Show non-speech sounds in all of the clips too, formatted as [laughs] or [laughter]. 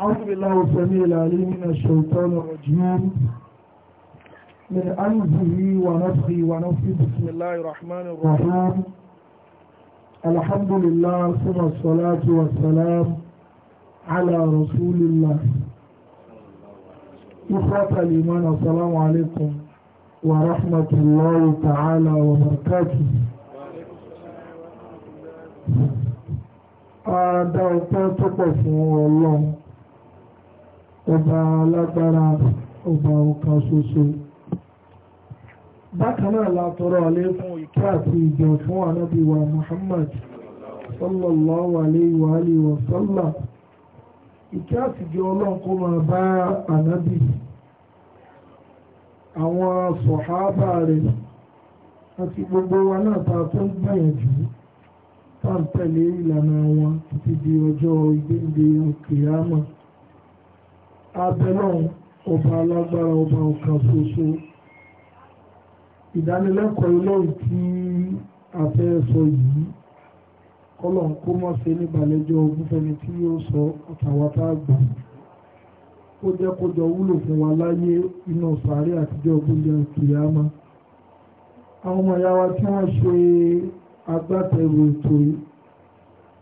أعوذ بالله السميع العليم من الشيطان الرجيم من أنزه ونفخه ونفخه بسم الله الرحمن الرحيم الحمد لله ثم الصلاة والسلام على رسول الله إخوة الإيمان السلام عليكم ورحمة الله تعالى وبركاته Adá ọpẹ́ tó pọ̀ fún ọba alágbára ọba ọ̀kan ṣoṣo bákan náà la tọrọ àlékún ìkẹ́ àti ìjọ fún ànábì wa Muhammad sallallahu alayhi wa alihi wa sallam ìkẹ́ àti ìjọ ọlọ́run kó máa bá ànábì àwọn sọ̀hábà rẹ̀ àti gbogbo wa náà ta tó ń gbìyànjú tá ìlànà wọn títí di ọjọ́ ìgbéǹde àkìyámà abẹ́lọ́run ọba alágbára ọba ọ̀kan ṣoṣo ìdánilẹ́kọ̀ọ́ ilọ́run tí a fẹ́ sọ yìí kọ́lọ̀n kó mọ́ ṣe níbàlẹ́jọ́ ogúnfẹ́ni tí yóò sọ ọ̀tàwátá àgbà ó jẹ́ kójọ wúlò fún wa láyé iná sàárẹ̀ àtijọ́ gbóúnjẹ kìyàmá àwọn ọmọ ìyá wa tí wọ́n ṣe agbátẹrù ètò yìí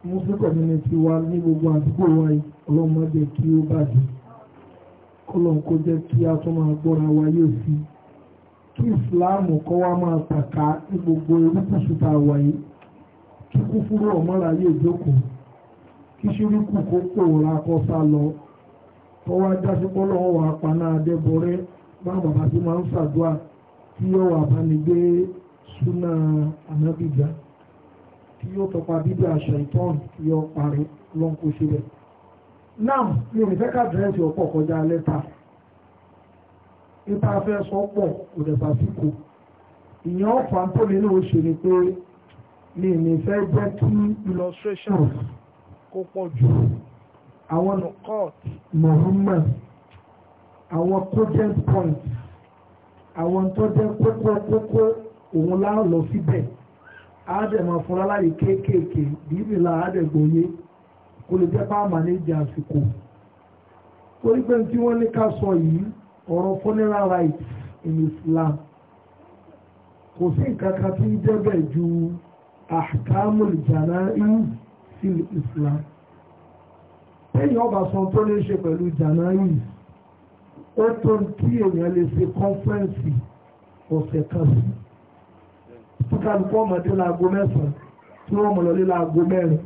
mú sí kọ̀mínítì wa ní gbogbo àdúgbò wa yìí ọlọ́mọdé kí ó bàjẹ́ kọ́lọ́n kó jẹ́ kí a tún máa gbọ́ra wáyé sí i kí ìsìláàmù kọ́ wá máa tàkà ní gbogbo irúkùsù tá kí kúfúrú ọ̀mọ́ra yóò jókòó kí ṣíríkù kó pòórá kọ́ sá lọ kọ́ wá jásí kọ́lọ́n wà paná bá bàbá tí máa ń yóò wà súnà yóò tọpa bíbí àṣà ìtọ́n yóò parí náà mi ò fẹ́ ká dírẹ́sì ọ̀pọ̀ kọjá lẹ́tà ipa fẹ́ sọ pọ̀ kò dẹ̀bà síkò ìyẹn ọ̀fà tó lè ní oṣù ni pé mi ò ní fẹ́ jẹ́ kí illustrations kó pọ̀ jù àwọn nukọ́t Muhammad àwọn cogent points àwọn tó jẹ́ kókó kókó òun láà lọ síbẹ̀ àádẹ́mọ̀ fúnra láyé kéékèèké bíbélà àádẹ́gbòye kò lè jẹ́ bá mànéjì àsìkò torí pé tí wọ́n ní ká sọ yìí ọ̀rọ̀ funeral rites in Islam kò sí nǹkan kan tí ń jẹ́bẹ̀ ju ahkamul janaiz sí Islam lẹ́yìn ọba san tó ní ṣe pẹ̀lú janaiz ó tó kí èèyàn lè ṣe kọ́nfẹ́ǹsì ọ̀sẹ̀ kan sí fúkàlùkọ́ ọmọdé láago mẹ́sàn-án tí wọ́n mọ̀ lọ́lé láago mẹ́rin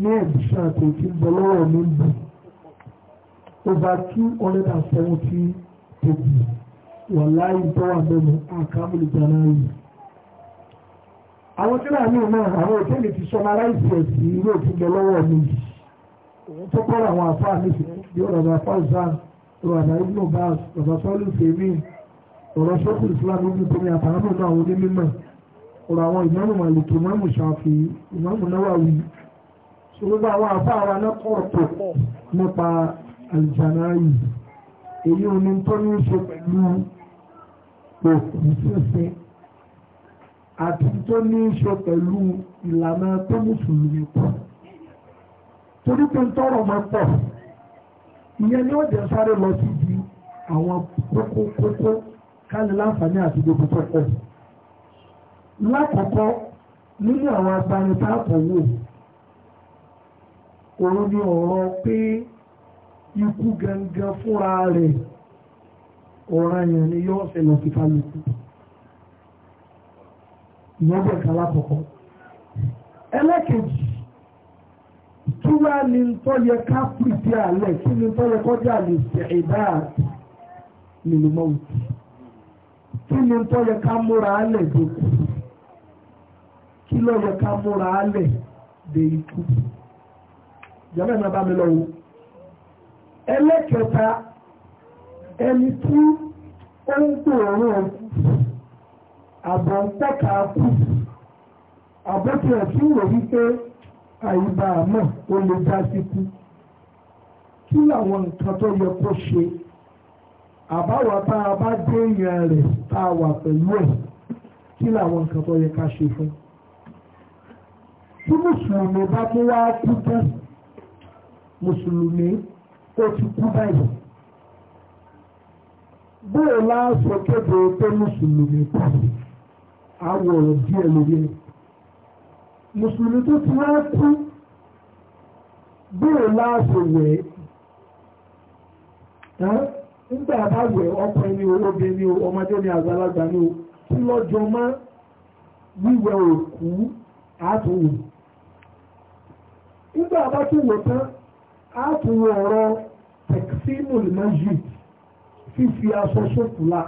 ní ẹ̀dùsùn àti òkè bọ́lọ́wọ́ mi ń bù over two hundred and seventy pages wọ̀n láyé tọ́wà mẹ́nu àkàmúlù jàǹdà yìí. àwọn tíra mi náà àwọn òkè mi ti sọmaráìsì ẹ̀sì irú òkè bọ́lọ́wọ́ mi yìí tó kọ́ra àwọn àfáà mi sí bí ọ̀rọ̀ bá fáwùsán ọ̀rọ̀ àdá ibùdó bá ọ̀rọ̀ sọ́ọ́lù fèmí ọ̀rọ̀ sọ́kù islam ní torí àtàwọn náà àwọn onímọ̀ ọ̀rọ̀ àwọn ìmọ̀ọ́mù màlìkì ìmọ̀ọ́mù ṣàfihì ìmọ̀ọ́mù náwàwí ṣùgbọ́n àwọn àfáàrà lọ́kọ̀ọ̀ tó pọ̀ nípa àlìjànà yìí èyí ò ní tó ní ṣe pẹ̀lú òkú sínsìn àti tó ní ṣe pẹ̀lú ìlànà tó mùsùlùmí pọ̀ torí pé ń tọrọ mọ́ pọ̀ ìyẹn ni ó jẹ́ sáré lọ sí di àwọn kókó kókó kálí láǹfààní àti gbogbo tó pọ̀ lákọ̀ọ́kọ́ nínú àwọn agbanitákọ̀wò òun ni ọ̀rọ̀ pé ikú gangan fúnra rẹ̀ ọ̀ràn yẹn ni yóò ṣẹlẹ̀ sí kálukú ìyẹn bẹ̀ ká lákọ̀ọ́kọ́ ẹlẹ́kejì kí wá ní tó yẹ ká pìtì àlẹ́ kí ní tó kọjá lè ṣe ìdá nínú kí ní tó ká múra alẹ̀ dé kú kí ló ká múra alẹ̀ dé ikú jàmbá ẹ̀ máa bá mi lọ wo ẹlẹ́kẹta ẹni tí ó ń gbòòrò ọkù àbọ̀ ń tẹ́ka kù àbọ̀tí ẹ̀sí rò wípé àyíbá àmọ́ ó lè dá sí kú kí làwọn nǹkan tó yẹ kó ṣe àbáwọ̀ tá a bá dé èèyàn rẹ̀ tá a wà pẹ̀lú ẹ̀ kí làwọn nǹkan tó yẹ ká ṣe fún tí mùsùlùmí bá tún wá kú tẹ́sí mùsùlùmí ó ti kú báyìí bóò láàṣọ kéde pé mùsùlùmí kú àwọ̀ ọ̀rọ̀ díẹ̀ lórí ẹ̀ mùsùlùmí tó ti wá kú bóò láàṣọ wẹ̀ ẹ́ nígbà bá wẹ̀ ọkùnrin ní olóbìn ní ọmọdé ní àgbàlagbà ní o kí lọ́jọ́ mọ́ wíwẹ̀ òkú àtúwò nígbà bá tún wò tán àtúnwò ọ̀rọ̀ tẹ̀símù lìmọ́jìd fífi aṣọ ṣòkùlà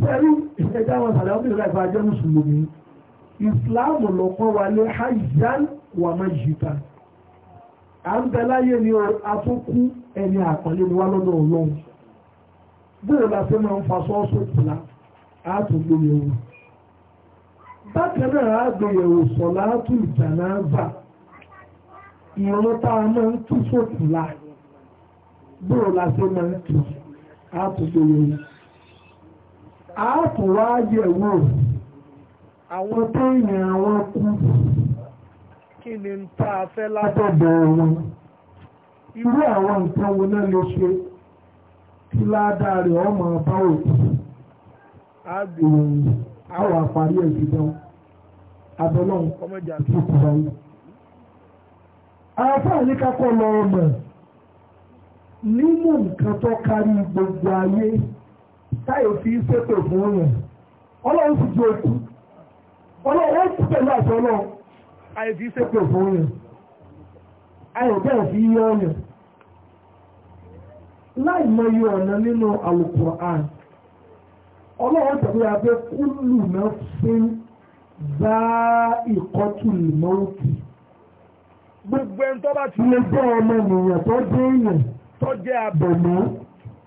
pẹ̀lú ìṣẹ̀dá wọn sàlẹ̀ ọdún ìrọ̀ ìfà jẹ́ mùsùlùmí ìsìláàmù lọ́pọ̀ wà lé hajjan wà májìdá à ń bẹ láyé ni atúnkú ẹni àpọ̀lé ni wá lọ́dọ̀ ọlọ́run bóò la ṣe máa ń fa sọ́ọ́sọ́ kùlá àtúngbòyẹ̀wò bákan náà àgbòyẹ̀wò sọ̀lá àtúnjànáàbà ìrún tá a máa ń tú sóòtù la bóò la ṣe máa ń tù á tún ṣe yẹn á tún wá yẹ̀ wò àwọn tó yàn àwọn kú kí ni ń tá a fẹ́ látọ̀dọ̀ wọn irú àwọn nǹkan wo náà lè ṣe kí ládàá rẹ̀ ọmọ ọba òkú àgbèrè àwọn àparí ẹ̀sìn dán abẹ́lọ́n ìfúkúra yìí àáfàá ní kakọ́ lọ ọmọ nínú nǹkan tó kárí gbogbo ayé táyọ̀ fi ṣépè fún yẹn ọlọ́run sì jẹ́ òkú ọlọ́run ó kú pẹ̀lú àṣọ náà ayọ̀ fi ṣépè fún yẹn ayọ̀ bẹ́ẹ̀ fi yọ yẹn láì mọyì ọ̀nà nínú Al-Qur'an ọlọ́run tẹ̀lé abẹ́ kúlù náà fún bá ìkọ́tù lè mọ́wó kìí gbogbo ẹni tó bá ti lè jẹ́ ọmọ ènìyàn tó jẹ́ èèyàn tó jẹ́ abẹ̀mí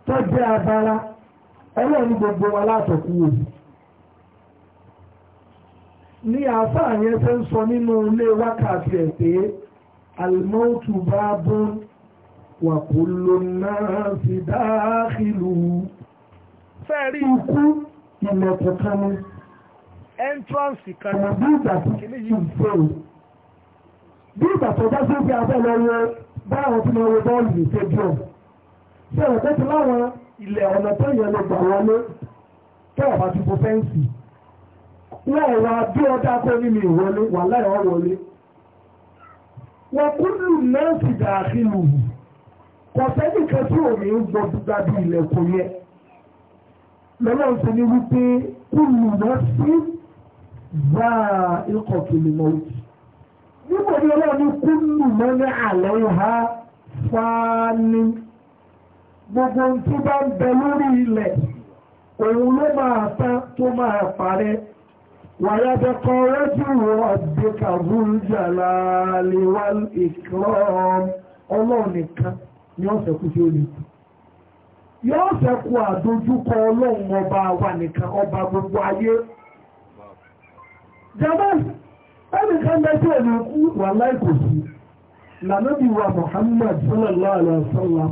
tó jẹ́ abara ẹlẹ́ni gbogbo wa látọ̀kú wò ní àáfàá yẹn fẹ́ ń sọ nínú ilé wákàtí ẹ̀ pé alimọ́tù bá bún wà kó ló náà sí dáàkìlù fẹ́ẹ̀rí ikú ilẹ̀kùn kan ní entrance kan ní ìgbà tí kìíní yìí bí ìgbà tó já sí pé abẹ́ lọ wo báwọn tí mo wo bọ́ọ̀lù yìí ṣe jù ṣé ọ̀rọ̀ tó ti láwọn ilẹ̀ ọ̀nà tó yẹ lọ gbà wọlé kẹ́wàá bá ti bo fẹ́ǹsì wọ́n wá bí ọdá kó ní mi ìwọlé wà láì wọ́n wọlé wọ́n kú lù náà sì dàáfí lù kò sẹ́nìkan tí òní ń gbọ́ gbígbá bí ilẹ̀kùn yẹn lọ́nà ń sinmi wípé kú lù náà sí zaa ikọ̀ kìlìmọ̀ òtún nígbà tí ọlọ́run kú nù mọ́ ní àlọ́ ìhà fáání gbogbo tí bá ń bẹ lórí ilẹ̀ òun ló máa tán tó máa parẹ́ wàyábẹ́kọ́ rẹ́jù ọ̀dẹ́kà búrújàlá lèwà ìkọ́ọ̀m ọlọ́run nìkan ni ó ṣẹ́kù tí ó lè kú yóò ṣẹ́kù àdójúkọ ọlọ́run ọba wa nìkan ọba gbogbo ayé jẹ́bẹ́sì na kan lẹ́tí ẹ̀mí kú wà wa Muhammad sallallahu alaihi wasallam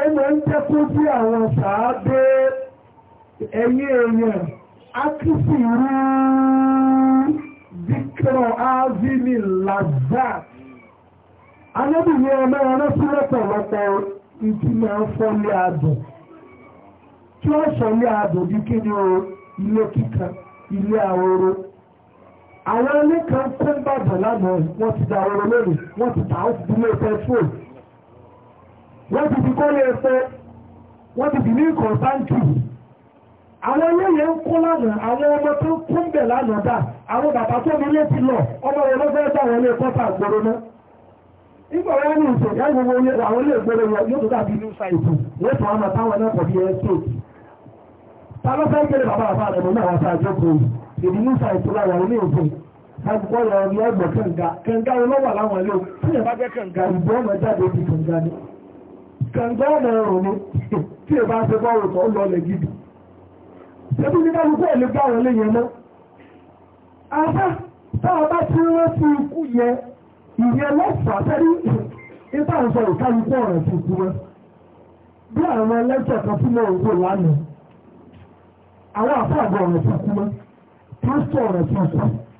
ó mọ̀ sí àwọn sàábé ẹ̀yìn èèyàn akísì rú díkọ̀ ázìmì làzà anábì ní ọmọ ẹran sí lọ́pọ̀lọpọ̀ ìtì máa ń tí ó sọ ní àwọn ilé kan tó ń bàjẹ́ lánàá wọ́n ti da ọ̀rọ̀ lónìí wọ́n ti tà ó ti dilé pẹ́trol wọ́n ti fi kọ́lé ẹ̀fọ́ wọ́n ti fi ní kọ̀ǹtáǹtì àwọn ilé yẹn ń kó lánàá àwọn ọmọ tó kún bẹ̀ lánàá dà àwọn bàbá tó ní ilé ti lọ ọmọ rẹ̀ lọ́fẹ́ dà wọ́n lé kọ́tà gbòòrò náà nígbà wọn ní àwọn ilé ta agbọ́ lọ ọgbọ̀ kànga kànga olówà láwọn ilé tí ẹ bá jẹ́ kànga ìbò ọmọ jáde ti kànga ni kànga ọmọ ọrùn ni tí ẹ bá ṣe bọ́ọ̀rù tó lọ lẹ gidi ṣebí ní kálukú ẹ̀ lè gbá wọn yẹn mọ́ afá táwọn bá tí wọ́n fi ikú yẹ ìyẹn lọ́fà tẹ́lí ipa ọ̀rọ̀ ti kú wọn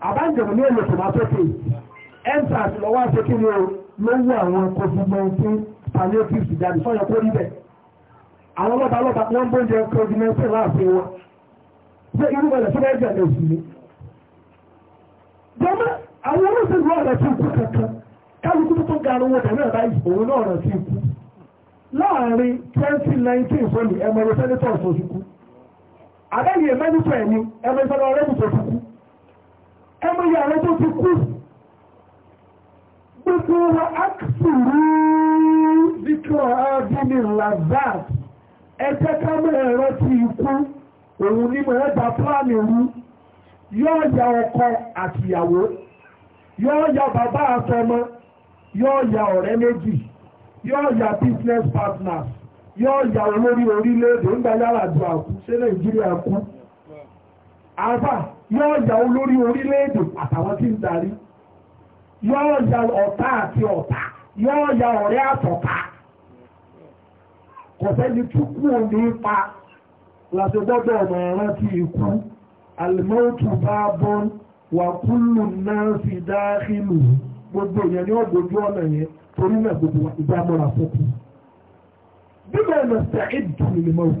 àbájọ̀rọ̀ ní èlò tomato paste entrance lọ́wọ́ àṣẹ kí ni o lówó àwọn covid-19 palliatives jáde sọ́yọ̀ kó rí bẹ̀ àwọn ọlọ́ba ọlọ́ba wọ́n bó ń jẹ covid-19 láàfin wọn ṣé irú ẹ̀lẹ̀ tó bẹ́ẹ̀ jẹ̀lẹ̀ sí ni. jọba àwọn olóṣèlú ọ̀rọ̀ ti kú kankan kálukú tó ga láàrin 2019 sọ́ni ẹ̀mọ̀rọ̀ sẹ́nitọ̀ ọ̀sọ̀ ti kú àbẹ́yẹ mẹ́nitọ̀ ẹ̀ni ẹ̀mọ̀rọ̀ sẹ́nitọ̀ ẹmọ ìyá rẹ tó ti kú gbogbo wa ákùsùrù zikọ ọdún lazard ẹjẹ kámẹ ẹ̀rọ ti ikú òun ní mọ ẹgbà fúlàní rú yóò ya ọkọ àtìyàwó yóò ya bàbá àtọmọ yóò ya ọ̀rẹ́ méjì yóò ya business partners yóò ya olórí orílẹ̀-èdè ń gba yàrá ju àkú sí nàìjíríà kú. àbá yóò yà olórí orílẹ̀-èdè àtàwọn tí ń darí yóò yà ọ̀tá àti ọ̀tá yóò yà ọ̀rẹ́ àtọ̀tá kọ̀sẹ́ni túkú òní pa láti gbọ́dọ̀ ọ̀nà ẹ̀rán ti ikú alimọ́tù bá bọ́n wà kúlù náà sì dáhìlù gbogbo èèyàn ní ọ̀gbọ̀jú ọ̀nà yẹn torí náà gbogbo ìgbà fọ́kù. bí bẹ́ẹ̀ lọ sẹ́ẹ̀dì tó lè mọ́ọ̀tù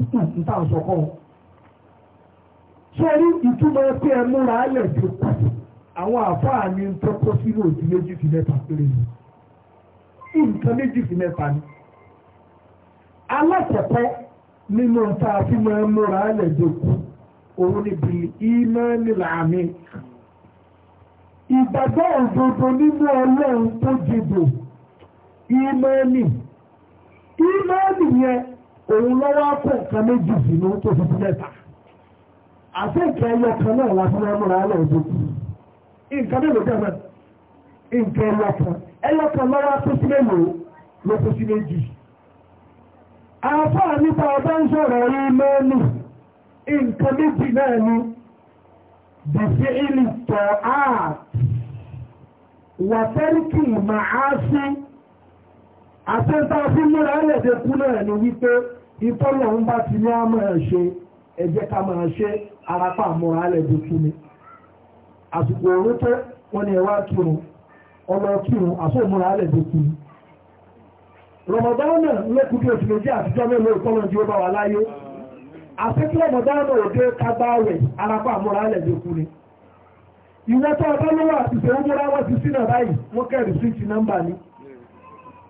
níta àṣọkọ́ sọ́rí ìtumọ̀ pé ẹ múra alẹ̀ tó kù àwọn àfáà ní ń tọ́kọ́ sínú òdì méjì sí mẹ́ta péré ni nǹkan méjì sí mẹ́ta ni alákọ̀ọ́kọ́ nínú tá a fi máa ń múra alẹ̀ tó kù òun ni bí ìmọ̀ẹ́nì làmì ìgbàgbọ́ òdodo nínú ọlọ́run tó jìbò ìmọ̀ẹ́nì ìmọ̀ẹ́nì yẹn òun lọ́wọ́ pọ̀ nǹkan méjì sínú tó fi sílẹ̀ta àti nǹkan ẹyọ kan náà láti wọ́n múra lọ ọdún nǹkan mélòó kẹfẹ́ nǹkan ẹyọ kan ẹyọ kan lọ́wọ́ tó sí mélòó ló tó sí méjì àfáà nípa ọba ń sọ̀rọ̀ rí mẹ́nu nǹkan méjì náà ni bẹ̀sí ìlú tọ̀ áàt wàtẹ́ríkì màá sí àtẹ́ntà fún múra lẹ́dẹ̀kú náà ni wípé ìtọ́lọ̀ ń bá ti ní á máa ṣe ẹ jẹ́ ká máa ṣe arapa àmúra alẹ́ tó ni àsìkò òru tó kírun ọlọ kírun ni. rọmọdán náà lókùn oṣù méjì àtijọ́ mélòó ìkọlọ̀ tí ó wà láyé àfẹ́kí rọmọdán náà òde kágbá rẹ̀ arapa àmúra alẹ́ tó ni. ìwọ́tọ̀ ọ̀dọ́ ló wà ni.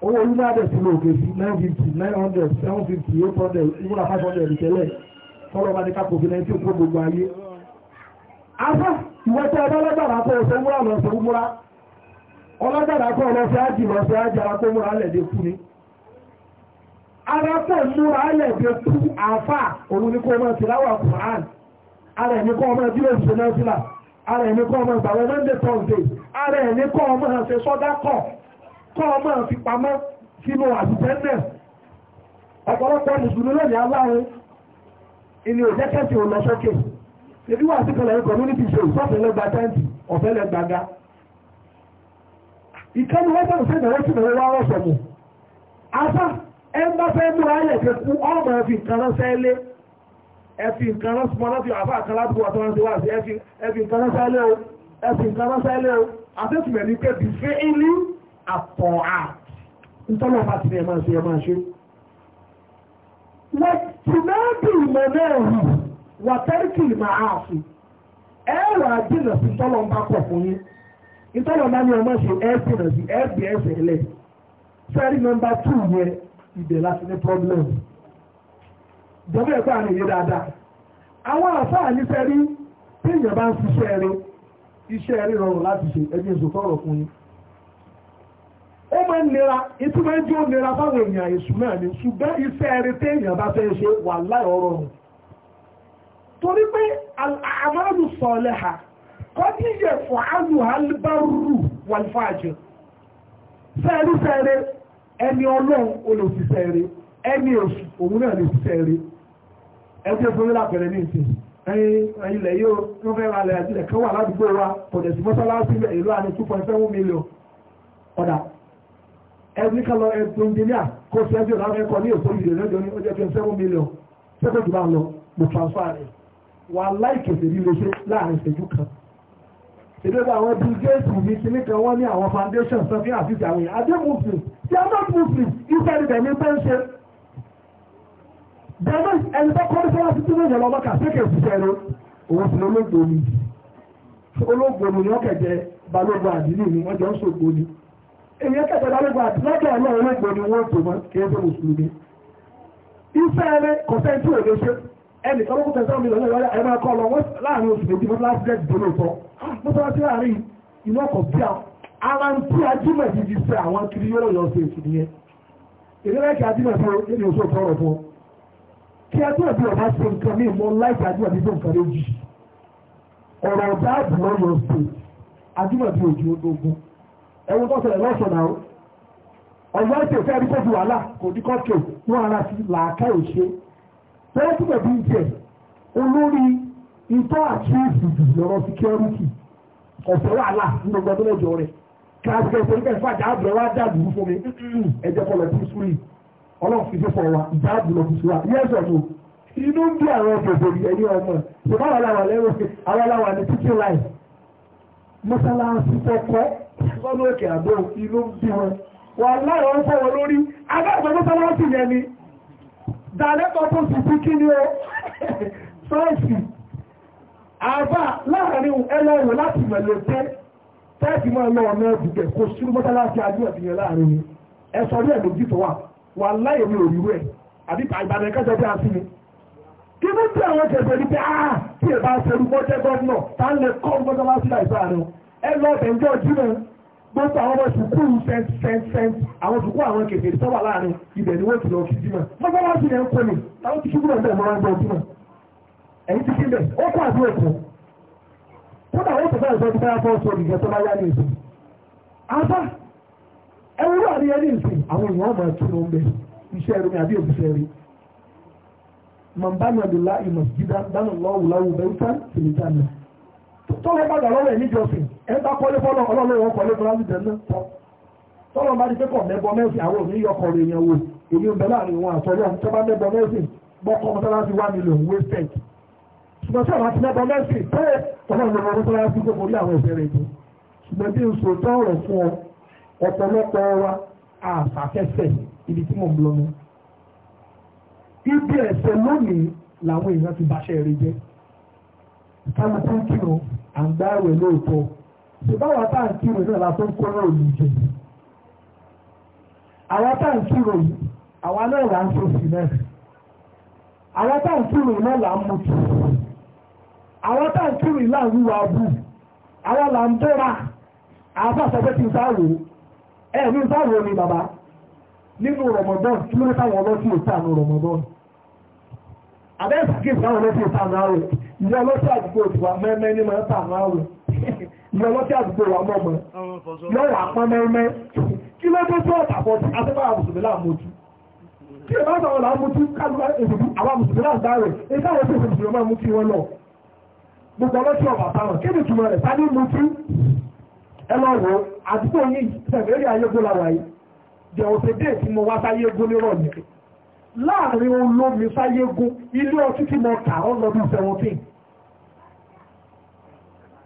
owó orí náà dẹ̀ sí lóògè sí nine fifty nine hundred seven fifty eight hundred ìwúrà five hundred tẹ́lẹ̀ kọ́lọ́ bá ní ká covid nineteen kó gbogbo ayé. afá ìwọ tẹ ẹbá lágbára kó o sọmúra lọ sọmúra ọlágbára kó o lọ sí ájì lọ sí ájì ara kó múra lẹ́dẹ̀ kú ni. ara kó múra lẹ́dẹ̀ kú afá òun ni kó o máa ti láwà kùrán ara ẹni kó o máa bí oṣù náà sílà ara ẹni kó o máa gbàwé monday thursday ara ẹni kó o máa kọ́ ọ máa fi pamọ́ sínú àṣìṣẹ́ náà ọ̀pọ̀lọpọ̀ mùsùlùmí lónìí aláwọ̀ ilé òjẹ́kẹ́sì ò lọ sókè ṣèbí wà sí kọlẹ̀ community show sọ́fẹ̀lẹ́ gba tẹ́ǹtì ọ̀fẹ́lẹ́ gbaga ìkẹ́ni wọ́n sọ̀rọ̀ sí ìnáwó sí ìnáwó wá rọ̀ṣọ̀ mù afá ẹ ń bá fẹ́ múra ayẹ̀ kẹ kú ọmọ ẹ fi nǹkan rán sẹ́lé ẹ fi nǹkan rán sọmọ láti àfá àkan ládùúgbò àti wọn ti wá sí ẹ fi nǹkan rán sẹ́lé o ẹ fi nǹkan rán sẹ́lé o àtẹ́tùmẹ̀ ní pé bí fẹ́ ilé àtọ̀à nítọ́lọ́ bá ti ní ẹ̀má ṣe ẹ̀má ṣe. wọ́tùmẹ́bì ìmọ̀ náà hù wàtẹ́rìkì ìmọ̀ ààfù ẹ wà jìnà sí tọ́lọ́ bá pọ̀ fún yín nítọ́lọ́ bá ní ẹ̀má ṣe ẹ̀ jìnà sí ẹ̀ bí ẹ̀sẹ̀ lẹ̀ sẹ́rí nọmba tù yẹ ibẹ̀ láti ní problem jọba ẹ̀kọ́ àná yé dáadáa àwọn àfáà ní sẹ́rí téèyàn bá ń ṣiṣẹ́ rẹ iṣẹ́ rẹ rọrùn láti ṣe ẹgbẹ́ ìṣòkọ̀rọ̀ fún yín ó máa ń nira ìtumọ̀ ẹjọ́ ó nira fáwọn èèyàn èṣù náà ni ṣùgbọ́n iṣẹ́ eré téèyàn bá fẹ́ ṣe wà láì ọ̀rọ̀ rùn torí pé àmọ́lù sọ̀lẹ̀ ha kọ́dí yẹ fún àlù alibárù wàlfàjẹ́ sẹ́ẹ̀rí sẹ́ẹ̀rẹ́ ẹni ọlọ́run olùsíṣẹ́ eré ẹni èṣù òun náà lè ṣiṣẹ́ eré ẹgbẹ́ fún mi lápẹ̀rẹ̀ ẹni kálọ ẹ̀tọ́ ìjìnlẹ̀ kó sí ẹjọ́ láwọn ẹ̀kọ́ ní èkó ìdè lẹ́jọ́ ní ọjọ́ twenty seven million sẹ́kọ̀ọ́ jù bá lọ mo transfer rẹ̀ wà láìkè sí lílo ṣe láàrin ìṣẹ́jú kan ìdọ́gba àwọn bíi géètì mi ti ní kan wọ́n ní àwọn foundation sọ fí àfihàn àwọn èèyàn adé muslim they are not muslim israeli dem ní pẹ́ńṣẹ́ bẹ́ẹ̀ ẹni tó kọ́ni sọ́wọ́ sí tíwọ́n ìyẹn lọ́mọ́kà sékè òṣìṣẹ́ rẹ òun sì lọ́lọ́gbòmí olóògbòmí ni wọ́n kẹ̀jẹ́ balógun àdínì ni wọ́n jọ ń ṣògbó ni èyàn kẹtẹ̀lá lẹ́gbà àti lọ́dọ̀ ọlọ́run lẹ́gbẹ̀ẹ́ ni wọ́n tó mọ́ kí ẹ tó mùsùlùmí iṣẹ́ rẹ kò sẹ́ńtì òde ṣe ẹnì kan lókùn tẹ̀sán mi lọ́nà ìwádìí ẹ máa kọ́ lọ wọ́n láàrin oṣù méjì fún láti dẹ́ẹ̀dì dúró tọ́ ah, mo sọ sí láàrin inú ọkọ̀ bí ara ń tí ajímọ̀ ìdíjì sẹ àwọn kiri yóò lọ sí èsì nìyẹn ìrẹ́lẹ̀ kí ajímọ̀ fún ẹni oṣù tọrọ fún kí ẹtú ẹbí ẹ̀wọ̀n tó ṣẹlẹ̀ lọ́sọ̀ náà ọ̀yọ́ ètò ìfẹ́ ẹni kó fi wàhálà kò ní kọ́tò ní ara sí làákà ìṣe tẹ́lẹ̀ tí bẹ̀bí jẹ́ olórí itọ́ àti ìsìnkú lọ́rọ̀ síkẹ́rìtì ọ̀fẹ́ wàhálà nínú gbọdọ̀ lọ́jọ́ rẹ̀ káàkiri ẹ̀fọ́ nípa ìfọ́ àjà àbúrò wa dà dùn fún mi ẹ̀jẹ̀ kọlọ̀ bí sùúrì ọlọ́run fi fẹ́ fọ̀rọ̀ wa ìjà àbúrò bí sùúrì yẹ́sọ̀ tó inú bí àwọn ọ̀gbẹ̀gbẹ̀ ẹ̀yẹ ọmọ ṣùgbọ́n àwọn aláwà lẹ́wọ̀ àwọn aláwà ní títí láì mọ́sálásí fẹ́ kọ́ lọ́nà òkè àgbò inú bí wọn wà láwọn ń fọwọ́ lórí agbẹ́gbẹ́ tó tọ́wọ́ sì yẹn ni dàlẹ́kọ̀ọ́ tó sì sí kí ni ó [laughs] sọ́ọ̀sì àbá láàrin ẹlẹ́rìn láti mẹ̀lẹ̀ tẹ́ tẹ́ẹ̀kì máa lọ ọ̀nà ẹ̀dùgbẹ̀ kò sínú mọ́tálásí adú ẹ̀dùnyẹ láàrin ni ẹ sọ ní ẹ̀dùn jìtọ̀ wà wà láyé mi ò rí rẹ̀ àbí Ìbàdàn ẹ̀kẹ́jọ bí a sí ni kí ló dé àwọn kẹfẹ́ ní pé áà ah, tí ẹ bá ṣerú mọ́jẹ́ gọ́ọ̀nà tá ń lè kọ́ mọ́tálásí láìpẹ́ àrùn ẹ lọ bẹ̀ ń jọ́ jìnnà gbogbo àwọn ọmọ sùkúù sẹ́ńtẹ́ńtẹ́ńt àwọn sùkúù àwọn kèfèé sọ́wà láàrin ibẹ̀ ni wọ́n ti lọ kí jímọ̀ mọ́sálásí rẹ̀ ń kọ́ mi táwọn ti ṣubú náà bẹ̀rẹ̀ mọ́ra ń bọ̀ jímọ̀ ẹ̀yìn ti ṣílẹ̀ ó kọ́ àbí òkú kódà wọ́n tẹ̀sán ìṣọ́ ti bá fọ́ sọ ìgbẹ́ tó bá yá ní ìsìn àbá ẹwúrú àríyá ní ìsìn àwọn èèyàn ọmọ ẹ̀tún ló ń bẹ iṣẹ́ rẹ̀ àbí òkúṣẹ́ rẹ̀ mọ̀nbánà lọ́la ìmọ̀ jíjá dáná lọ́wọ́ láwù bẹ́ẹ̀ tán tìlítà náà tọ́lọ́ bá dà lọ́wọ́ ẹ̀ níjọ́sìn ẹ̀ta kọ́lé fọ́lọ́ ọlọ́lọ́wọ́ kọ́lé fún láti dẹ̀ná tọ́ tọ́lọ́ bá di pé kọ̀ mẹ́bọ mẹ́sìn àwọn òní yọkọ̀ rẹ̀ yẹn wò èyí ń bẹ láàrin wọn àtọ́lọ́ tó bá mẹ́bọ mẹ́sìn bọ́kọ́ mọ́sálásí wà nílò ń wéṣẹ̀ ṣùgbọ́n sọ̀rọ̀ àti mẹ́bọ mẹ́sìn pé ọlọ́run lọ́wọ́ mọ́sálásí tó borí àwọn ẹ̀fẹ́ rẹ̀ jù ṣùgbọ́n bí n sọ tọ́rọ̀ fún ọ ọ̀pọ̀lọpọ̀ wa àṣàfẹ́fẹ́ ibi tí mò ń lọ ibi ẹ̀sẹ̀ lónìí làwọn èèyàn ti bàṣẹ́ rẹ̀ jẹ́ kálukú kírun àǹgbáwẹ̀ lóòótọ́ Ìbáwà tá à ń kírò náà la tó ń kóró òní jẹ. Àwọn tá à ń kírò yìí, àwa náà là ń ṣe sí náà. Àwọn tá à ń kírò náà là ń mutí. Àwọn tá ń kírò náà ń wíwá bù. Àwọn là ń dóra. Àwọn bá sọ pé sáwò. Ẹ ní sáwò ni bàbá. Nínú Rọ̀mọ̀dọ́n, kí ló ní táwọn ọlọ́sìn òkú àánú Rọ̀mọ̀dọ́n? Àbẹ́ ìsàkíyèsí àwọn ọlọ́sìn òkú àánú àwẹ̀. Ìyá ọlọ́sìn àdúgbò tiwa mẹ́mẹ́ ní máa ń tà àánú àwẹ̀. [laughs] ìyẹn ọlọ́tí àdúgbò wa mọ́ mọ́ lọ́wọ́ àpọ́n mẹ́mẹ́ kí ló dé tó ọ̀tà fọ́ afẹ́fẹ́ àmùsùnmí láàmójú tí ìbá sọ̀rọ̀ láàmójú kálùbá èdèdú àwọn àmùsùnmí láàdáre èyí táwọn tó ìfòsùn lọ́mọ mú kí wọ́n lọ gbogbo ọlọ́tí ọ̀bà táwọn kí ni túmọ̀ rẹ̀ sáré mú kí ẹ lọ wọ àdúgbò yìí sẹ̀fẹ̀rẹ̀ ayégbó làwà yìí jẹ̀wọ̀ pé dé tí mo wá sáyé gó lérò ní láàrin olómi sáyé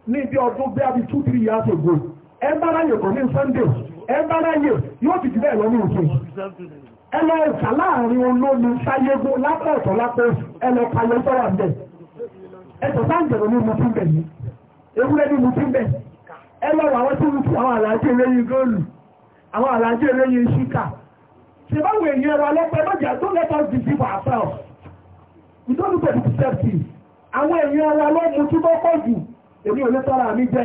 ní ibi ọdún bí abi two three years ago ẹ bá ráyè kọ́ ní Sunday ẹ bá ráyè yóò ti bẹ́ẹ̀ lọ ní òkè ẹ lọ ìjà láàrin olómi sáyégún lápá ọ̀tọ̀ lápá ẹ lọ payọ sọ́wọ́ àbẹ̀ ẹ tọ́ sáǹjẹ̀rọ̀ ní mutí bẹ̀ ní ewúrẹ́ ní mutí bẹ̀ ẹ lọ wọ àwọn tí mutí àwọn àlàájẹ́ eléyìí góòlù àwọn àlàájẹ́ eléyìí ṣíkà ṣèbáwò èyí wa lọ́pẹ́ lọ́jà tó lẹ́tọ̀ di di for ourselves we don't look at the safety àwọn èyí wa lọ́mú tí wọ́n pọ̀ jù èmi ò lè tọ́ra mi jẹ́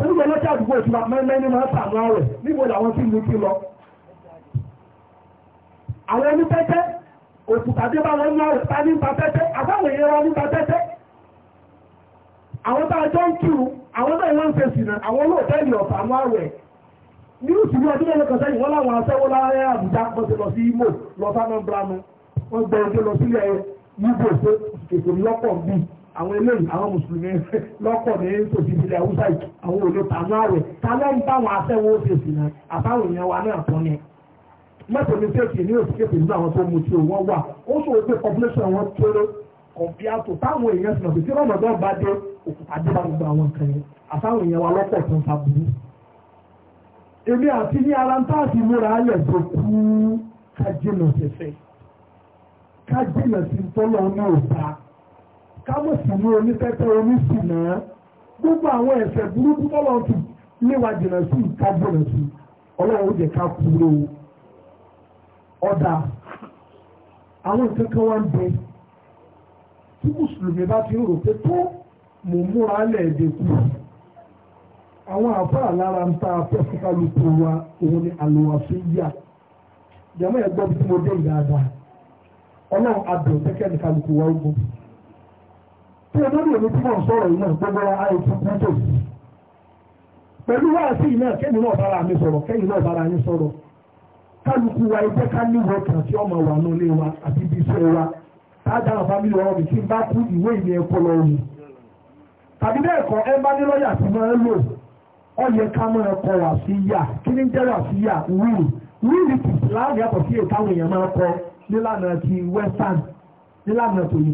oúnjẹ lọ́tẹ́ àdúgbò ìtura mẹ́mẹ́ ní máa sàmú ọ̀rẹ́ níbo làwọn tí mú kí lọ. àwọn ẹni tẹ́tẹ́ òkúta dé bá wọn ní ọ̀rẹ́ ta ní nípa tẹ́tẹ́ àbáwọn èèyàn wa nípa tẹ́tẹ́. àwọn tá a jọ ń kírun àwọn náà wọ́n ń ṣe sìnà àwọn olóòtẹ́ẹ̀lì ọ̀sàmú ọ̀rẹ́ níwùsì ní ọdún mẹ́lẹ́kan sẹ́yìn wọ́n láwọn aṣẹ́wó láàárẹ̀ àbújá wọ́n ti lọ sí Imo lọ sánà branu wọ́n gbọ́ ọjọ́ lọ sílẹ̀ yíbo ṣe kèkè lọ́pọ̀ bíi àwọn eléyìí àwọn mùsùlùmí lọ́pọ̀ ní tòsí ìbílẹ̀ haúsá yìí àwọn òde tànú àwẹ̀ ta ló ń bá àwọn afẹ́wọ́ fèsì náà àbáwọn èèyàn wa náà tán ni. mẹ́tò ní fèsì ní òsì kéfì nínú àwọn tó mu tí òun wà ó sọ wípé population wọn kéré kọ̀m̀pìátò táwọn èèyàn sì nàbẹ̀ tí rọ́mọdún bá dé òkúta dé bá gbogbo àwọn nǹkan yẹn àbáwọn èèyàn wa lọ́pọ̀ tó ń faburú. èmi àti ní ara ń táàtì múra ayẹ̀ tó kú kájínà sẹ̀fẹ̀ kájínà sí tọ́lọ́ náà kámọ̀sí ní onítẹ́tẹ́ onísìnà gbogbo àwọn ẹ̀ṣẹ̀ burúkú tọ́lọ́run ti léwà jìnà sí ìka jìnà sí ọlọ́run ó jẹ́ ká kúrò ọ̀dà àwọn nǹkan kan wá ń bẹ tí mùsùlùmí bá ti ń rò pé tó mò ń múra lẹ́ẹ̀dẹ́ kú àwọn àfáà lára ń ta afẹ́fúkálukú wa òun ni àlùwàfín yà jẹ́mọ́ ẹ̀gbọ́n tí mo dé ìdáadáa ọlọ́run adùn tẹ́kẹ́ nìkan lùkù wá ogun. tí olórí èmi tí mò ń sọ̀rọ̀ yìí gbogbo ayé tó kú tò sí. pẹ̀lú yìí náà kẹ́yìn náà bára mi sọ̀rọ̀ kẹ́yìn náà bára yín sọ̀rọ̀ kálukú wa ẹgbẹ́ ká níwọ̀ kan tí ọmọ àti ibi iṣẹ́ wa fámìlì mi n bá kú ìwé ìní ẹ̀kọ́ lọ tàbí bẹ́ẹ̀ ẹ ní lọ́ọ̀yà tí máa ń wà sí ní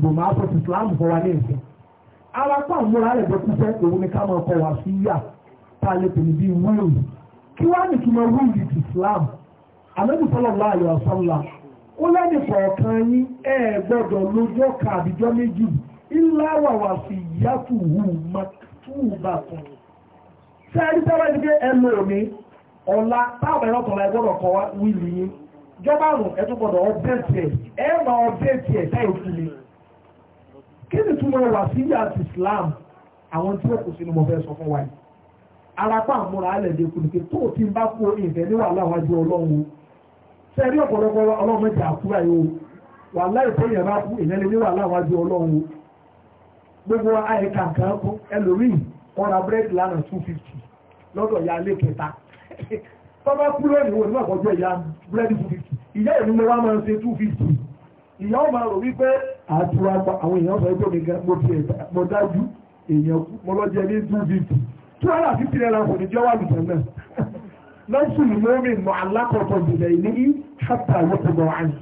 jẹ́ ara tá àmúra rẹ̀ bọ́ títẹ́ òun ni ká máa kọ wá sí yà tá a lè pè ní bíi wíìlì kí wàá ní kí máa wíìlì ti Islam ànábì sallallahu alaihi wasallam ó lẹ́nu kọ̀ọ̀kan yín ẹ gbọ́dọ̀ lójọ́ ka àbíjọ́ méjì ńlá wà wá sí yàtù wù má tù bà tán. ṣé ẹni tẹ́lẹ̀ ní pé ẹ lò ní ọ̀la táwọn ẹ̀rọ tọ̀la ẹ gbọ́dọ̀ kọ wá wíìlì yín jọba àrùn ẹ tún gbọ́dọ̀ ọ̀bẹ̀tì ẹ̀ ẹ̀ máa ọ̀bẹ̀tì ẹ̀ táyì fún mi kí ni túmọ̀ wà sí ìyá àti Islam àwọn tí wọ́n kò sínú mọ̀ fẹ́ sọ fún wa yìí arapa àmúra alẹ̀ dé kùnú pé tó o ti ń bá kú ìfẹ́ ní wàhálà ọlọ́run sẹ́rí ọ̀pọ̀lọpọ̀ ọlọ́run mẹ́ta àkúrà yìí o wàhálà ìfẹ́ yẹn bá kú ìyẹn lè ní wàhálà wájú ọlọ́run gbogbo àyíká kan kú ẹlòmíì ọ̀rà búrẹ́dì lánàá two fifty lọ́dọ̀ ya ilé kẹta [laughs] tọ́ba kú lónìí wo ní àkọ́jọ́ ìyá búrẹ́dì two fifty ìyá ìlú wa máa ń ṣe two fifty ìyá ọ̀ máa àti wá pa àwọn èèyàn sọ ẹgbẹ́ mi gan mo fi mo dájú èèyàn kú mo lọ́jẹ́ ní two fifty two hundred and fifty naira kò ní jẹ́ wà lùtẹ̀ náà [laughs] lọ́sùn ni mo rìn mọ́ alákọ̀ọ́kọ̀ bìlẹ̀ ní ṣáta àwọ̀tẹ̀bọ̀ àyìn.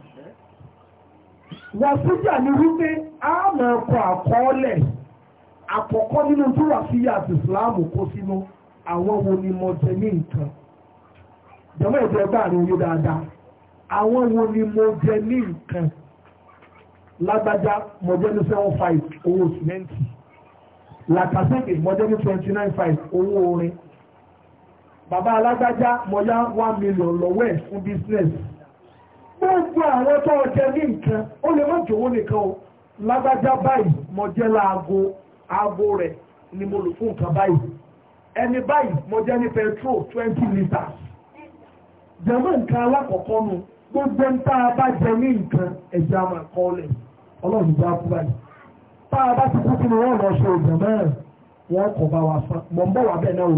wàsíjà ni wípé a máa kọ àkọọ́lẹ̀ àkọ́kọ́ nínú tó wà sí yàtì ìsìláàmù kó sínú àwọn wo ni mo jẹ ní nǹkan jọmọ ìjọba àrùn yóò dáadáa àwọn wo ni mo jẹ ní nǹkan lágbájá mọ̀jẹ́ ní seven five owó sìmẹ́ǹtì làkàṣẹ́kì mọ̀jẹ́ ní twenty nine five owó orin bàbá alágbájá mọ̀yá one million lọ́wọ́ fún business gbogbo àwọn tó ọjẹ́ ní nǹkan ó lè má jòwó nìkan o lágbájá báyìí mọ̀jẹ́ láago aago rẹ̀ ni mo lò fún nǹkan báyìí ẹni báyìí mọ̀jẹ́ ní petrol twenty litres jẹ̀mọ́ nǹkan alákọ̀ọ́kọ́ nu gbogbo ń tá a bá jẹ ní nǹkan ẹ̀jẹ̀ àmà kọ́ọ̀lẹ̀ ọlọ́run ìjà kú báyìí tá a bá ti kú kí ni wọ́n lọ ṣe òjò mẹ́rin wọ́n kọ̀ bá wa san mọ̀ ń bọ̀ wá bẹ́ẹ̀ náà o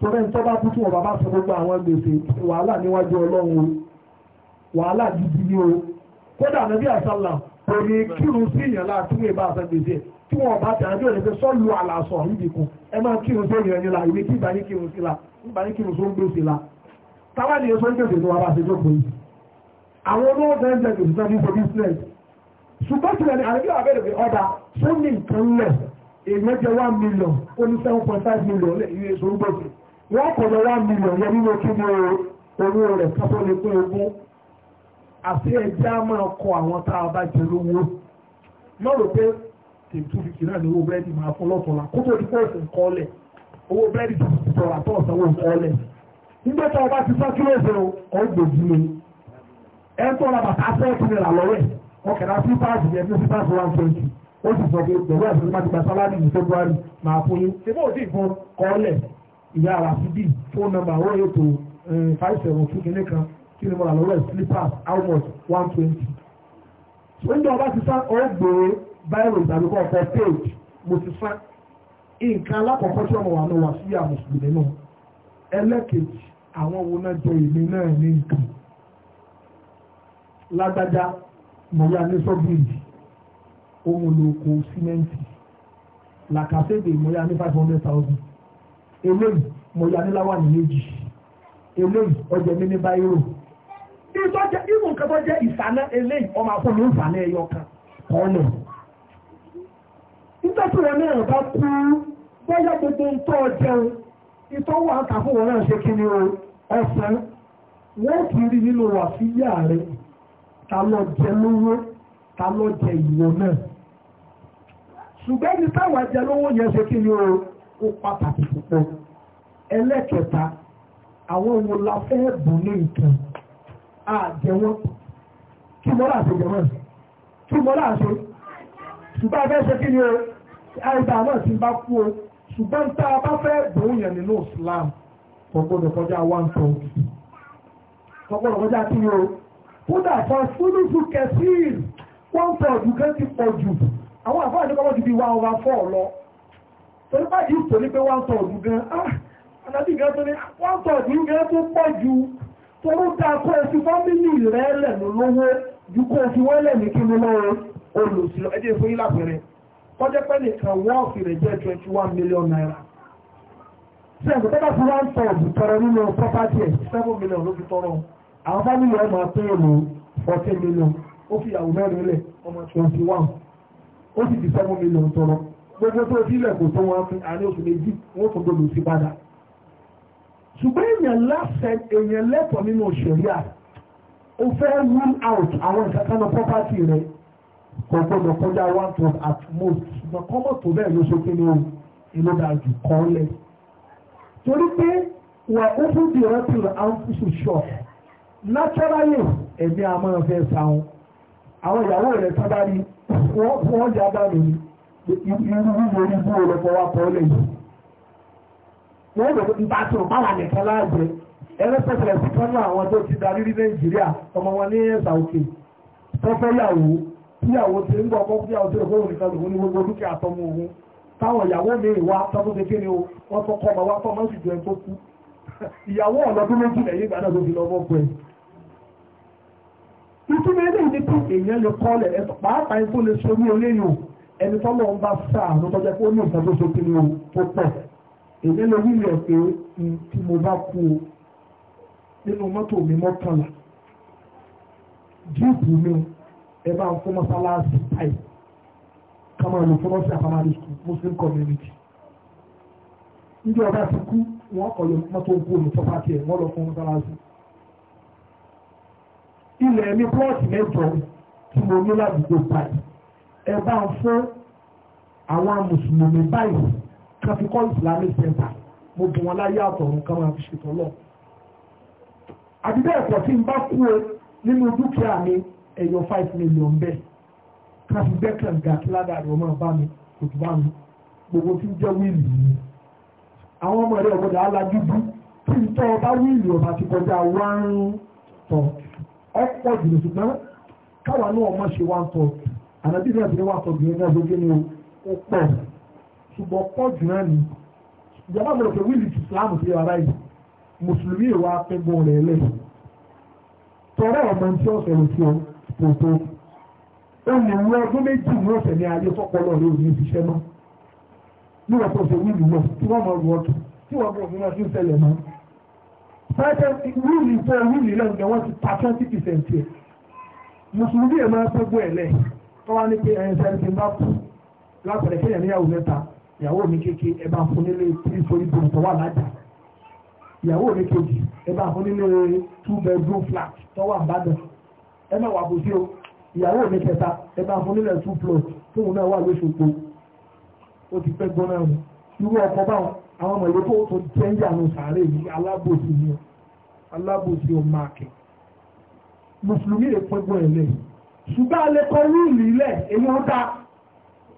torí ẹni tó bá kú tí wọ́n bá bá san gbogbo àwọn gbèsè wàhálà níwájú ọlọ́run o wàhálà gidi ni o kódà nàbí àṣàlà kò ní kírun sí ìyàn láà tí wọ́n bá san gbèsè tí wọ́n bá tẹ̀ àjọ ìrẹsẹ̀ sọ́ọ̀lù àlàsọ̀ níbi kan ẹ máa kírun sí ìyàn yín la ìwé tí ìbáníkírun sí la ìbáníkírun sí ó ń gbèsè la táwa ni èso ń gbèsè tó wà bá ṣe tó àwọn olówó bẹ́ẹ̀ kò sísan fún business ṣùgbọ́n tí wọ́n àrẹ́bí àbẹ̀rẹ̀ fi ọ̀dà tó ní nǹkan lẹ̀ èèyàn jẹ́ one million ó ní seven point five million lẹ̀ iye èso ń one million yẹn nínú kí ni owó rẹ̀ kápọ́ lè pé ogún àti ẹjẹ́ á máa kọ àwọn tá a bá jẹ lówó má rò pé two fifty náà ní owó búrẹ́dì máa fún lọ́tọ̀ọ̀la kó tó di pọ́ọ̀sì nǹkan ọ̀lẹ̀ owó búrẹ́dì tó ti sọ̀rọ̀ àtọ̀ ọ̀sán owó nǹkan ọ̀lẹ̀ nígbà tí wọ́n bá ti sá kílò ìṣòro ọ̀gbẹ̀dì ẹ ń tọ́ra bàtà sẹ́ẹ̀kì rẹ̀ lọ́wọ́ ẹ̀ ọkẹ́ náà sípáàsì yẹn ní sípáàsì one twenty ó sì sọ pé pẹ̀lú ẹ̀sìn ní màtìgbà sálárì ní february máa fún yín ṣé bó fún kọ́ọ̀lẹ̀ ìyá ara sí bí fóònù nọ́mbà ó ètò five seven two kìíní kan kí ni mo rà lọ́wọ́ slippers how much one twenty. oúnjẹ ọba ti sá ọ gbèrè báyìí ìdàbí kan page mo ti sá nǹkan alákọ̀ọ́kọ́ tí ọmọ wa lọ wá sí àmùsùlùmí náà ẹlẹ́kejì àwọn wo náà jẹ ìmí náà ní nǹkan lágbájá mọ̀yá ní sọ́bìrì ohun olóko símẹ́ǹtì làkàṣẹ́gbè mọ̀yá ní five hundred thousand eléyìí mọ̀yá ní láwàní méjì eléyìí ọjà mi ní báyìí ìtọ́jẹ́ ìmù nǹkan tó jẹ́ ìsànà eléyìí ọmọ àpò ní ìsànà ẹ̀yọ kan kọ́ lọ. nítorí wọn náà bá kú bóyá gbogbo ń jẹun ìtọ́wọ́ àtàkùn wọn náà ṣe kí ni ọ̀sán wọ́n kì í rí nínú wàsíyà rẹ̀ ta ló jẹ lówó ta ló jẹ ìwọ náà ṣùgbọ́n ní táwọn jẹ lówó yẹn ṣe kí ni ó pàtàkì púpọ̀ ẹlẹ́kẹta àwọn wo la fẹ́ bù ní nǹkan àjẹwọ́n kí mọ́lá àṣẹ jẹ̀wọ́n kí mọ́lá àṣẹ ṣùgbọ́n abẹ́ ṣe kí ni o àìdá náà ti bá kú o ṣùgbọ́n tá a bá fẹ́ bùn yẹn nínú Islam kò gbọdọ̀ kọjá one thousand kò kọjá kí ni o kódà kan fúlùfù kẹfíìl wọ́n pọ̀ jù kẹ́ ti pọ̀ jù àwọn àfáà ní kọ́kọ́ ti di one over four lọ torí báyìí kò ní pé one third gan ah anábì gan tó ní ah, one third gan tó pọ̀ jù torí ta kó ẹsù fámìlì rẹ̀ lẹ̀nu lówó ju kó fi wọ́n lẹ̀ ní kí ni lọ́wọ́ olùsílọ ẹjẹ́ fún yín lápẹẹrẹ kọjá pé nìkan wọ́ọ̀fì rẹ̀ jẹ́ twenty one million naira sẹ́yìn tó bá fi one third tọrọ nínú property ẹ̀ seven million ló fi tọrọ àwọn fámìlì ọmọ pẹ́ẹ́lú fourteen million ó fi ìyàwó mẹ́rin lẹ̀ ọmọ twenty one ó sì ti seven million tọrọ gbogbo tó ti ilẹ̀ kò tó wọn fún àárín oṣù méjì wọn tó gbọdọ̀ sí padà ṣùgbọ́n èèyàn láṣẹ èèyàn lẹ́tọ̀ọ́ nínú òṣèríà ó fẹ́ rule out àwọn ìṣàkánná property rẹ̀ kò gbọdọ̀ kọjá one twelve at most ṣùgbọ́n kọ́mọ̀ tó bẹ́ẹ̀ ló ṣe kí ni o ìlú dáa jù kọ́ lẹ̀ torí pé wà ó fún di rẹ́pìlì àwọn fúnṣù ṣọ́ọ̀ṣì naturally ẹ̀mí a máa fẹ́ sáwọn àwọn ìyàwó rẹ̀ tábàrí wọ́n jẹ́ abáàmì irú wíwo orí bú ọlọ́pọ̀ wa pọ̀ lẹ́yìn wọ́n lọ bá tó bá wà nìkan láàjẹ ẹlẹ́pẹ̀tẹ̀lẹ̀ sí kánú àwọn tó ti darí rí Nàìjíríà ọmọ wọn ní ẹ̀sà òkè tọ́fẹ́ yàwó tíyàwó ti ń gbọ́ fún yàwó tí ó fóun nìkan lòun ní gbogbo dúkìá tọmọ òun táwọn ìyàwó mi wá tọ́tún ṣe kéde wọ́n tọ́kọ́ ọmọ wa tọ́ mọ́ sì tó kú ìyàwó ọ̀lọ́dún méjì lẹ́yìn ìgbà tó fi lọ́ ìtumọ̀ ilé ìdí pé èèyàn lè kọ́lẹ̀ ẹ̀tọ́ pàápàá ikú lè sórí olóyìn o ẹni tọ́lọ̀ ń bá sáàánú tọ́jẹ́ pé ó ní nǹkan tó so kiri o tó pọ̀ èèyàn lè wí rẹ̀ pé tí mo bá kú o nínú mọ́tò mi mọ́kànlá jíìpù mi ẹ bá ń fún mọ́sálásí táì kama lò fún ọ́sẹ̀ àpamọ́lẹ̀ sùkúl muslim community níjọba ti kú wọ́n kọ̀ lọ mọ́tò kú olùtọ́fà tiẹ̀ wọ́n lọ fún mọ́sálásí ilẹ̀ ní plọ́ọ̀tì mẹ́jọ tí mo ní ládùúgbò báyìí ẹ bá ń fún àwọn mùsùlùmí báyìí kan fi kọ́ islamic center mo bù wọn láyé àtọ̀run kan máa fi ṣètò lọ. àbíbẹ́ ẹ̀kọ́ tí n bá kú o nínú dúkìá mi ẹ̀yọ five million bẹ́ẹ̀ kan fi gbẹ́ kànga kí ládàá rẹ̀ ọmọ bá mi kò jù bá mi gbogbo tí ń jẹ́ wíìlì mi. àwọn ọmọ rẹ̀ ọ̀gbọ́dọ̀ alájú bú kí n tọ́ ọba wíìlì ọba ti kọjá one thought ọ̀pọ̀ jùlọ ṣùgbọ́n káwa náà ọmọ ṣe wá ń tọ́ ànábì náà bìnrin wá tọ́ bìnrin náà lóge ni ó pọ̀ ṣùgbọ́n pọ̀ jù náà ni ìjọba mi rò pé wíìlì islam ti ara yìí mùsùlùmí ìwà apẹ́gbọ́n rẹ̀ lẹ̀ tọ́rọ ọmọ tí ó sọ̀rọ̀ sí ọ pòtó olùwọ́ ọdún méjì ní ọ̀sẹ̀ ní ayé fọ́pọ̀lọ́ rẹ̀ òní ìfiṣẹ́ mọ́ níwọ̀n tó ṣe wíìlì náà tí wọ́n mọ̀ ọ́ tí wọ́n bọ̀ fún wọn sí ń ṣẹlẹ̀ náà pẹ́ẹ́tẹ́ rúùlì tó rúùlì lẹ́nu jẹ́ wọ́n ti ta twenty percent yẹ mùsùlùmí ẹ̀ máa fẹ́ gbọ́ ẹ̀ lẹ̀ tó wá ní pé ẹ̀yẹ sẹ́ni ti bá kú lápẹ̀rẹ̀ kéèyàn níyàwó mẹ́ta ìyàwó mi kéke ẹ fún nílé three story bò wà lájà ìyàwó mi kejì ẹ fún nílé two bedroom flat tó wà bàdàn ẹ má wà bùsí o ìyàwó mi kẹta ẹ bá fún nílé two plot tóun náà wà lóṣogbo ó ti pẹ́ gbọ́n náà irú ọkọ̀ báwọn àwọn ọmọ ìlú tó tó jẹ́ ń yà lọ sàárè yìí alábòsí ni o alábòsí ọmọ àkẹ́ mùsùlùmí lè pẹ́gbọ́n ẹ̀ lẹ̀ ṣùgbọ́n alẹ́ kọ rúùlù ilẹ̀ èyí ó ta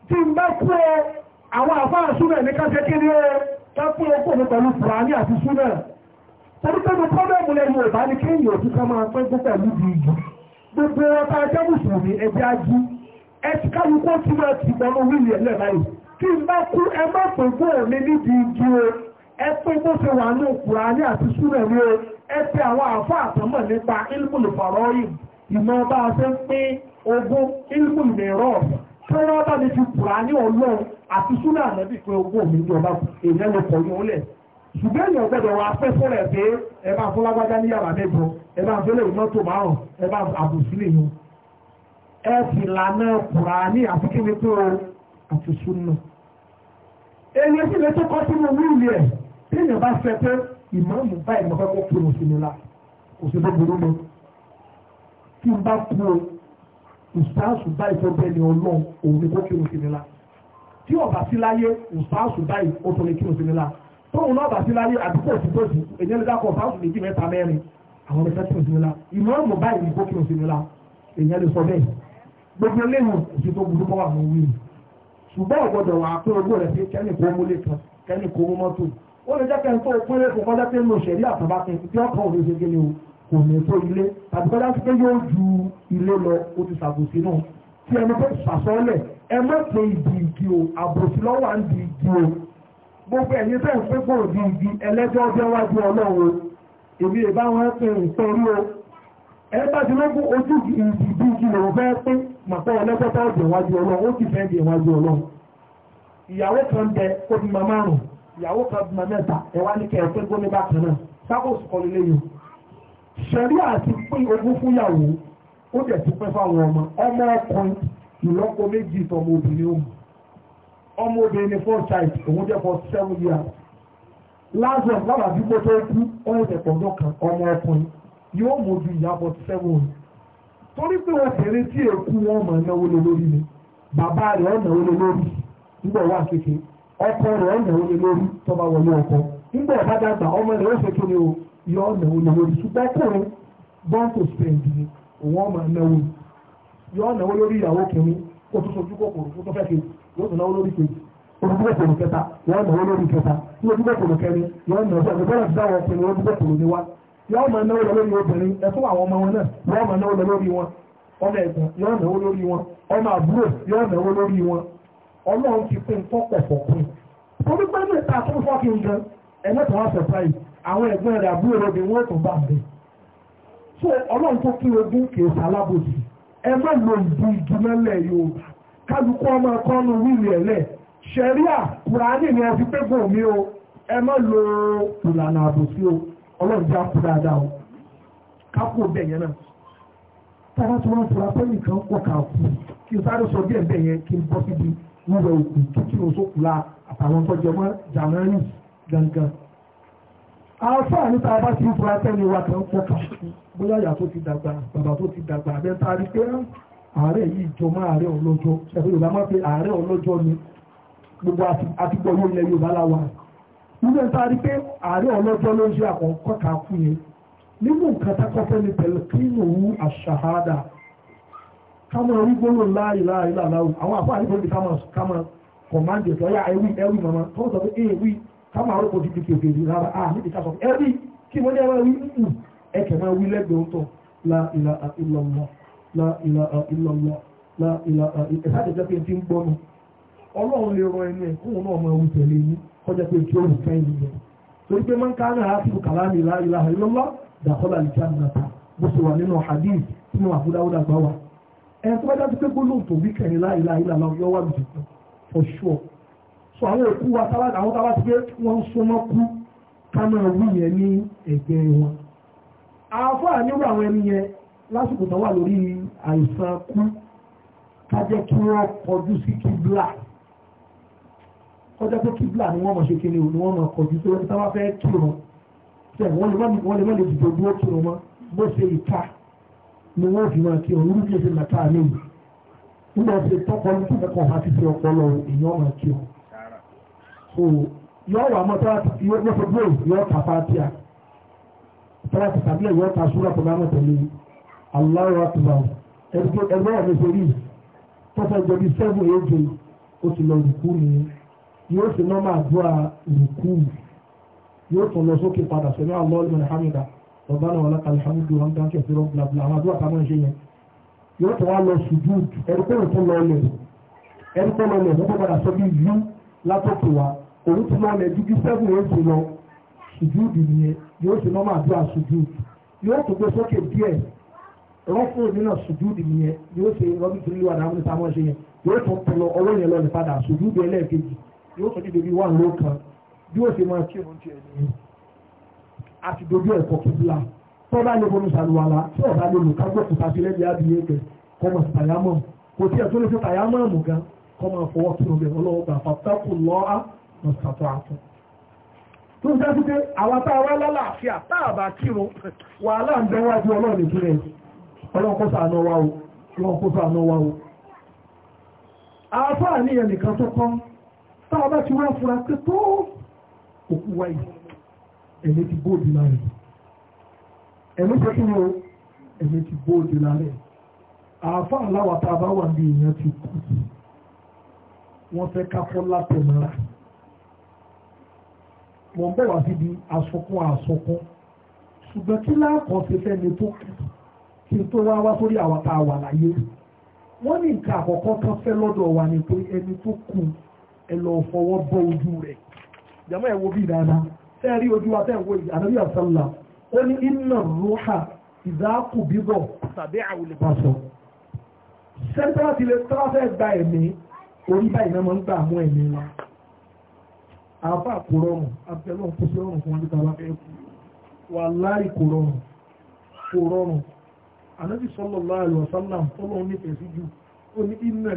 tí n bá kú ẹ àwọn àfáà súnà ní káṣẹ́ kéré ẹ ká pé ó pọ̀ ní pẹ̀lú fúlàní àti súnà torí pé mo pọ́dọ̀mù lẹ́nu ọ̀bá ní kéèyàn òtún ká máa pẹ́gbọ́n pẹ̀lú bí ìjù gbogbo ọta ẹjẹ́ mùsùlùmí ẹjẹ́ ajú ẹ ti kálukú tí máa ti gbọ́n wíìlì ẹ̀ lẹ́ báyìí tí n bá kú ẹ má pẹ̀gbọ́n ẹ pé àwọn àfá àtọ́mọ̀ nípa ilmùlù fàrọ́yìn ìmọ̀ bá a ṣe ń pé ogún ilmùlù mìíràn tí wọ́n bá mi fi kùrà ní ọlọ́run àti súnà ànábì pé ogún òmí ìjọba èèyàn lè pọ̀ yóò lẹ̀ ṣùgbọ́n èèyàn gbọ́dọ̀ wá pẹ́ fún rẹ̀ pé ẹ bá fún lágbájá ní yàrá mẹ́jọ ẹ bá fún lè mọ́tò márùn ẹ bá àbùsí lè yun ẹ sì lànà kùrà ní àti kí ni pé o àti súnà èèyàn sì lè tó kọ́ sínú wíìlì ẹ̀ tí èèyàn bá fẹ́ pé ìmáàmù báyìí mo fẹ́ kó pè òsìmí la òsìmí burú mi tí n bá kú o ìsáàsù báyìí tó bẹ́ẹ̀ ni ọlọ́run òun ni kó pè òsìmí la tí ọ̀bà sí láyé ìsáàsù báyìí ó tó lè kí òsìmí la tóun náà ọ̀bà sí láyé àdúgbò òsìtòsì èyí ẹni dákọ̀ ọ̀bà òsìmí mẹ́ta mẹ́rin àwọn ẹ̀fẹ́ kí òsìmí la ìmáàmù báyìí ni kó pè òsìmí la èyí ẹni sọ bẹ́ẹ̀ gbogbo eléyìí òsìtò burú kọ́ àwọn wíì ṣùgbọ́n ọ̀gbọ́dọ̀ wà á pé ogún rẹ̀ sí kẹ́nìkó mọ́lé kan kẹ́nìkó mọ́tò ó lè jẹ́ pé tó pé nǹkan jẹ́ pé mo ṣẹ̀rí àtàbà kan tí ọkàn òde ṣe gẹ́lẹ́ o kò ní tó ilé tàbí kọjá sí pé yóò ju ilé lọ ó ti ṣàbòsí náà tí ẹni pé ṣàṣọ́lẹ̀ ẹ má pe ìdí igi o àbòsí lọ́wọ́ à ń di igi o gbogbo ẹ̀yin tẹ̀ ń pé kò di igi ẹlẹ́jọ́ ọjọ́ wájú ọlọ́run èmi ìbá wọn pé nǹkan rí o ẹ bá ti lógún ojú ìdí igi lòun fẹ́ pé màpá ọlẹ́gbẹ́ta ọ̀dẹ̀ wájú ọlọ́run ó ti fẹ́ di ìwájú ọlọ́run ìyàwó kan tẹ kó ti máa márùn-ún ìyàwó kan bímọ mẹ́ta ẹ wá ní kẹrẹ pé gbóni bákan náà sábòsì kọ́ lélẹ́ yìí ṣẹ̀rí àti pín ogún fúnyàwó ó dẹ̀ ti pẹ́ fáwọn ọmọ ọmọ ọkùnrin ìlọ́po méjì tọmọ obìnrin ó mú ọmọ obìnrin ni four child òun jẹ́ for seven years last month lábàá bí mo tó kú ọ̀hún ìtẹ̀pọ̀dọ̀ kan ọmọ ọkùnrin yóò mú ju ìyá for seven torí pé obìnrin tí èkú wọn mọ̀ náwó lé lórí ni bàbá rẹ̀ ọ̀ náwó lé lórí nígbà wà kékeré ọkọ rẹ̀ ọ̀nà òye lórí tó bá wọlé ọkọ nígbà ọ̀bá dàgbà ọmọ rẹ̀ ó ṣe kí ni o yọ ọ̀nà òye lórí ṣùgbọ́n ọkùnrin born to spend ni òun ọmọ náwó yọ ọ̀nà òye lórí ìyàwó kìíní kó tó sojú kòkòrò kó tó fẹ́ kejì yóò tó náwó lórí kejì olùdókòwò kòkòrò kẹta yọ ọ̀nà òye lórí kẹta olùdókòwò kòkòrò kẹrin yọ ọ̀nà òye ni wá yọ ọmọ náwó lórí obìnrin ẹ̀fọ́ ọmọ wọn náà náwó lórí wọn ọlọ́run ti pín tọ́pọ̀ fọ̀kún torí pé ní ìta tó fọ́kín gan ẹ̀mẹ́ta wá sọ̀tàì àwọn ẹ̀gbọ́n rẹ̀ àbúrò rẹ̀ bí wọ́n tó bá mi so ọlọ́run tó kí ogún kìí sálábòsì ẹ má lo ìdí igi mẹ́lẹ̀ Yorùbá kálukú ọmọ ẹ̀kọ́ nu wíìlì ẹ̀lẹ̀ ṣẹ̀ríà kùránì ni ẹ fi pé gùn mí o ẹ má lo ìlànà àbòsí o ọlọ́run já kú dáadáa o kápò bẹ̀yẹn náà tára tí wọ́n fura pé nìkan pọ̀ káàkú kí n sáré sọ bí ẹ̀ bẹ̀yẹn kí n bọ́ síbi wíwẹ̀ òkú kíkí òṣòkùlà àtàwọn tó jẹmọ́ jàmẹ́rì gangan. àáfàá níta bá ti fura tẹ́lẹ̀ wa kan kọ́ kà bóyá ìyá tó ti dàgbà bàbá tó ti dàgbà abẹ́ tá a rí pé ààrẹ yìí jọmọ ààrẹ ọlọ́jọ́ ẹ̀fọ́ Yorùbá máa pe ààrẹ ọlọ́jọ́ ni gbogbo àtìgbọ́ yóò ilẹ̀ Yorùbá láwa nígbà tá a rí pé ààrẹ ọlọ́jọ́ ló ń ṣe àkọ́kọ́ kà á kú yẹn nínú nǹkan tá kọ́ fẹ́ ni pẹ̀lú kí kámọ̀ orí gbóòrò láìláìláìláwò àwọn àfáà ní gbóòrò kámọ̀ kọ̀máǹdì ọ̀tọ̀ ọ̀yà ẹ̀wí ẹ̀wí mọ̀mọ́ tó sọ pé ẹ̀wí kámọ̀ àrùkò ti dìkì òkè ìlú rárá àmì ah, ìta sọ ẹ̀wí kí wọ́n ní ẹ̀wọ́ ẹ̀wí nù ẹ̀kẹ̀ máa wí lẹ́gbẹ̀ẹ́ ọ̀tọ̀ láìláà ìlọ̀lọ̀ láìláà ìlọ̀lọ̀ láìláà ìtẹ̀sájẹ̀jẹ̀ pé ti ń gbọ́nu ọlọ́run lè ran ẹni ẹ̀kún náà máa wù tẹ̀lé yín kọjá pé kí ó wù fẹ́ yín yẹn torí pé máa ń kárẹ̀ àáfíù kàlámì láìláà ìlọ́lọ́ dàkọ́lá ìjà nàta bó ṣe wà nínú hadith tí ẹni tó bá dájú pé gbólóhùn tó wí kẹrin láìláì lànà yọ wà lùdì kan for sure so àwọn òkú wa àwọn tábà ti gbé wọn súnmọ́ kú ká máa wí yẹn ní ẹ̀gbẹ́ wọn àfọ́ àníwò àwọn ẹni yẹn lásìkò tó wà lórí àìsàn kú ká jẹ́ kí wọ́n kọjú sí kíbla kọjá pé kíbla ni wọ́n mọ̀ ṣe kíni ni wọ́n mọ̀ kọjú tó wọ́n ti táwọn fẹ́ kírun tẹ̀ wọ́n lè má lè dìbò dúró kírun mọ́ bó ṣe ìka ni wọ́n fi máa kí ọ̀rọ̀ rúkè ṣe màtá mi nígbà tí tọkọ ní tí kẹkọọ bá ti fi ọpọlọ èèyàn máa kí ọ so yọ wà mọ tọ́lá ti yọ fọ bóyì yọ ta fàtíà tọ́lá ti tàbí ẹ̀ yọ ta súrà tó bá mọ̀ tẹ̀lé Allahu akbar ẹgbẹ́ ẹgbẹ́ ọ̀rẹ́ sórí tọ́fẹ́ jọ bí sẹ́fù èjì ó ti lọ rùkú ni yóò sì nọ́ máa dúrà rùkú yóò tún lọ sókè padà sẹ́nu àlọ́ ìmọ̀ hamida ọ̀bánà ọ̀làkà alhamdu hamdan kẹfìrọ blabla àwọn àdúrà táwọn ẹ̀ṣẹ̀ yẹn yóò tó wá lọ ṣùjú ẹ̀rúkọ́ lọ lẹ̀ ẹ̀rúkọ́ lọ lẹ̀ wọ́n padà sọ bí yú látọ̀kù wa òun ti lọ lẹ̀ ju bí sẹ́gun yóò ṣe lọ ṣùjú nìyẹn yóò ṣe nọ́mà àdúrà ṣùjú yóò tó gbé sókè díẹ̀ rọ́pò nínà ṣùjú nìyẹn yóò ṣe rọ́bì tó lé wà náà níta wọ́n ṣe yẹn yóò tó tẹ lọ ọwọ́ yẹn lọ lẹ̀ padà ṣùjú bí ẹlẹ́ẹ̀kejì yóò tó dìde bí wà lóòkan yóò ṣe máa kírun tiẹ̀ nìyẹn àti dojú ẹ̀kọ́ kíbla tó bá lè bomi ṣàlùwàlá tí ọ̀bá lè lò kágbó kùtà sí lẹ́bi adìyẹ kẹ kọmọ tàyámọ̀ kò tí ẹ̀ tó lè fi tàyámọ̀ mù gan kọmọ fọwọ́ kí ọbẹ̀ ọlọ́wọ́ gbà fàtàkù lọ́ọ́ mọ̀sàtọ̀ àtọ̀. tó ń dájú pé àwọn tá a wá lálàáfíà tá a bá kírun wàhálà ń bẹ́wájú ọlọ́run ìpínlẹ̀ ọlọ́run kó ṣàánú wa o ọlọ́run kó ṣàánú wa o. àáfàá níyẹn nìkan tó kọ́ a bá ti wá fura pé tó òkú ẹ̀mí ti bóòdì lálẹ́ ẹ̀mí ṣe kí ni o ẹ̀mí ti bóòdì lálẹ́ àáfà aláwọ̀ tá a bá wà ní èèyàn ti kú wọ́n fẹ́ ká fọ́ látẹ̀mọ́ra mọ̀ ń bọ̀ wá síbi àsọkún àsọkún ṣùgbọ́n kí láàkọ́ ṣe fẹ́ ni tó kù kí n tó wá wá sórí àwọn tá a ní nǹkan àkọ́kọ́ kan fẹ́ lọ́dọ̀ wa ni pé ẹni tó kù ẹ lọ fọwọ́ bọ ojú rẹ̀ jàmọ́ ẹ wo bí dáadáa tẹ́rí ojú wa tẹ́ wo ànábì àsálà ó ní iná rúhà ìzáàkù bíbọ̀ tàbí àwùlẹ̀ pàṣọ. sẹ́ńtẹ́rà ti lè tọ́lá fẹ́ gba ẹ̀mí orí báyìí náà máa ń gbà mú ẹ̀mí wa. àbá kò rọrùn abẹ́lọ́ kò sí rọrùn fún ọdún bá fẹ́ kú. wàláì kò rọrùn kò rọrùn. ànábì sallallahu alaihi wasallam tọ́lọ́ nífẹ̀ẹ́ sí jù ó ní iná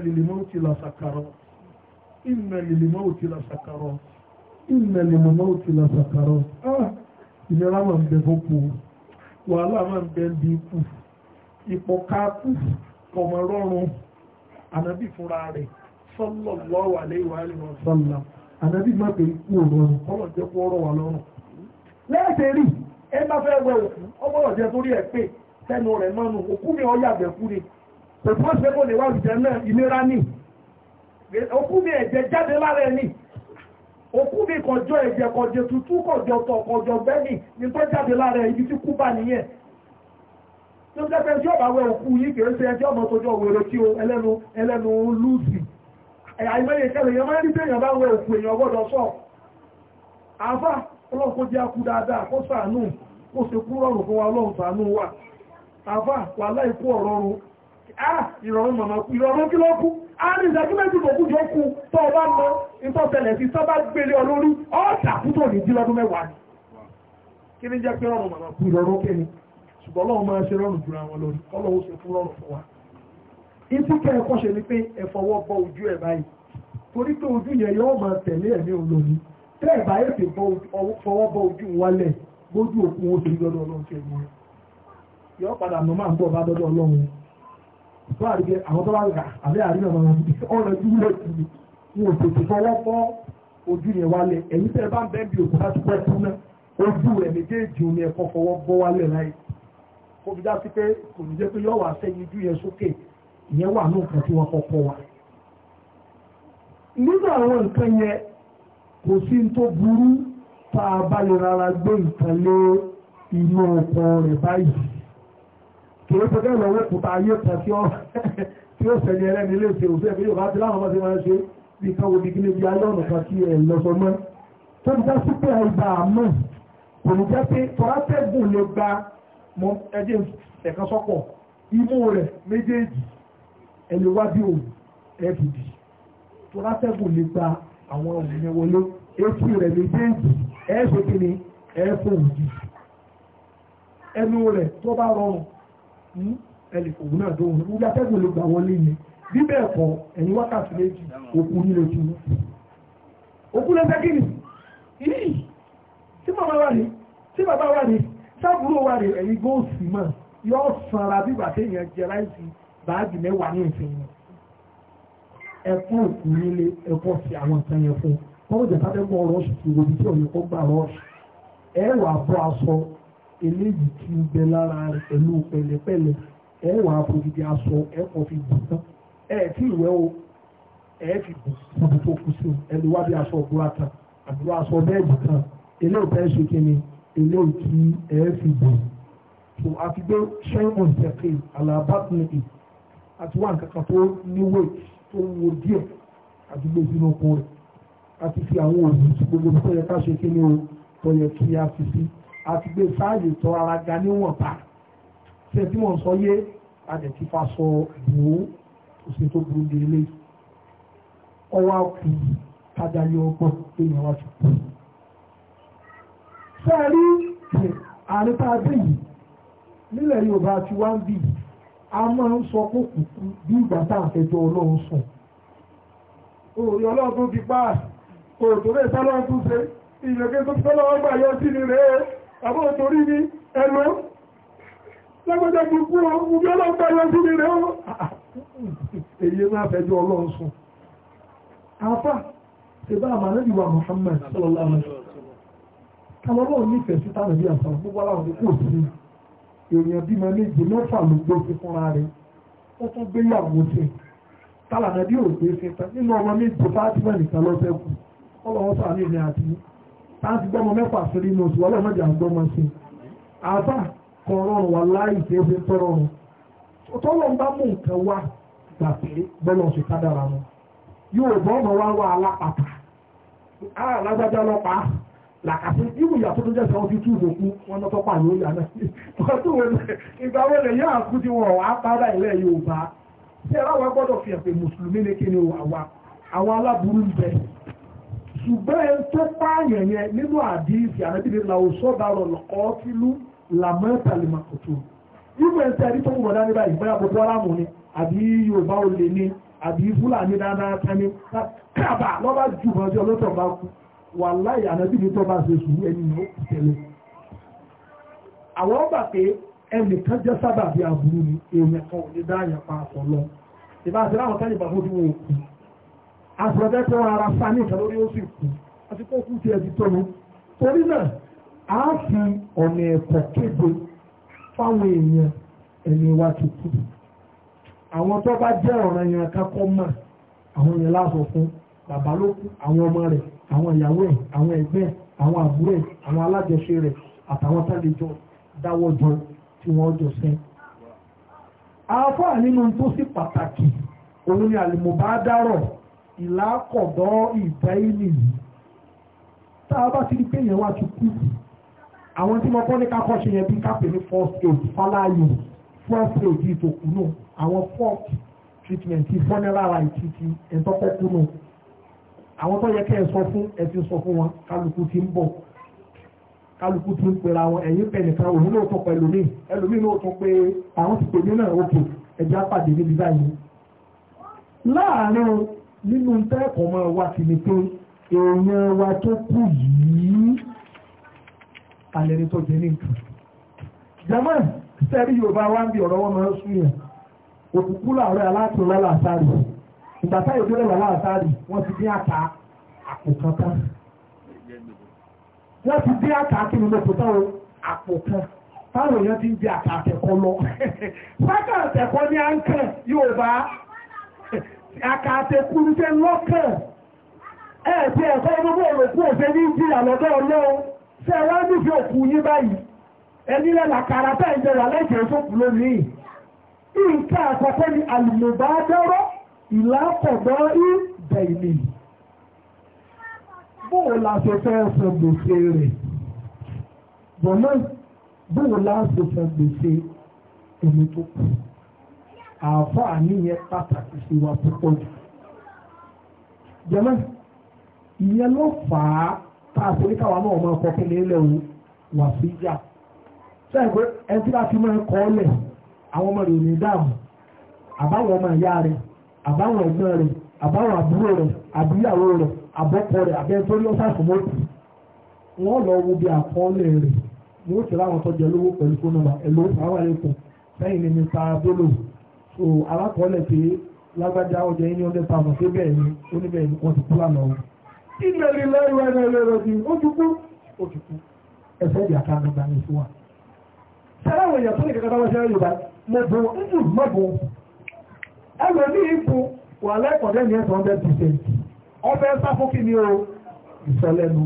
lèlè mọ́ ìnà lèmọ̀ náà ti la sàkàrọ̀ ah, ìnira máa ń bẹ fọ́pọ̀ wàhálà máa ń bẹ bí ikú ipò káàkù ọmọ rọrùn ànábì fúnra rẹ̀ sallallahu alaihi wa alihi wa sallam ànábì má pé ikú òrùn kọ́lọ̀ jẹ́ kó ọ̀rọ̀ wà lọ́rùn lẹ́ẹ̀sẹ̀ rí ẹ bá fẹ́ wẹ òkú ọgbọ́dọ̀ jẹ́ torí ẹ̀ pé tẹnu rẹ̀ mọ́nu òkú mi ọ̀yà bẹ̀kú ni kò fọ́sẹ̀ kò lè wá ìjẹ́ náà ìnira ní òkú mi ẹ̀jẹ̀ jáde lára ẹ̀ ní òkú mi kọjọ ẹ̀jẹ̀ kọjọ tuntun kọjọ tọ̀ kọjọ bẹ́ẹ̀nì ní tó jáde lára ibi tí kú bá nìyẹn tó jẹ́ tí ẹjọ́ bá wẹ òkú yìí kìí ṣe ẹjọ́ ọmọ tó jọ wèrè tí o ẹlẹ́nu ẹlẹ́nu kẹlẹ̀ yẹn máa ń rí pé èèyàn bá wẹ òkú èèyàn gbọ́dọ̀ sọ àfà ọlọ́run kó jẹ́ akú àárín ìdájú méjì kò kújọ kú tó ọba mọ ìtọ́tẹ̀lẹ̀ fi sọ́bá gbélé olórí ọ̀ọ́ta kútó ní dílọ́dún mẹ́wàá ni kí ní jẹ́ pé ọ̀rọ̀ màmá kú ìrọ̀rọ̀ kéni ṣùgbọ́n Ọlọ́run máa ṣe rọrùn jùlọ àwọn lórí Ọlọ́run ṣe fún rọrùn ni pé ẹ fọwọ́ bọ ojú ẹ̀ báyìí torí pé ojú yẹn yóò máa tẹ̀lé ẹ̀mí olórí wọ́n àrí pé àwọn tó bá rà àbẹ́ àríyàn máa ń ọ̀nà ìdúró ti ní òtòtò fọwọ́ fọ́ ojú yẹn wálẹ̀ ẹ̀yìn tẹ́ bá ń bẹ́ẹ̀ bí òkú bá ti pẹ́ fún náà ojú rẹ̀ méjèèjì omi ẹ̀kọ́ fọwọ́ bọ́ wálẹ̀ láì kó fi dá sí pé kò ní jẹ́ pé yọ̀ wá sẹ́yìn ojú yẹn sókè ìyẹn wà ní nǹkan tí wọ́n kọ́kọ́ wa. nínú àwọn nǹkan yẹn kò sí tó burú tá a bá lè rárá gbé nǹkan lé inú ọkọ rẹ̀ báyìí kìí pẹ́ bẹ́ẹ̀ lọ́wọ́ kùtà ayé kan tí ó tí ó sẹ̀ni ẹlẹ́ni lè ṣe òṣèlú yóò bá ti láwọn ọmọdé máa ń ṣe bí kan wo digi níbi ayé ọ̀nà kan kí ẹ̀ lọ́sọ mọ́ tó ti dá sí pé àìgbà àmọ́ kò ní jẹ́ pé tọ́látẹ́gùn lè gba mọ ẹjẹ́ ẹ̀kan sọ́pọ̀ imú rẹ̀ méjèèjì ẹ̀lẹ́ wájú òun ẹ̀bìbì tọ́látẹ́gùn lè gba àwọn òmìnir wọlé etí rẹ̀ méjèèjì ẹ̀ẹ́sọ̀kìnì ẹ̀ẹ́fọ̀ òjì ẹnu rẹ̀ tó bá rọrùn ẹlẹ́kọ̀ọ́ náà dóhùn nígbà tẹ́gùn ló gbà wọlé yẹn bí bẹ́ẹ̀ kọ́ ẹ̀yìn wákàtí méjì òkú nílò tí wọ́n òkú lẹ́sẹ̀ kí ni yìí tí màmá wà ní tí bàbá wà ní sábúrò wà ní ẹ̀yìn góòsì mọ̀ yóò sanra bí bàtẹ́ yẹn jẹ láìsí báàgì mẹ́wàá ní ìfẹ́ yẹn ẹ̀kọ́ òkú nílé ẹ̀kọ́ sí àwọn nǹkan yẹn fún kọ́mọ̀jẹ̀ sábẹ́ mọ́ rọ́ọ̀ṣì tí òbí tí òyìnbó gbà rọ́ọ̀ṣì ẹ̀ eléyìí tí ń bẹ lára rẹ̀ pẹ̀lú pẹ̀lẹ́pẹ̀lẹ́ ẹ wà àfòjìdì aṣọ ẹ kò fi bù tán ẹ tí ìwẹ́ o ẹ fi bù síbi tó kù sí ẹni wá bí aṣọ ògbóra kan àbúrò aṣọ bẹ́ẹ̀dì kan eléyìí tẹ́ ṣe kí ni eléyìí tí ẹ fi bù tó àti gbé ṣẹ́yìn ṣẹ̀kì alábàtúnì àti wà nǹkan kan tó níwèé tó ń wo díẹ̀ àti gbé sínú okun rẹ̀ àti fi àwọn òòlù gbogbo tó yẹ ká ṣe kí ni o tó yẹ kí a fi sí àti gbé sáàyè tọ́ ara ga níwọ̀nba ṣe tí wọ́n sọ yé adẹ̀ ti fa sọ bùú òsè tó burú di ilé ọwọ́ àkù kájà yọ ọgbọ́n lẹ́yìn wá ti kú. sẹ́ẹ̀rí àárín tá a dé yìí nílẹ̀ Yorùbá ti wá ń bì a máa ń sọ pé kùkú bí ìgbà tá à ń fẹjọ́ Ọlọ́run sùn. òòrì Ọlọ́run tó fi pa òòtò rẹ̀ sálọ́run tún ṣe ìrèké tó fi sọ́lọ́run gbà yọ sí ni rèé àbọ́ torí ní ẹnu lẹ́gbẹ́jẹ́ gbogbo ọmọ bí ọlọ́pàá yọ sí rẹ̀ ó èyí máa fẹ́jú ọlọ́run sùn afá ṣẹbá àmàlẹ́bíwà Muhammad sallallahu alaihi wasallam kálọ́lọ́ nífẹ̀ẹ́ sí tánà bí àṣà gbogbo aláwọ̀ kò sí èèyàn bí ma méje mẹ́fà ló gbé sí fúnra rẹ̀ ó tún gbé yàwó sí tálànà bí ò gbé láti gbọ́mọ mẹ́fà sórí inú oṣù wọlé ọmọdé àgbọ́mọ sí i àbá kan rọrùn wà láì tí ó fi tọrọ rùn tọ́lọ̀ ń bá mú nǹkan wá gbà pé bọ́lọ̀ ṣe ká dára wọn yóò bọ́ ọmọ wa wá alápàtà ara lágbájá lọ́pàá làkàtí ìwù ìyàtọ̀ tó jẹ́ sọ́wọ́n ti tú ìdòkú wọn lọ́tọ́ pà ní òyà náà wọ́n tó wọlé ìgbà wọlé yóò àkú tí wọn wàá padà ilẹ̀ Yorùbá tí ẹ̀rọ àwọn gbọ́dọ̀ fi ẹ̀pẹ̀ mùsùlùmí ní kíni àwa àwọn aláburú ń bẹ̀rẹ̀ ṣùgbọ́n ẹni tó pààyàn yẹn nínú àdíìsì àrẹ́bìnrin làwọn sọ́dàrọ̀ lọ́kọ́ sílú làmọ́tàlìmọ̀kòtò irú ẹni tẹ́rí tó wọ̀dá ní báyìí bóyá boko haram ni àbí yorùbá olè ni àbí fúlàní dáadáa tẹ́ni kábà lọ́ba jù bọ́ sí ọlọ́tọ̀ bá kú wà láyé àrẹ́bìnrin tó bá ṣe sùn ẹni yóò kù tẹ́lẹ̀ àwọn ọgbà pé ẹnìkan jẹ́ sábàbí àbúrú ni èèyàn kan ò àfẹ́fẹ́ tó wọn ara sani ìkan lórí ó sì kú àti kó kú tiẹ̀ ti tọ́nu torí náà a fi ọ̀nà ẹ̀kọ́ kéde fáwọn èèyàn ẹni wa ti kú àwọn tó bá jẹ́ ọ̀ràn yẹn kakọ́ mà àwọn yẹn láàbọ̀ fún bàbá ló kú àwọn ọmọ rẹ̀ àwọn ìyàwó ẹ̀ àwọn ẹgbẹ́ ẹ̀ àwọn àbúrò ẹ̀ àwọn alájọṣe rẹ̀ àtàwọn tálejò dáwọ́jọ tí wọ́n jọ sẹ́ àáfàá nínú tó sì pàtàkì òun ni àlùmọ̀bá dárọ̀ ìlàkọ̀dọ́ ìdáìlì yìí tá a bá ti rí pé èèyàn wá ti kú àwọn tí mo kọ́ ní kakọ́ ṣe yẹn bí kápẹ́ ní first aid fáláyò first aid ìtòkù náà àwọn first treatment funeral right ti ẹ̀ńtọ́kọ́kú náà àwọn tó yẹ kẹ́ ẹ sọ fún ẹ ti sọ fún wọn kálukú ti ń bọ̀ kálukú ti ń pera wọn ẹ̀yìn pẹ̀ nìkan òun náà tó pẹ̀lú mi ẹlòmíì náà tó pé àwọn ti pè mí náà òkè ẹ̀jẹ̀ apàdé níbi báyìí láàárín nínú tẹ́ẹ̀kọ́ máa wá sí ni pé èèyàn wa tó kù yìí alẹ́ni tó jẹ ní nǹkan. german sẹ́rí yorùbá wa ń bi ọ̀rọ̀ wọn máa ń sún yẹn òkùnkùn làárẹ̀ aláàtún lọ́la àsáàrì ìgbà táyọ̀ tó lọ́la àsáàrì wọ́n ti dín àtà àpò kan tán wọ́n ti dín àtà kí ni mo kò táwọn àpò kan táwọn èèyàn ti ń jẹ àtà àtẹ̀kọ́ lọ sákà [laughs] àtẹ̀kọ́ ní à ń kàn yorùbá àkàtẹ̀kù ṣe lọ́kàn ẹ̀ẹ̀tì ẹ̀kọ́ gbogbo òròkú òṣè ní ìjìyà lọ́dọ̀ ọlọ́run ṣe wá nífi òkú yín báyìí ẹni lẹ́la kàràtà ìjọra lẹ́jẹ̀ẹ́ sókù lónìí nǹkan àkọ́kọ́ ni àlùmọ̀bádọ́rọ́ ìlàkọ̀dọ́ ìbẹ̀ ìlì bóò la ṣe fẹ́ san gbèsè rẹ̀ bọ̀mọ́ bóò la ṣe san gbèsè ẹni tó kù. afọ ye pàtàkì sí wa púpọ̀ jù jẹ́mọ́ ìyẹn ló fà á tá a forí káwa náà máa kọ́ kíni ilẹ̀ òun wà sí ìjà fi máa àwọn ọmọ ò ní dáàmú àbáwọn ọmọ ìyá rẹ̀ àbáwọn àbáwọn àbúrò àbíyàwó lọ wo bí ni ó ti fóònù so alákọ̀ọ́lẹ̀ pé lágbájá ọjọ́ yín ní ọdẹ pàmò pé bẹ́ẹ̀ ni ó ni wọ́n ti kú lánàá o ilẹ̀ ilẹ̀ ìwà ilẹ̀ ilẹ̀ rẹ̀ ó ti kú ó ti kú ẹ̀fẹ́ ìdí àká gbogbo àmì fún wa. sẹ́lẹ̀ èèyàn tó bu mọ́ wà lẹ́kọ̀ọ́dẹ́ ẹ̀sán ni o ìsọlẹ́nu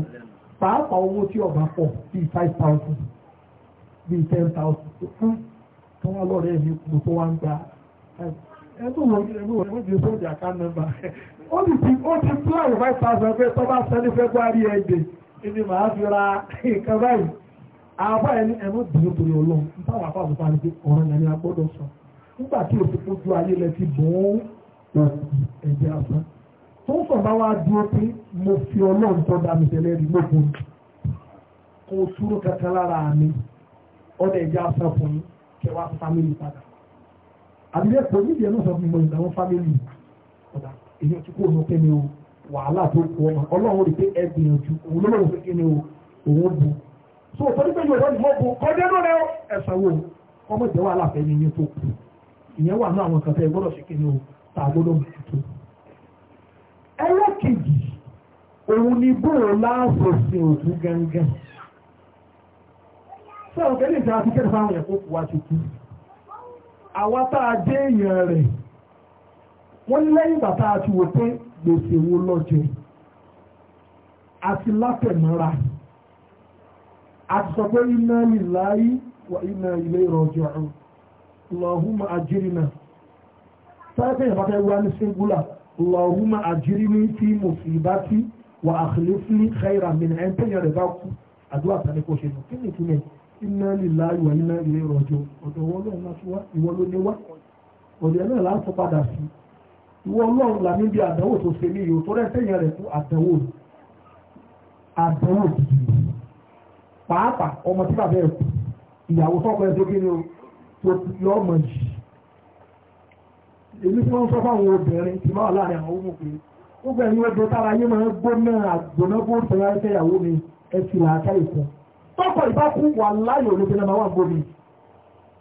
pàápàá owó tí ọba pọ̀ bíi five thousand bíi ten thousand lọ́ọ̀rẹ́ gba ó ti plan five thousand pé tó bá sẹ́ni february ẹ̀dẹ̀ ibi màá fi ra nǹkan báyìí àbá ẹni ẹ̀mọ́ dùnú torí ọlọ́run nípa àwọn àbá àbúkọ́ àti ọ̀rọ̀ ìyàní agbọ́dọ̀ sọ nígbà tí òsì fojú ayé lẹ ti bùn ún ẹ̀jẹ̀ àsán tó ń sọ̀rọ̀ bá wá dúró pé mo fi ọlọ́run tó dá mi tẹ́lẹ̀ rí gbogbo kò súró kankan lára mi ọ̀dọ̀ ẹ̀jẹ̀ àsán fún mi kẹwàá fámìlì padà àbílẹ̀ pọ̀ nídìí ẹ̀ náà sọ fún mi ìlànà fámìlì ọ̀dà èyí ti kó òun kéde o wàhálà tó kọ ọmọ ọlọ́run rí pé ẹ gbìyànjú òun lọ́wọ́ fún kéde o òun bu so torí pé yorùbá ìfọ̀ bu kọjá náà rẹ ẹ̀sán wo ọmọ ìjẹ́ wàhálà fẹ́ ni yín tó kù ìyẹn wà náà àwọn kan tẹ́ gbọ́dọ̀ ṣe kéde o tà gbọ́dọ̀ mú tó. ẹlẹ́kejì òun ni bóòrò láàfọ̀sìn òkú gángan sọ̀rọ̀ kẹ́lẹ́ ìjà àti kẹ́lẹ́ fáwọn ẹ̀kọ́ kù wá ti kú àwa tá a jẹ́ èèyàn rẹ̀ wọ́n lẹ́yìn ìgbà tá a ti wò pé gbèsè wo lọ́jọ́ àti látẹ̀mọ́ra àti sọ pé inna lillahi wa inna ilayhi raji'un Allahumma ajirina sáyẹ́pẹ́ yẹn fàtẹ́ ní singula Allahumma ajirini fi musibati wa akhlifni khayran min ẹ̀ńtẹ́yẹrẹ bá kú àdúrà tani kò ṣe nù kí ni ìtumẹ̀ yìí iná lílá ìwà iná ilé rọ̀jò ọ̀dọ̀ wọn lọ́run láti wá ìwọ ló ní wá ọ̀dẹ̀ náà láti padà sí ìwọ ọlọ́run là níbi àdánwò tó ṣe ní ìyó tó rẹ̀ sẹ́yìn rẹ̀ fún àdánwò àdánwò gidi pàápàá ọmọ tí bàbá ẹ̀ kú ìyàwó sọ́kọ ẹ̀ tó kí ni o tó lọ́ mọ̀ jì èmi tí wọ́n sọ fáwọn obìnrin tí máa láàrin àwọn ọmọ pé ó gbẹ̀yìn ọdún tára yé máa gbóná àgbóná gbóná ìyàwó mi ẹ ti rà á ká ìkan tọ́pọ̀ ìbákú wà láyò ló fi nọmba wà gbóbi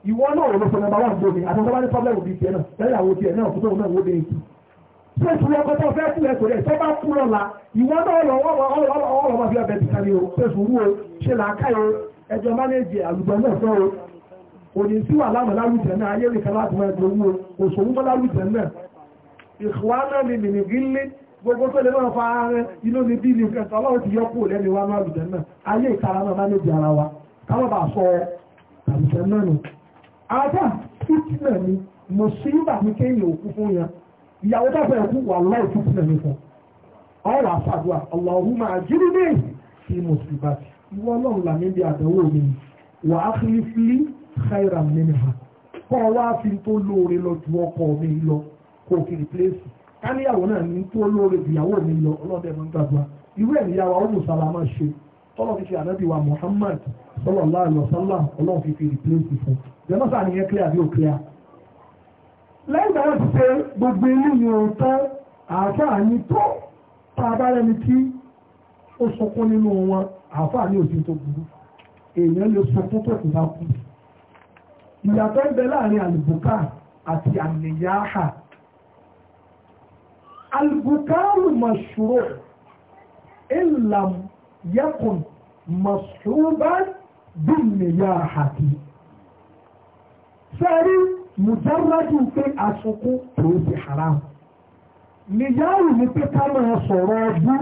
ìwọ náà ló fi nọmba wà gbóbi àti ọba ní pọ́blẹ́mù bíi tiẹ̀ náà lẹ́yìn àwọn tiẹ̀ náà fúntóhùn náà wó dé èkì ṣé ìṣúra ọkọ tó fẹ́ kú ẹ̀kọ́ rẹ̀ tó bá kú lọ́la ìwọ náà lọ ọlọ́wọ́ fi ọbẹ̀ bìkan ni o ṣe sùúrù o ṣe làákà o ẹjọ́ mánéèjì àlùbọ̀ náà fẹ́ o òní sí wà láàmú lálùjẹ náà ayé nìkan láti máa gbowó o òṣòwò mọ́ lálùjẹ náà ìṣùwà náà ni mìnìgínlé gbogbo tó lè máa fa ààrẹ inú ni bí ní ìfẹsẹ̀ ọlọ́run ti yọkù lẹ́nu wa máa bìtẹ̀ náà ayé ìtara náà bá ní ibi ara wa káwọn bá sọ àbìtẹ̀ náà nù. ada fitinẹ ni mo sí ibà mi kéèyàn òkú fún yẹn ìyàwó tó fẹ́ kú wà láì fitinẹ mi fún ọ̀rọ̀ àfàdùà Allahumma ajirni fi musibati ìwọ ọlọ́run là níbi àdánwò mi wà á fi fi khairan minha kọ́ wa fi tó lóore lọ ju ọkọ mi lọ kó kiri pléèsì káníyàwó náà ní tó lóore ìyàwó mi lọ ọlọ́dẹ mọ́ gbàgbà irú ẹ̀ níyàwó ọmọ sàlámà ṣe tọ́lọ́ fi fi ànábì wa Muhammad sallallahu alaihi wasallam ọlọ́run fi fi rìpléǹsì fún jẹ́nọ́sà nìyẹn clear bí ó clear. lẹ́yìn náà ti ṣe gbogbo eléyìí ohun tán àáfàá ní tó tá a bá rẹni tí ó sunkún nínú wọn àáfàá ní òsì tó burú èèyàn lè sunkún tó kù bá kú. ìyàtọ̀ ń bẹ láàrin àlùbùkà àti àmìyáhà albukaru mashuro ilam yakun masuban bíníyà àti sẹ́rí mùjáwájú pé àsùnkún tó ti haram níyàwó ni pé ká máa sọ̀rọ̀ ọdún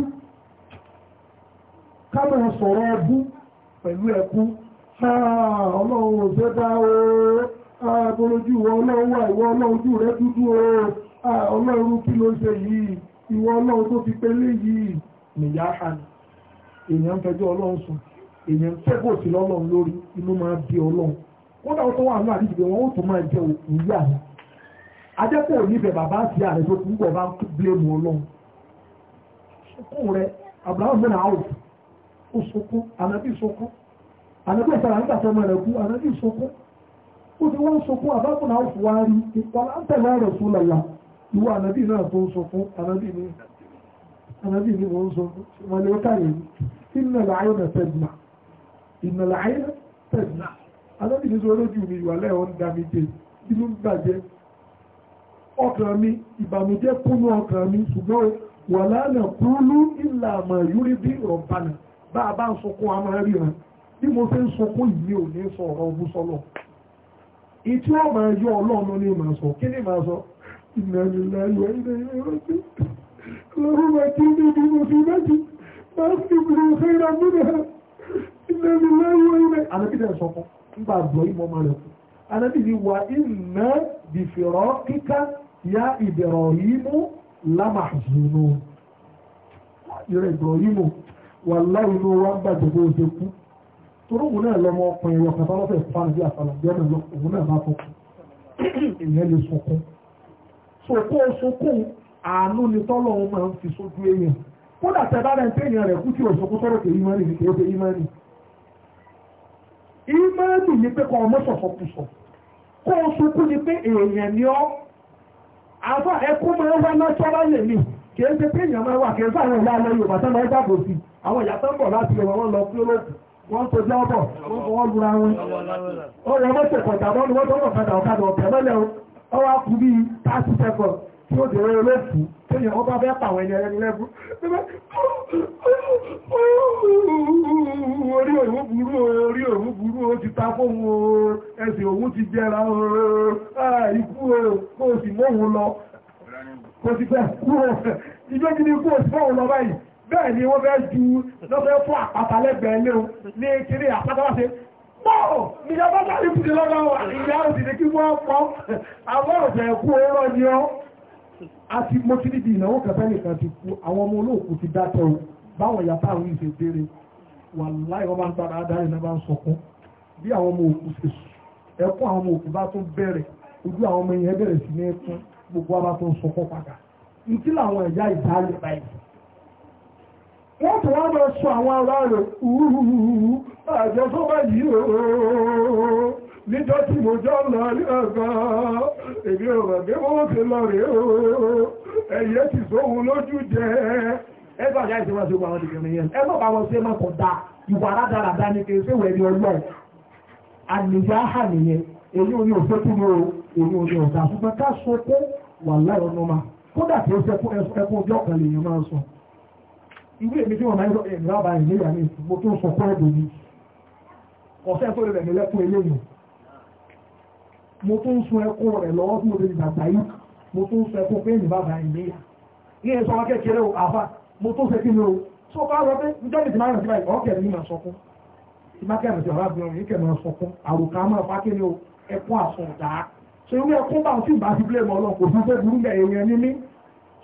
ká máa sọ̀rọ̀ ọdún pẹ̀lú ẹkún ọlọ́run ò ṣe dá o agbórojú ìwọ ọlọ́run wà ìwọ ọlọ́run ojú rẹ dúdú o. ọlọ́run kí ló ṣe yìí ìwọ ọlọ́run tó fi pélé yìí nìyá hàn èèyàn ń fẹjọ́ ọlọ́run sùn èèyàn ń sí lọ́lọ́run lórí inú máa bí ọlọ́run wọ́n dáwọ́ tó wà ní àdíjìgbé wọn ó tó máa jẹ òkú yà ní ajẹ́pọ̀ bàbá ààrẹ tó bá ń ọlọ́run abraham mẹ́rin ó nígbà tó kú ó ti wọ́n ìwọ ànábì náà tó ń sọ fún ànábì ní ànábì ní wọ́n ń sọ fún wọn ni ó tààyè ní ìnàlà àyọ̀nà tẹ̀gbà ìnàlà àyọ̀nà tẹ̀gbà ànábì ní sọ lójú mi ìwà lẹ́wọ̀n ń dá mi jẹ inú ń bàjẹ́ ọkàn mi ìbànújẹ́ kúnú ọkàn mi ṣùgbọ́n wà lánà kúlú ìlà àmà yúrí bí rọ̀bánà bá a bá ń sọkún a máa ríran bí mo fẹ́ ń sọkún yìí ò ní sọ ọ̀rọ̀ ọbúsọ́lọ̀ ìtí ó máa yọ ọlọ́run ní màá sọ kí ni màá sọ إنا لله وإنا إليه راجعون اللهم أتيني بمصيبتي وأكتب لي خيرا منها إنا لله وإنا أنا كده أشوفه nígbà àgbọ̀ ìmọ̀ máa rẹ̀ kù. Anábì ni wà ìmọ̀ bìfìrọ̀ kíkà ya ìbẹ̀rọ̀ yìí lámàzùnú. Ìrẹ̀ ìbẹ̀rọ̀ yìí mú wà láwùjọ wa ń bàjẹ́ bó ṣe kú. Torúkù náà lọ́mọ ọkùnrin wọ̀ kàtà lọ́fẹ̀ẹ́ fún àlùbí àfàlà bí ọ̀nà òun náà bá fọ́kù. Ìyẹn lè sọkún sòkó sunkún àánú ni tọ́lọ́run máa ń fi sójú èèyàn kódà tẹ́bá rẹ̀ ń pè èèyàn rẹ̀ kú tí òṣùnkún tọ́rọ̀ kè ìmọ̀ nìyí kéde ìmọ̀ nì. ìmọ̀ pé kọ́ ọmọ sọ̀sọ̀ kù kó o ni pé èèyàn ni ọ́ àbọ̀ ẹkún máa ń wá lọ́sọ́rọ́ lè mí kìí ṣe pé èèyàn máa wà kìí sáà rẹ̀ lálẹ́ Yorùbá tán lọ gbàgbọ́ sí àwọn ìyá tó ń bọ̀ láti ọ̀rọ̀ wọn lọ kí olóògùn wọ́n tó jẹ́ ọ̀bọ̀ wọ́n lura wọn. ó rẹ̀ mọ́tò kọ̀ọ̀tà bọ́ọ̀lù wọ́n tó ọwọ́ kú bí tààtì sẹ́kọ̀ tí ó dèrè olóòfù tẹ́yìn ọba fẹ́ pàwọn ẹni ẹni lẹ́bù orí òun burú orí òun burú ó ti ta fóun ẹsẹ̀ òun ti jẹra o ikú o kó sì móhun pọ̀ ìjọba tàbí fún ìlọ́gbà ìyá òsì ní kí wọ́n pọ̀ àwọn ọ̀sẹ̀ ẹ̀kú ọ̀rọ̀ ni ọ́ àti mo ti níbi ìnáwó kẹfẹ́ nìkan ti kú àwọn ọmọ olóòkú ti dátẹ́ o báwọn ìyá táwọn ìṣe béèrè wà láì wọ́n máa ń padà adarí náà bá ń sọkún bí àwọn ọmọ òkú ṣe ẹkún àwọn ọmọ òkú bá tún bẹ̀rẹ̀ ojú àwọn ọmọ yẹn bẹ̀rẹ̀ sí ní ẹkún gbogbo wa tún sọkún padà ntí làwọn ẹ̀yà ìdálẹ̀ báyìí wọ́n tó wá lọ sọ àwọn ará rẹ̀ uhuhu àjọ tó bá yìí ooo níjọ́ tí mo jọ lọ rí ọ̀gá èmi ò rọ̀ gé wọ́n ti lọ rí ooo ẹ̀yẹ ti sóhun lójú jẹ́ ẹgbẹ́ àjá ìṣẹ́wà sí ọgbà àwọn ìgbìmọ̀ yẹn ẹgbẹ́ bá wọn sí ẹmọ kò dá ìwà rádaràdá ní kí n sí wẹ̀ ní ọlọ́ọ̀ àníyá hà nìyẹn èyí ò ní òfin kí ni o èyí ò ní ọ̀gá ṣùgbọ́n ká sọ pé wà láì ọ̀nà máa kódà kí ó sẹ́kún ẹkún ọjọ́ kan lèèyàn máa sọ ìwé èmi tí wọ́n máa ń ẹ̀rọ àbá ìlera ní mo tó ń sọ pé ẹ̀dùn mi ọ̀sẹ̀ tó rẹ̀ lẹ́kùn eléyìí mo tó ń sun ẹkùn rẹ̀ lọ́wọ́ tí mo lè gbàgbà yìí mo tó ń sun ẹkùn pé ní bàbá o àfa mo tó ṣe kí ni o tó bá rọ pé njẹ́ mi ti máa rìn sí báyìí ọ̀kẹ́ mi máa sọkún tí má kẹ́rin sí ọ̀rá bìnrin kẹ́ máa sọkún àròkà máa fa kí ni o ẹkùn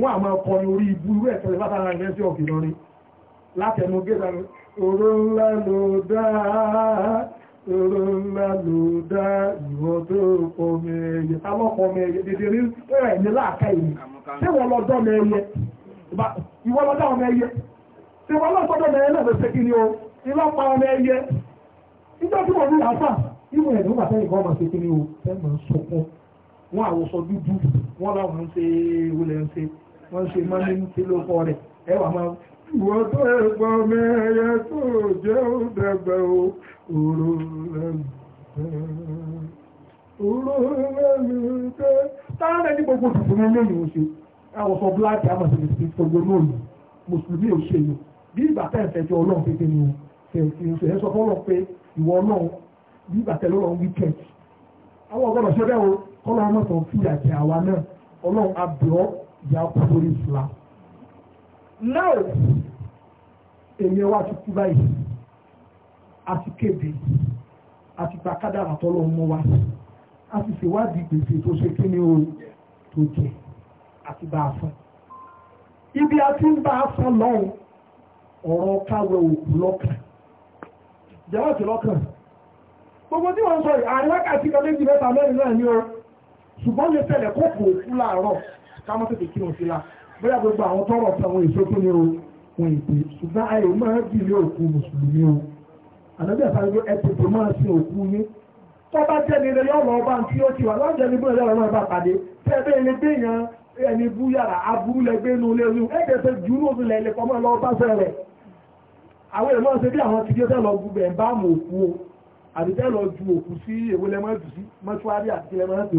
wọ́n àmọ́ ọkọ̀ ní orí ibú irú ẹ̀tọ́ lè látara ẹ̀rẹ́ sí ọ̀gbìn lọ́rin látẹnu gẹ́gà ní oró ńlá ló dáa oró ńlá ló dáa ìwọ tó pọmọ ẹyẹ alọ́pọmọ ẹyẹ dèdè rí rẹ̀ ní láàká ìlú tí wọ́n lọ dọ́ mẹ́ẹ̀yẹ ìwọ lọ dá ọmọ ẹyẹ tí wọ́n lọ́sọ́dọ̀ mẹ́ẹ̀yẹ náà lọ́sẹ̀ kí ni o ìlọ́pa ọmọ wọ́n rí dúdú wọn làwọn ń ṣe wọlé ń ṣe wọ́n ṣe mọ́ ní kí ló kọ́ rẹ̀ ẹwà máa wọ́n tó ẹ̀pọ̀ mẹ́ẹ̀yẹ tó jẹ́ ó dẹ̀gbẹ̀ o òrò lẹ́gbẹ̀ẹ́ tààrẹ ní gbogbo tuntun ní lónìí oṣù àwọn sọ bláàkì amọ̀sílẹ̀ sí gbogbo lónìí mùsùlùmí òṣèlú bí ìgbà tẹ́ ẹ̀fẹ́ tí ọlọ́run pépé ni ẹ̀sìn ẹ̀sọ́ fọ́lọ́ pé ìwọ ọlọ́run ìyá kú lórí ìfúra náà èmi wá ti kú báyìí àti kéde àti gbàkádà àtọ́lọ́ mọ́ wa a sì ṣèwádìí gbèsè tó ṣe kí ni o tó jẹ àti bá a fún ibi a ti ń bá a fún lọ́hùn ọ̀rọ̀ káwé òkú lọ́kàn jẹ́wọ́ sí lọ́kàn gbogbo tí wọ́n sọ yìí àárín wákàtí kan méjì mẹ́ta mẹ́rin náà ni o ṣùgbọ́n lè tẹ̀lé kókò òkú láàárọ̀ kámọ́ tètè kí òun sí la bóyá gbogbo àwọn tọrọ táwọn èso tó ní o wọn ìpè ṣùgbọ́n ayò máa dì ní òkú mùsùlùmí o ànábì àtàwọn ẹgbẹ́ ẹ tètè máa sin òkú yín tó bá jẹ́ni ilé yọ̀ lọ́ọ́ bá ń tí ó ti wà lọ́jọ́ ní bóyá lọ́ọ́ bá pàdé tẹ́ ẹ bẹ́ẹ̀ lè gbé yàn ẹni bú yàrá aburú lẹgbẹ́ inú ilé oyún ẹ̀jẹ̀ tẹ jù ú lòdùn lẹ́lẹ̀ kọ́mọ́ lọ́ọ́ bá sẹ́rẹ̀ àwọn èèmọ́ ṣe bí àwọn tìjọ́ tẹ́ lọ gbúgbẹ̀ ń bá mọ̀ òkú o àbí tẹ́ lọ ju òkú sí èwo lẹ́mọ́ jù sí mọ́ṣúárì àti lẹ́mọ́ tó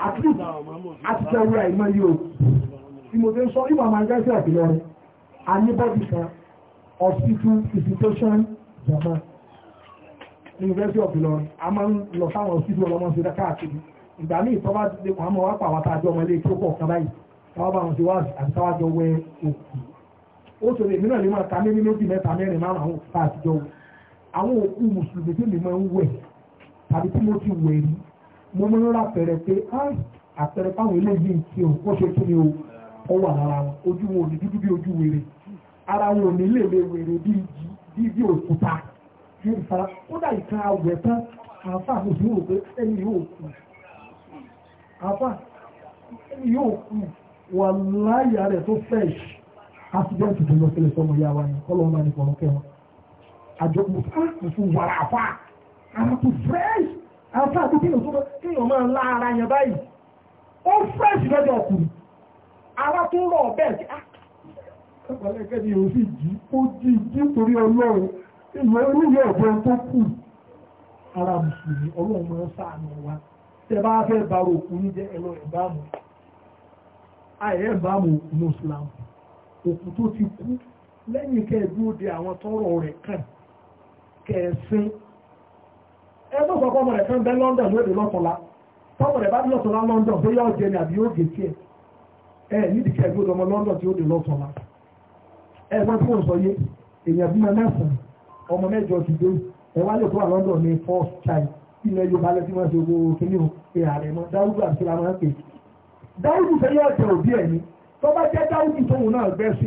at least àti ẹ̀rọ àìmọ́ yìí o tí mo ti ń sọ ìwà máa ń gẹ́sì àbílọ́rẹ́ a ní bọ́dì kan hospital institution jama university of Ilorin a máa ń lọ sáwọn hospital ọlọ́mọ sí káàkiri ìgbà míì tó bá dé wọn máa wá pa àwọn àtàjọ ọmọ ilé tó pọ̀ kan báyìí káwọn bá wọn ti wá àti káwọn jọ wẹ òkú ó sọ èmi náà ní máa ta méjì méjì mẹ́ta mẹ́rin márùn àwọn òkú àtijọ́ àwọn òkú mùsùlùmí tí mi máa ń wẹ̀ tàbí tí mo ti wẹ̀ rí mo mú lọ́la pẹ̀rẹ̀ pé àpẹẹrẹ fáwọn eléyìí tí òun kó ṣe kí ni o ó wà lára wọn ojú wọn ò ní dúdú bí ojú wèrè ara wọn ò ní lè lè wèrè bí bí òkúta yóò fara kódà ìka àwẹ̀ tán àáfà mo sì ń rò pé ẹni yóò kú àáfà ẹni yóò kú wà láyà rẹ̀ tó fresh accident tó lọ sílẹ̀ sọmọ ìyá wa ni kọ́lọ́ọ̀ bá ní kọ̀ọ̀kẹ́ wọn àjọ kò fún wàrà àfà àmọ́ tó fresh àfa àti kí èèyàn kí èèyàn máa lá ara yẹn báyìí ó fresh lọ́jọ́ ọkùnrin ara tó rọ̀ bẹ́ẹ̀ kí á ah! kọ́kọ́lẹ́kẹ́ ni òun sì jí ó jí jí torí ọlọ́run ìwé oníyẹ ọ̀gbọ́n tó kù ara mùsùlùmí ọlọ́run máa ń sáànù wa tẹ bá fẹ́ bá òkú ní jẹ́ ẹ̀rọ ìbámu àìyẹ́ ìbámu òkú ní Islam òkú tó ti kú lẹ́yìn kẹ́ẹ̀dúró de àwọn tọ́rọ̀ ẹgbẹ́ ọ̀kọ̀ọ̀kọ́ ọmọ rẹ̀ fẹ́ ń bẹ́ London lóde lọ́tọ̀lá tọ́mọ rẹ̀ bá ní lọ́tọ̀lá London tó yá ọ̀jẹ̀ ni àbí yóò gé tiẹ̀ ẹ níbi kí ẹgbẹ́ ọmọ London tí ó dé lọ́tọ̀lá ẹ gbọ́n tí mo sọ yé èèyàn bí wọn mẹ́sàn ọmọ mẹ́jọ ti dé ẹ wá lè tó wà London ní first child ilẹ̀ Yorùbá lẹ tí wọ́n ṣe owó kíní o ìhà rẹ̀ mọ́ Dáúdù àti ìlànà pè Dáúdù fẹ́ yọ ọ̀jẹ̀ òbí ni tó bá jẹ́ Dáúdù tóun náà gbẹ́ sí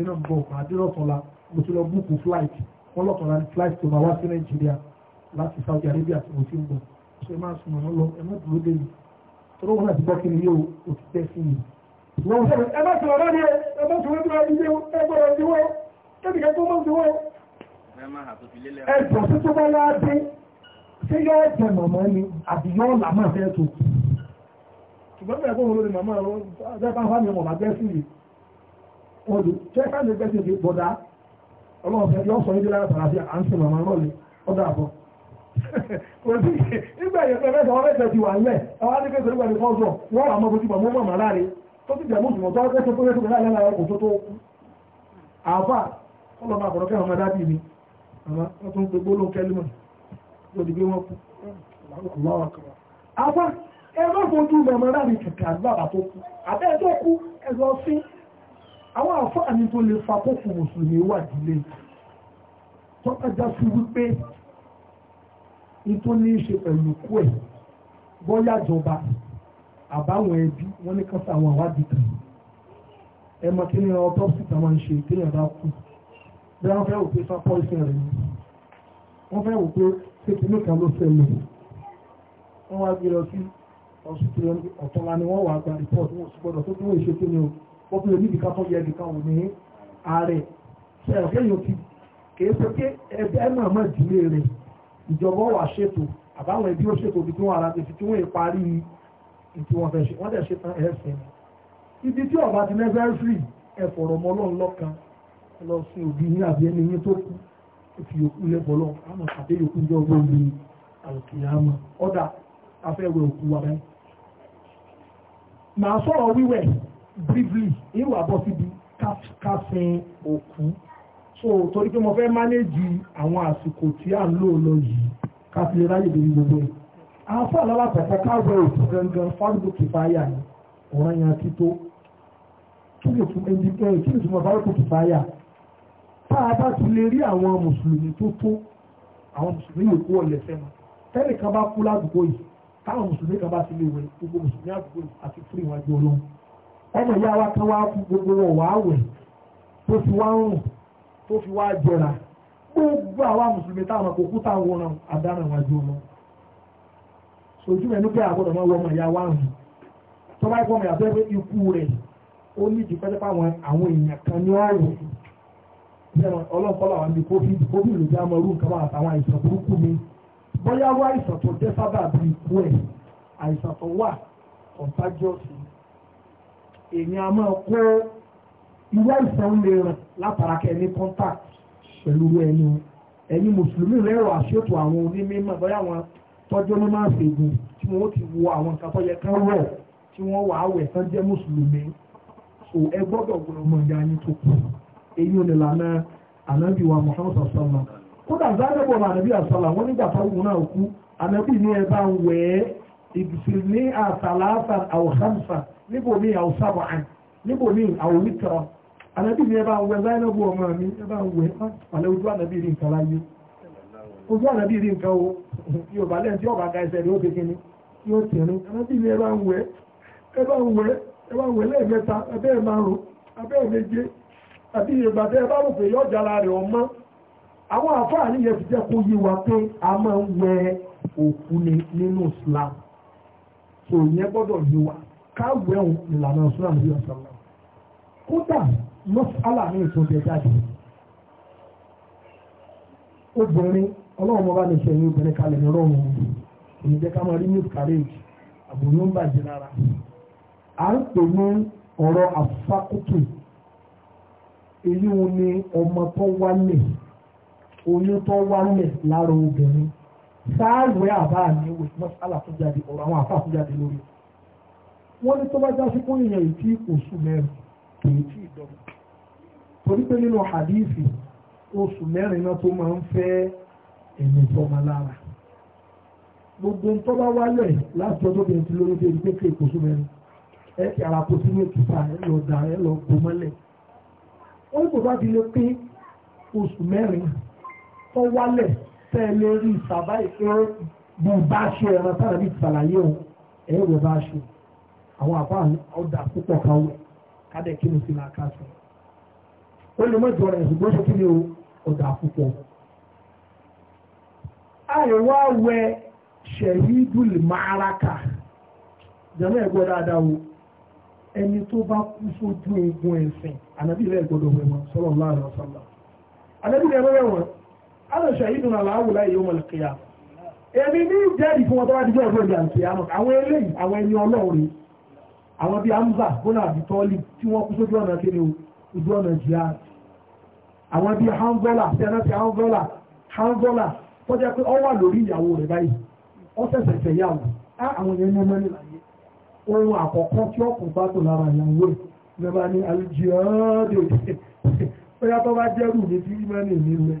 i ẹ mọ̀ mo ti lọ búùkù flight wọ́n lọ́kàn ra flight tó máa wá sí nàìjíríà láti Saudi Arabia tí mo ti ń bọ̀ ṣé máa sùn mọ̀ lọ ẹ má dúró dé mi tọ́lọ́ wọn láti bọ́ kí ni yóò ò ti tẹ́ sí mi. wọ́n sọ ẹ má sọ̀rọ̀ lọ́dẹ ẹ má sọ̀rọ̀ lọ́dẹ ẹ gbọ́dọ̀ ti wọ́ kẹ́kẹ́ tó má ti wọ́. ẹ jọ sí tó bá yá dé ṣé yóò jẹ màmá ni àbí yóò là máa fẹ́ tó. ṣùgbọ́n bẹ́ẹ̀ kó wọn lórí màmá rẹ̀ bá bá mi mọ̀ bá bẹ́ẹ̀ sí mi. ọ̀dùn tẹ́ká lè gbẹ́sẹ̀ ọlọ́ọ̀fẹ́ yọ sọ níbi lára tààfíà à ń sọ màmá rọ́ọ̀lì ọ̀dà àbọ̀ òbí nígbà yẹn pẹ̀lú ẹ̀sẹ̀ ọlẹ́sẹ̀ ti wà nílẹ̀ àwọn adékẹ́sẹ̀ nígbà nìkan sọ wọ́n wà mọ́ bójú mọ́ mọ́ láre tó ti jẹ́ mùsùlùmọ́ tó ọkẹ́ tó pé tó láàrín àwọn kò tó tó àfà ọlọ́mọ àkọ́rọ́ kẹ́ ọmọ dábì mi wọ́n tún gbogbo ló ń kẹ́lí mọ̀ tó di gbé wọn kú àfà ẹ má fojú mọ̀ mọ́ dábì kàkà bàbà tó kú àbẹ́ tó kú ẹ lọ sí àwọn àfáàní tó lè fa kókò mùsùlùmí wà nílé tó kájá sí wípé nítorí ní í ṣe pẹ̀lú kú ẹ̀ bọ́yá jọba àbáwọn ẹbí wọ́n ní kásá àwọn àwádìí kan ẹ mọ kí ni autopsy tá máa ń ṣe téèyàn bá kú bí wọ́n fẹ́ wò pé sápọ́ìsìn rẹ̀ ni wọ́n fẹ́ wò pé kékeré kan ló ṣẹlẹ̀ wọ́n wá gbé lọ sí ọ̀sùn tó yẹ ọ̀tọ̀la ni wọ́n wà gba report wọn sì gbọ́dọ̀ tó tún ìṣe kí ni o wọ́n fi lè níbi ká tó yẹ nìkan wò ní ààrẹ ṣe ẹ̀fẹ́ yóò ti kìí ṣe pé ẹgbẹ́ náà mọ̀ ìdílé rẹ̀ ìjọba wà ṣètò àbáwọn ẹbí ó ṣètò ibi tí wọ́n ara ti tí wọ́n parí ìtú wọn fẹ́ ṣe wọ́n dẹ̀ ṣe tán ẹ̀sìn ibi tí ọba ti nẹ́fẹ́rì ẹ̀fọ̀rọ̀ mọ́ lọ́n lọ́kan lọ sí òbí yín àbí ẹni yín tó kú ó fi yòókù lẹ́bọ̀ lọ àmọ́ àbí yòókù jọ wọ́n lu àlùkìyàmọ́ ọ̀dà afẹ́wẹ̀ òkú wa báyìí màá sọ̀rọ̀ wíwẹ̀ briefly ìwà bọ́ síbi káfíń òkú so torí pé mo fẹ́ mánéjì àwọn àsìkò tí à ń lò lọ yìí káfíń ráyè lórí gbogbo àáfà lálàpẹ̀tẹ̀ káwé òkú gangan fárúgbò kìfáyà ni ọ̀ràn yẹn ti tó kí ni fún ẹni pé kí ni túmọ̀ fárúgbò kìfáyà tá a bá ti lè rí àwọn mùsùlùmí tó tó àwọn mùsùlùmí yòókù ọ̀lẹ́sẹ̀ mọ́ tẹ́lẹ̀ kan bá kú ládùúgbò yìí táwọn mùsùlùmí kan bá ti lè wẹ̀ gbogbo mùsùlùmí àdúgbò yìí àti fún ìwájú ọlọ́run ọmọ ìyá wa kan wá kú gbogbo wọn wàá wẹ̀ tó fi wá ń rùn tó fi wá jẹra gbogbo àwa mùsùlùmí táwọn kò kú táwọn wọn àdáràn wájú wọn sojú rẹ̀ ní pé àgbọ̀dọ̀ máa wọ ọmọ ìyá wa rùn tó bá ikú ọmọ ìyá tó yẹ pé ikú rẹ̀ ó ní ìdí pẹ́ẹ́pẹ́ àwọn àwọn èèyàn kan ní ọ̀rọ̀ ìjẹun ọlọ́pọ̀lọ́ àwọn ibi covid covid ló jẹ́ àmọ́rú nǹkan wà àtàwọn àìsàn burúkú mi bóyá wá àìsàn tó jẹ́ sábà bí ikú ẹ̀ àìsàn tó èyàn a máa kó ìwé ìsàn lè ràn látara kẹ́ ní contact pẹ̀lú ẹni ẹ̀yin mùsùlùmí lẹ́rọ àṣètò àwọn onímọ̀ bóyá wọn tọ́jú ní máa ṣègùn tí wọ́n ti wo àwọn nǹkan tó yẹ rọ̀ tí wọ́n wà á tán jẹ́ mùsùlùmí so ẹ gbọ́dọ̀ gbọ́dọ̀ mọ̀ ìyá yín tó kù èyí ò lè lànà ànábì wa Muhammad sallama kódà zanebo ànábì àsálà wọn nígbà táwọn náà kú ànábì ní ẹ bá ń wẹ̀ ẹ́ ìbùsùlùmí àtàlàáfà àwòsàmùsà níbo mi àwòsàmùhàn níbo mi àwòwítọ̀ ànábì mi ẹ bá ń wẹ Zainabu ọmọ mi ẹ bá ń wẹ pàlẹ́ ojú ànábì rí nǹkan láyé ojú ànábì rí nǹkan o yorùbá lẹ́yìn tí ọba ga ẹsẹ̀ rẹ̀ ó ti kíni yóò tẹ̀rín ànábì mi ẹ bá ń wẹ ẹ bá ń wẹ ẹ bá ń wẹ lẹ́ẹ̀mẹ́ta abẹ́ márùn abẹ́ méje àbí ìgbà tẹ́ bá rò pé yọ̀jàlá rẹ̀ ọmọ àwọn àfáà níyẹn ti jẹ́ kó yí wa pé a máa ń wẹ òkú ni nínú Islam tó yẹn gbọ́dọ̀ yé wa káwé òun ìlànà ìṣúná àmì ìṣọ̀lá kódà mọ́sálà ní ìtòjẹ jáde obìnrin ọlọ́run mọ́ bá lè ṣe ẹ̀yìn obìnrin kalẹ̀ ní ọlọ́run òní jẹ́ ká máa rí new carriage àbòyún ń bàjẹ́ rárá à ń pè ní ọ̀rọ̀ àfákùtù èyí ni ọmọ tó wálẹ̀ oyún tó wálẹ̀ lára obìnrin sáàlù ẹ̀ àbá mi wò mọ́sálà tó jáde ọ̀rọ̀ àwọn àfáà tó jáde lórí wọ́n ní tó bá já sí fún èèyàn ìtí oṣù mẹ́rin kìí tí ìdọ́gba torí pé nínú hadithi oṣù mẹ́rin náà tó máa ń fẹ́ ẹ̀mí tọ́mọ lára gbogbo ń tọ́ba wálẹ̀ láti ọjọ́ bẹ̀rẹ̀ tí lórí bẹ̀rẹ̀ pé kéèkó oṣù mẹ́rin ẹ ti ara kó sínú ìtura ẹ lọ dà ẹ lọ gbó mọ́lẹ̀ wọ́n ní kò bá ti lè pín oṣù mẹ́rin tó wálẹ̀ tẹ́ ẹ lè rí ìsàbá ìpé bí bá ṣe ẹran tára bí ìsàlàyé o ẹ wọ bá ṣe àwọn àbá ọ̀dà púpọ̀ kan wẹ̀ kádẹ́ kí mo sì máa ká sọ. ó lè mọ̀ ìjọra ẹ̀sùn bó ṣe kí ni o ọ̀dà púpọ̀. àìwá wẹ ṣẹ̀yídùl máraka jẹ́mọ́ ẹ̀gbọ́ dáadáa o ẹni tó bá kú sójú ogun ẹ̀sìn ànábìlẹ̀ ẹ̀gbọ́dọ̀ wẹ̀ wọn sọ́lọ́ ana ṣàhídùn aláwùlá èyí ọmọ ìkìyà èmi ní ìjẹ́rìí fún ọtọ́ láti jẹ́ ọ̀fẹ́ ìjà ìkìyà náà àwọn eléyìí àwọn ẹni ọlọ́run àwọn bíi amza bọ́nà àbítọ́lì tí wọ́n kú sójú ọ̀nà kiri ojú ọ̀nà jihad àwọn bíi hanzola sẹ́nẹ́tì hanzola hanzola tó jẹ́ pé ó wà lórí ìyàwó rẹ̀ báyìí ó ṣẹ̀ṣẹ̀ fẹ́ yàwó á àwọn yẹn ní ọmọ nílà yẹ ohun àkọ́kọ́ tí ó kùn bátò lára ìyàwó tó bá jẹ́rù ní tí ìmọ̀ ní ìlú rẹ̀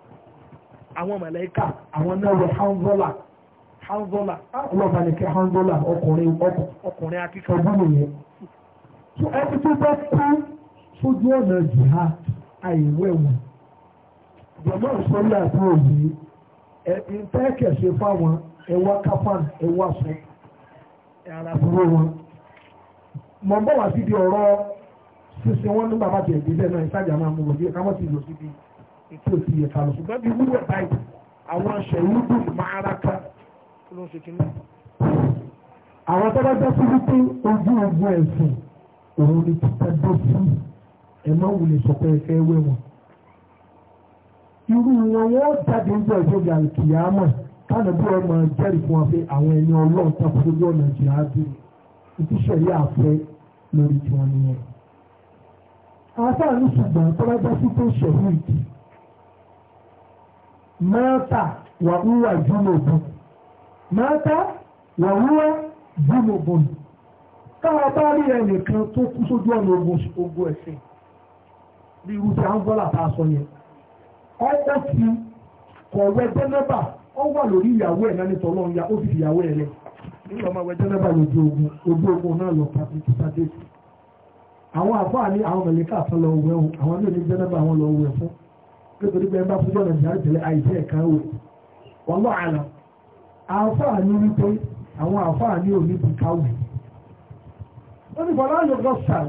àwọn màláíkà àwọn náà wọ hanzola hanzola ọlọ́ba ní kí hanzola ọkùnrin ọkùnrin akíkan ọdún nìyẹn tó ẹni tó bá kú sójú ọ̀nà jìhá àìwẹ̀wọ̀n jọ̀mọ́ ìsọ́lá àti òbí ẹ̀bí ń tẹ́ kẹ̀sẹ̀ fáwọn ẹwà káfán ẹwà sọ ara fúró wọn mọ̀ ń bọ̀ wá síbi ọ̀rọ̀ sísè wọn ní bàbá tẹ̀ ẹ̀bí bẹ́ẹ̀ náà ìsájà máa mú wọ̀ bí ẹ̀ kámọ́ ti lọ síbi ètò òsì yẹ kalọ ṣùgbọ́n bí wúwẹ̀ báyìí àwọn aṣẹ̀wúdù máàraka ló ń ṣe kínní. àwọn tọ́lá jẹ́ sí wípé ojú ogun ẹ̀sìn òun ni títa dé sí ẹ̀ máa wulẹ̀ sọ̀kọ́ ẹ̀fẹ́ wẹ̀ wọn. irú wọn wọ́n jáde ń bọ̀ ìjọba àlùkìyàmọ̀ káàdì bí wọ́n máa jẹ́rìí fún wa pé àwọn ẹni ọlọ́run tako lórí ọ̀nà jìhádì ìtísẹ̀rí àfẹ́ lórí tiwọn nìyẹn. àwọn sáà ní ṣùgbọ́n tọ́lá jẹ́ sí pé ṣẹ̀húdì mọ́ta wà wúwà jùmọ̀bù mọ́ta wà wúwà jùmọ̀bù káwà bá rí ẹnìkan tó kú sójú ọ̀nà ogun ẹ̀sìn bí irú ti àǹgọ́là tá a sọ yẹn ọwọ́ ti kọ̀wé jẹ́nẹ́bà ó wà lórí ìyàwó ẹ̀ náà ní tọ́lọ́run ya ó sì ìyàwó ẹ̀ rẹ̀ nígbà máa wẹ jẹ́nẹ́bà lójú ogun ojú ogun náà lọ pàtó ti sàdé àwọn àfáà ní àwọn mẹ̀lẹ́kà tó lọ wẹ̀ àwọn ilé ní jẹ́nẹ́bà wọn lọ wẹ̀ fún nítorí pé ẹbá fún jọ́nà ìyá ìtẹ̀lẹ̀ àìsí ẹ̀ka wò wọ́n lọ́ àlọ́ àáfàá ní wípé àwọn àáfàá ní òní bí káwù wọ́n ní fọlá yóò gbọ́ sàn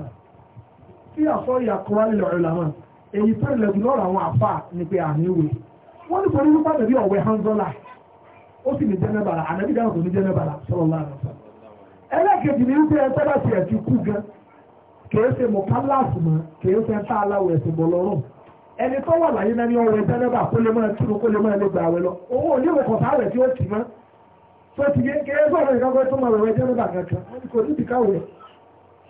tí àfọ́ ìyá kọ́ra nílẹ̀ ọ̀rẹ́ làmọ́ èyí tó ilẹ̀ jùlọ ọ̀rọ̀ àwọn àáfàá ní pé àmì ìwé wọ́n ní fọlá yóò pàdé ọ̀wẹ́ hanzọ́là ó sì ní jẹ́nẹ́bàrà dáhùn ní ẹni tó wà láyé náà ní ọwọ́ ìtẹ́lẹ́bà kó lè máa túnú kó lè máa lè gbà lọ owó oníwò rẹ̀ tí ó tì mọ́ tó ti kéré sọ̀rọ̀ tó máa jẹ́lẹ́bà kankan kò ti káwẹ̀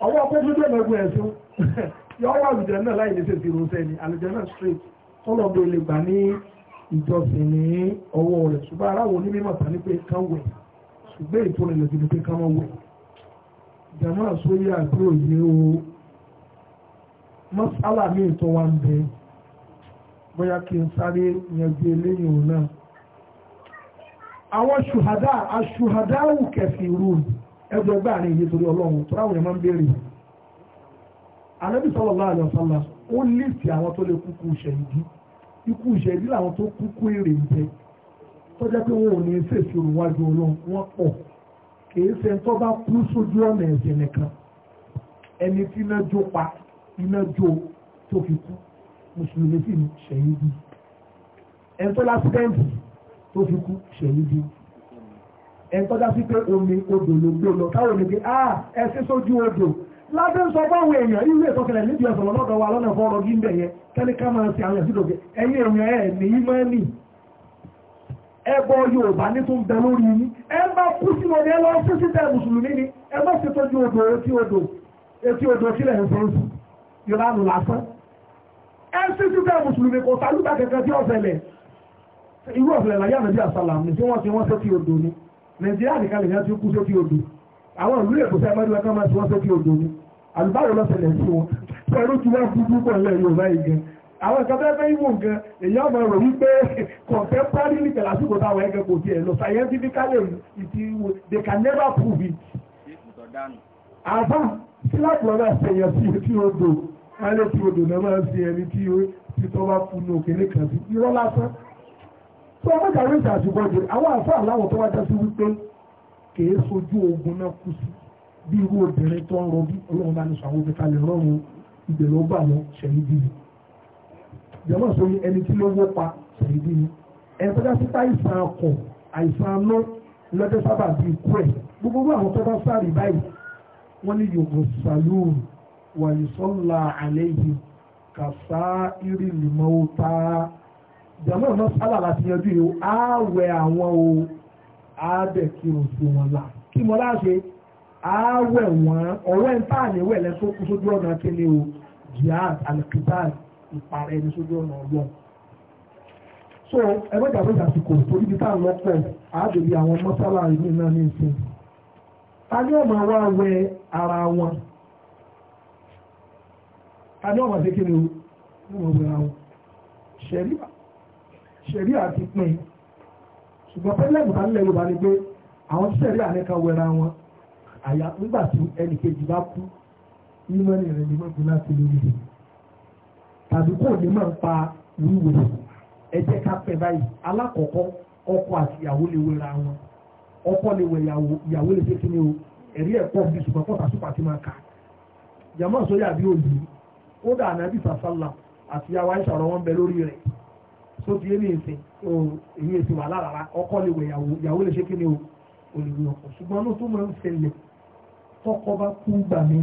ọwọ́ dé ẹ̀sùn [laughs] yọ wà náà láì lè ṣe ti rún sẹ́ni náà bí gbà ní ìjọsìn ní ọwọ́ rẹ̀ ṣùgbọ́n aráwọ̀ ní mímọ̀ pé o masala bóyá kí n sáré yanjú eléyìn òun náà àwọn ṣùhádà aṣùhádáwù kẹfì rúùn ẹgbẹ́ ẹgbẹ́ àárín ìyẹn torí ọlọ́run tó ráwọn yẹn máa ń béèrè Ànábì sallallahu alaihi wasallam ó lìsì àwọn tó lè kúkú ṣẹ̀yìdí ikú ṣẹ̀yìdí làwọn tó kúkú èrè ń jẹ tó jẹ́ pé wọn ò ní ṣèṣì òrùwájú ọlọ́run wọn pọ̀ kìí ṣe tó bá kú sójú ọ̀nà ẹ̀sìn nìkan ẹni tí iná jó pa iná jó tó fi kú mùsùlùmí sì ní ṣẹ̀yìn bí ẹni tó lásìdẹ́ǹtì tó fi kú ṣẹ̀yìn bí ẹni tó dásí pé omi odò ló gbé lọ táwọn olùgbé a ẹsẹ sójú odò lábẹ́ ń sọ fáwọn èèyàn irú ètò ìṣẹ̀lẹ̀ níbi ọ̀sán lọ́dọ̀ wa lọ́nà fọ́ọ̀rọ̀ gíńbẹ̀ yẹn tẹ́lẹ̀ ká máa ń ṣe àwọn ẹ̀sìn lòdì ẹ̀yìn èèyàn ẹ̀ ní ìmọ̀ẹ́nì ẹbọ Yorùbá ní tó ń bẹ lórí yìí ẹ bá kú sí wọn ní ẹ lọ sí síta mùsùlùmí ni ẹ bá ṣe tọ́jú odò etí odò etí odò sílẹ̀ ń fẹ́ Yorùbá nù lásán ẹ̀sìn tí bẹ́ẹ̀ mùsùlùmí kò sálúgbà kẹ̀kẹ́ tí ọ̀sẹ̀lẹ̀ irú ọ̀sẹ̀lẹ̀ láyé àmì àsálà ní tí wọ́n ti wọ́n sókè odò ni nàìjíríà nìkan lè yẹn ti kú sókè odò àwọn ìlú èkó sẹ́ mẹ́rin lọ́kàn máa ti wọ́n sókè odò ni àlùbáwò lọ́sẹ̀lẹ̀ sí wọn pẹ̀lú tí wọ́n dúdú pọ̀ lẹ́ yorùbá yìí gan àwọn nǹkan tó fẹ́ ìwò nǹkan èyí ọmọ rò wípé contemporary ní tẹ̀lásìkò táwọn ẹgbẹ́ kò tiẹ̀ lọ scientifically ìtì they can never prove it. àbá síláàpù lọ́dọ̀ ṣèyàn sí etí odò pilot road náà máa ń fi ẹni tí títọ́ bá fún un òkèlè kan sí irọ́ lásán tó ọmọ ìdàrí ìjà àṣùgbọ́n jẹ àwọn àfáà láwọn tó wá já sí wípé kèé sojú ogun náà kú sí bí irú obìnrin tó ń rọbí ọlọ́run bá ní sọ àwọn obìnrin kalẹ̀ rọrùn ìbẹ̀rẹ̀ ọgbà wọn ṣẹ̀yìn bí mi jọmọ sọ ni ẹni tí ló wó pa ṣẹ̀yìn bí mi ẹni tó já sí àìsàn akọ àìsàn aná lọ́jọ́ sábà bíi kú ẹ̀ gbogbo àwọn tó bá sáré wàyùsọ́là àlẹ́yìí kàṣá ìrìlìmọ́ ta jàmọ́ ìmọ̀ sálà láti yanjú yìí ààwẹ̀ àwọn o ààbẹ̀ kí o sì wọn là kí mo láṣẹ ààwẹ̀ wọn ọ̀rọ̀ ẹ̀ ń tà ní wẹ̀ lẹ́sọ́ kú sójú ọ̀nà kíni o jihad alikitab ìparẹ́ ní sójú ọ̀nà ọlọ́run so ẹgbẹ́ ìjàmbá ìjàsìkò torí bí táà lọ́pọ̀ àádọ́bí àwọn mọ́sálà ìlú náà ní ìsìn ta ni ọmọ wa wẹ ara wọn tàbí ọmọ sí kí ni ó wọ́n wẹ̀ra o ṣẹ̀rí àti pín ṣùgbọ́n pẹ́lẹ́ ìgbà nílẹ̀ Yorùbá ni pé àwọn tí ṣẹ̀rí àníkan wẹ̀ra wọn àyà nígbà tí ẹnì kejì bá kú mímọ́ ní ìrìn mímọ́ ìgbìmọ̀ àti lórí rẹ̀ tàbí kò ní máa ń pa wíwò ẹ jẹ́ ká pẹ́ báyìí alákọ̀ọ́kọ́ ọkọ àti ìyàwó lè wẹ̀ra wọn ọkọ lè wẹ̀ ìyàwó lè ṣe kí ni o ẹ̀rí ẹ̀kọ́ bí ṣùgbọ́n pọ̀ tàṣùpà ti máa kà jàmọ́ sọ́yà bí òyìnbó kódà ànábì sàṣàlà àti àwọn ìṣàrọ̀ wọn bẹ lórí rẹ̀ tó ti yé ní ìsìn èyí èsì wà lára ọkọ lè wẹ̀ ìyàwó lè ṣe kí ni olùwé ọkọ ṣùgbọ́n ní tó máa ń ṣẹlẹ̀ tọkọ bá kú gbà mí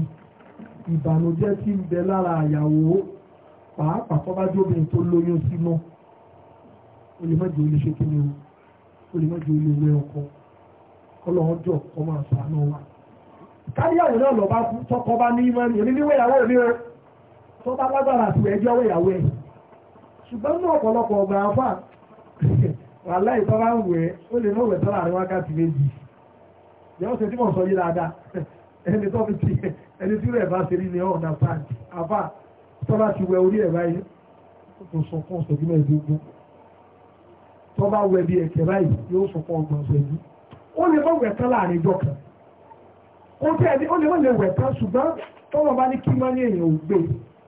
ìbànújẹ́ tí ń bẹ lára àyàwó pàápàá tó bá jóbìnrin tó lóyún sínú olùmọ̀jọ olè ṣe kí ni olùmọ̀jọ olùwé ọkọ kọlọ́ọ̀jọ̀ kọ́ máa sàánú wa káyọ̀ náà lọ́ bá tọkọ bá ní ìmọ̀ ní oníníwẹ̀yàwó mi o tó bá lágbára àti ẹjọ́ ọwọ́ ìyàwó ẹ̀ ṣùgbọ́n ní ọ̀pọ̀lọpọ̀ ọgbà afá wàhálà ìtọ́ra ń wẹ̀ ó lè mọ̀ wẹ̀ tọ́ra àríwá wákàtí méjì yàwó ṣe tí mo sọ yí dáadáa ẹni tó fi ti ẹni tí rẹ̀ bá ṣe rí ni ọ̀nà pàǹtì afá tọ́lá ti wẹ orí ẹ̀ báyìí tó sọ fún ọ̀sẹ̀jú mẹ́ẹ̀ẹ́dógún tó bá wẹ bí ẹ̀kẹ́ báyìí yóò sọ fún ọgbọ̀n ọ̀sẹ̀jú ó lè mọ̀ wẹ̀ tán láàrin ìjọ kan ó lè mọ̀ lè wẹ̀ tán ṣùgbọ́n tọ́lọ̀ bá ní kí mọ́ ní èèyàn ò gbé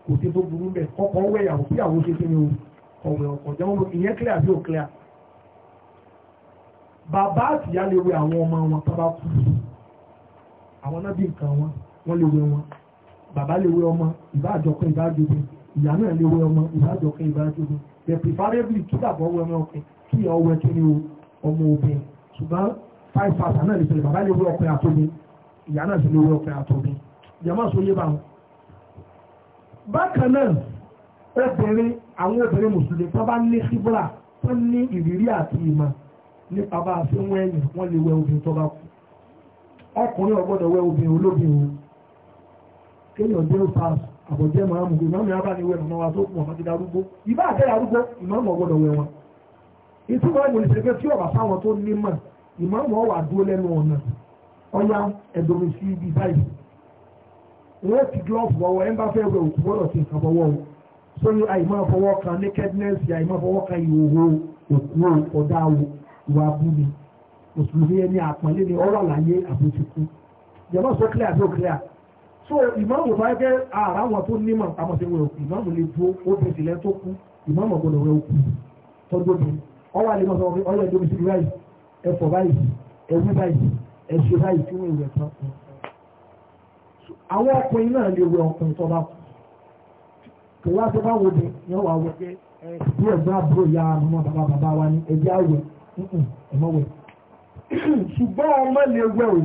kò tí tó burú bẹ̀ kọ́kọ́ wẹ̀ ìyàwó kí ìyàwó ṣe kíni o ọ̀wẹ̀ ọ̀kọ̀ jẹun ló ìyẹn clear bí ò clear bàbá àtìyá lè wẹ̀ àwọn ọmọ wọn tó bá kú àwọn náà bí nǹkan wọn wọ́n lè wẹ̀ wọn bàbá lè wẹ̀ ọmọ ìbá àjọkùn ìbá àjọkùn ìyá náà lè wẹ̀ ọmọ ìbá àjọkùn ìbá àjọkùn the preferably kí bàbá wẹ̀ ọmọ ọkùnrin kí ìyá ọwẹ́ kí ni o ọmọ obìnrin ṣùgbọ́n five thousand náà lè ṣẹlẹ̀ bàbá lè wẹ̀ ọkùnrin àtòbí ìyá náà sì lè wẹ̀ ọkùnrin àtòbí jẹ́mọ́ sọ yé báwọn bákan náà obìnrin àwọn obìnrin mùsùlùmí tó bá ní síbúrà tó ní ìrírí àti ìmọ̀ nípa bá a fi ń wẹ́yìn wọ́n lè wẹ obìnrin tó bá kú ọkùnrin ò gbọ́dọ̀ wẹ obìnrin olóbìn o kéèyàn dé pass àbọ̀jẹ́ máa mú ìmọ̀ mi abá ni wẹ màmá wa tó kù ọmọ ti darúgbó ìbá àti darúgbó ìmọ̀ mọ̀ gbọ́dọ̀ wẹ wọn ìtumọ̀ ìmọ̀ ìṣẹ̀fẹ́ tí ọ̀bà fáwọn tó ní mọ̀ ìmọ̀ mọ̀ wà dúró lẹ́nu ọ̀nà ọ̀yá ẹ̀dọ̀mẹ̀sí ibi báyìí wọ́n ti glove wọ́wọ́ ẹ̀ ń bá fẹ́ wẹ̀ òkú gbọ́dọ̀ sí nǹkan fọwọ́ o so ní àìmọ́ fọwọ́ kan nakedness àìmọ́ fọwọ́ kan ìhòòhò òkú ọ̀dà o ìwà abú ni mùsùlùmí ẹni àpọ́nlé ni ọ̀rọ̀ àlàyé àbójúkú jẹ́mọ́ sọ clear àbí ò clear so ìmọ̀mù bá gẹ́ ara wọn tó nímọ̀ àmọ́ ti wẹ̀ òkú ìmọ̀mù lè dúró ó bẹ̀ sílẹ̀ tó kú ìmọ̀mù gbọ́dọ̀ wẹ̀ òkú tọ́jú mi ọwọ́ àlè mọ̀ sọ ọyọ́ ìdómi sí báyìí ẹ̀fọ́ báyìí ẹ̀wú báyìí ẹ̀ṣẹ̀ báyìí tí wọ́n ìwẹ̀ àwọn ọkùnrin náà lè wẹ ọkùnrin tó bá kù kò wá tó bá wo ni yẹn wà wẹ bí ẹgbẹ́ àbúrò ya ọmọ bàbá bàbá wa ni ẹjẹ́ àwẹ̀ ẹ̀mọ́ wẹ̀ ṣùgbọ́n ọmọ lè wẹ òbí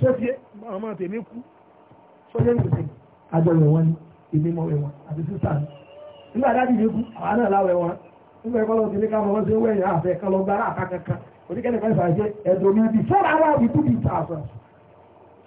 sọ́fíẹ́ ọmọ tèmi kú sọ́fíẹ́ ìgbésẹ̀ àjọyọ̀ wọn ni èmi mọ̀ wẹ̀ wọn àti sísá ni nígbà dájú lè kú àwa náà láwẹ̀ wọn nígbà ẹ̀kọ́ lọ́wọ́ tèmi káwọn ọmọ ṣe wẹ̀yìn àfẹ́ kọ́ lọ gbára àkàkàkà oníkẹ́ni fẹ́ fàájẹ́ ẹ̀dùn mi bì fọ́nà àwọn àbùkù bì tà àfẹ́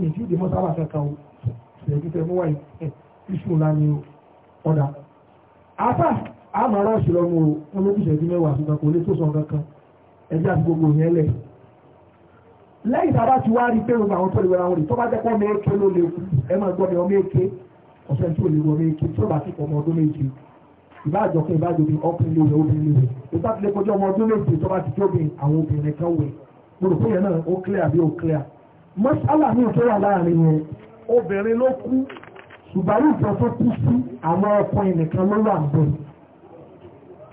èyí ìdè mọ́sálà kankan o ṣèyí tẹ ńlá ni ọ̀dà. apá àmàrà ṣùlọ́mù o wọn ló ti ṣẹ̀dí mẹ́wàá ṣùgbọ́n kò lè tó sọ kankan ẹ̀jẹ̀ àti gbogbo yẹn lẹ̀. lẹ́yìn tàbá ti wá rí pé òun àwọn tọ́lẹ̀ wẹ̀rẹ̀ àwọn rè tó bá jẹ́ pọ́ mẹ́ẹ̀kẹ́ ló lè ẹ máa gbọ́ mi ọmọ èké ọ̀sẹ̀ tí ò lè wọ mẹ́ẹ̀kẹ́ tí ó bá ti pọ̀ ọmọ ọdún méje ìbáàjọkẹ́ ìbáàjọbí ọkùnrin lè obìnrin lè wẹ̀ ìbá tilẹ̀ kọjá ọmọ ọdún méje tó bá ti jóbìn àwọn obìnrin kan wẹ̀ mo rò yẹn náà ó clear àbí ó clear mọ́sálà ní ìtọ́ wà láàrin yẹn obìnrin ló kú ṣùgbọ́n ìfẹ́ tó kú sí àwọn ọkùnrin nìkan ló wà bẹ́ẹ̀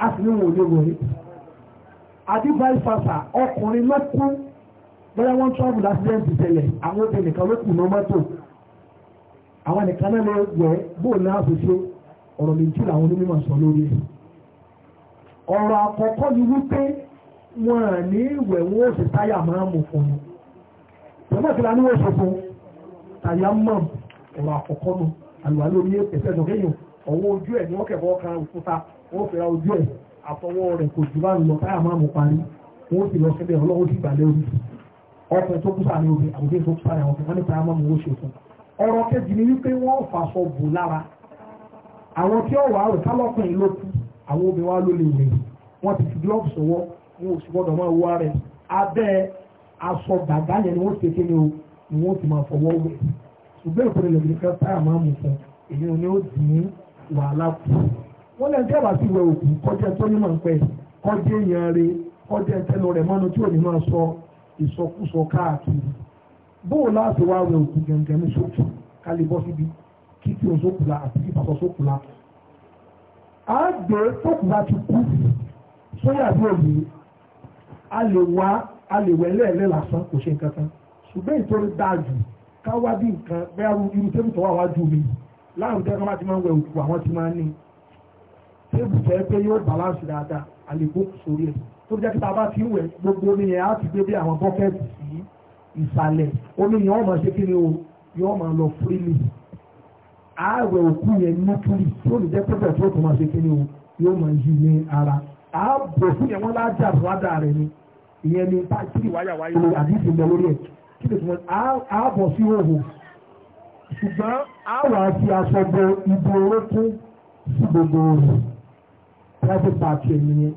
a sì ní wòlé wòlé àdìbà ìfàṣà ọkùnrin ló kú bóyá wọ́n tọ́ọ̀bù lásìdẹ́ǹtì tẹ̀lẹ̀ àwọn obìnrin nìkan ló kù ní mọ́tò àwọn nìkan náà lè wẹ̀ bóòlù náà fi ṣe ọ̀rọ̀ méjì làwọn onímọ̀ sọ lórí ẹ̀ ọ̀rọ̀ àkọ́kọ́ ni wípé wọn à ní ìwẹ̀ wọn ò sì táyà máa mú fún jọmọ́ kí la ní wọ́n ṣe fún tàyámọ̀m ọ̀rọ̀ àkọ́kọ́ nu àlùwà lórí ẹsẹ̀ lọ́kẹ́yìn ọwọ́ ojú ẹ̀ ni wọ́n kẹ̀kọ́ kan òkúta wọ́n fẹ́ra ojú ẹ̀ àtọwọ́ rẹ̀ kò jù bá ń lọ táyà máa mú parí wọ́n sì lọ sílẹ̀ ọlọ́wọ́ ti gbà lórí ọkọ̀ tó kú sáré obì àbúgbé tó kú sáré ọkọ̀ wọ́n ní tàyámọ̀m wọ́n ṣe fún ọ̀rọ̀ kejì ni wípé wọ́n fàṣọ bò lára àwọn tí ọ̀wà rẹ̀ kálọ́kùnrin ló kú àwọn obìnrin wa ló lè wẹ̀ wọ́n ti fi gloves sọwọ́ wọn ò sì gbọ́dọ̀ máa wọ rẹ̀ abẹ́ aṣọ gbàgbá yẹn ni wọ́n ti kéde o ni wọ́n ti máa fọwọ́ wẹ̀ ṣùgbọ́n ìpínlẹ̀ lẹ́gbẹ̀ẹ́ kan táyà máa mú fún èyí ni ó dín wàhálà kù wọ́n lẹ́nu tí a bá ti wẹ òkú kọjá tó ní máa ń pẹ́ kọjá èèyàn rẹ kọjá ẹtẹnu rẹ mọ́nu tí ò ní máa sọ ìsọkúsọ káàkiri bóò láti wá wẹ òkú gẹ̀ǹgẹ̀ ní sókè kálí bọ́ síbi kí tí àti kí sókùlà. a gbé tókùlà ti kú sóyà bí òbí a lè wá a lè wẹ̀ lẹ́ẹ̀lẹ́ lásán kò ṣe nǹkan kan ṣùgbọ́n ìtọ́rí dáa jù ká wá bí nǹkan bẹ́ẹ̀ irú tébù tó wà wájú mi láàrùn tẹ́ka bá ti máa ń wẹ̀ òkú àwọn ti máa ń ní tébù tẹ́ pé yóò balance dáadáa a lè gbókù sórí ẹ̀ tó jẹ́ kí ta ti ń wẹ̀ gbogbo omi yẹn á ti gbé bí àwọn bọ́kẹ́tì sí ìsàlẹ̀ omi yẹn wọ́n ṣe kí ni o yóò máa lọ freely ààwẹ̀ òkú yẹn nítorí tó lè jẹ́ pẹ́pẹ́ tó tó máa ṣe kí ni o yóò máa yí ní ara ààbò fún yẹn wọ́n lájà àbúrádà rẹ̀ ni ìyẹn ni tá kí ni wáyà wáyà lórí àdìsí lọ lórí ẹ̀ kí ni tùmọ̀ àábọ̀ sí òhò ṣùgbọ́n àwà fi aṣọ bo ibo orókún sí gbogbo òhò private party ẹ̀yìn yẹn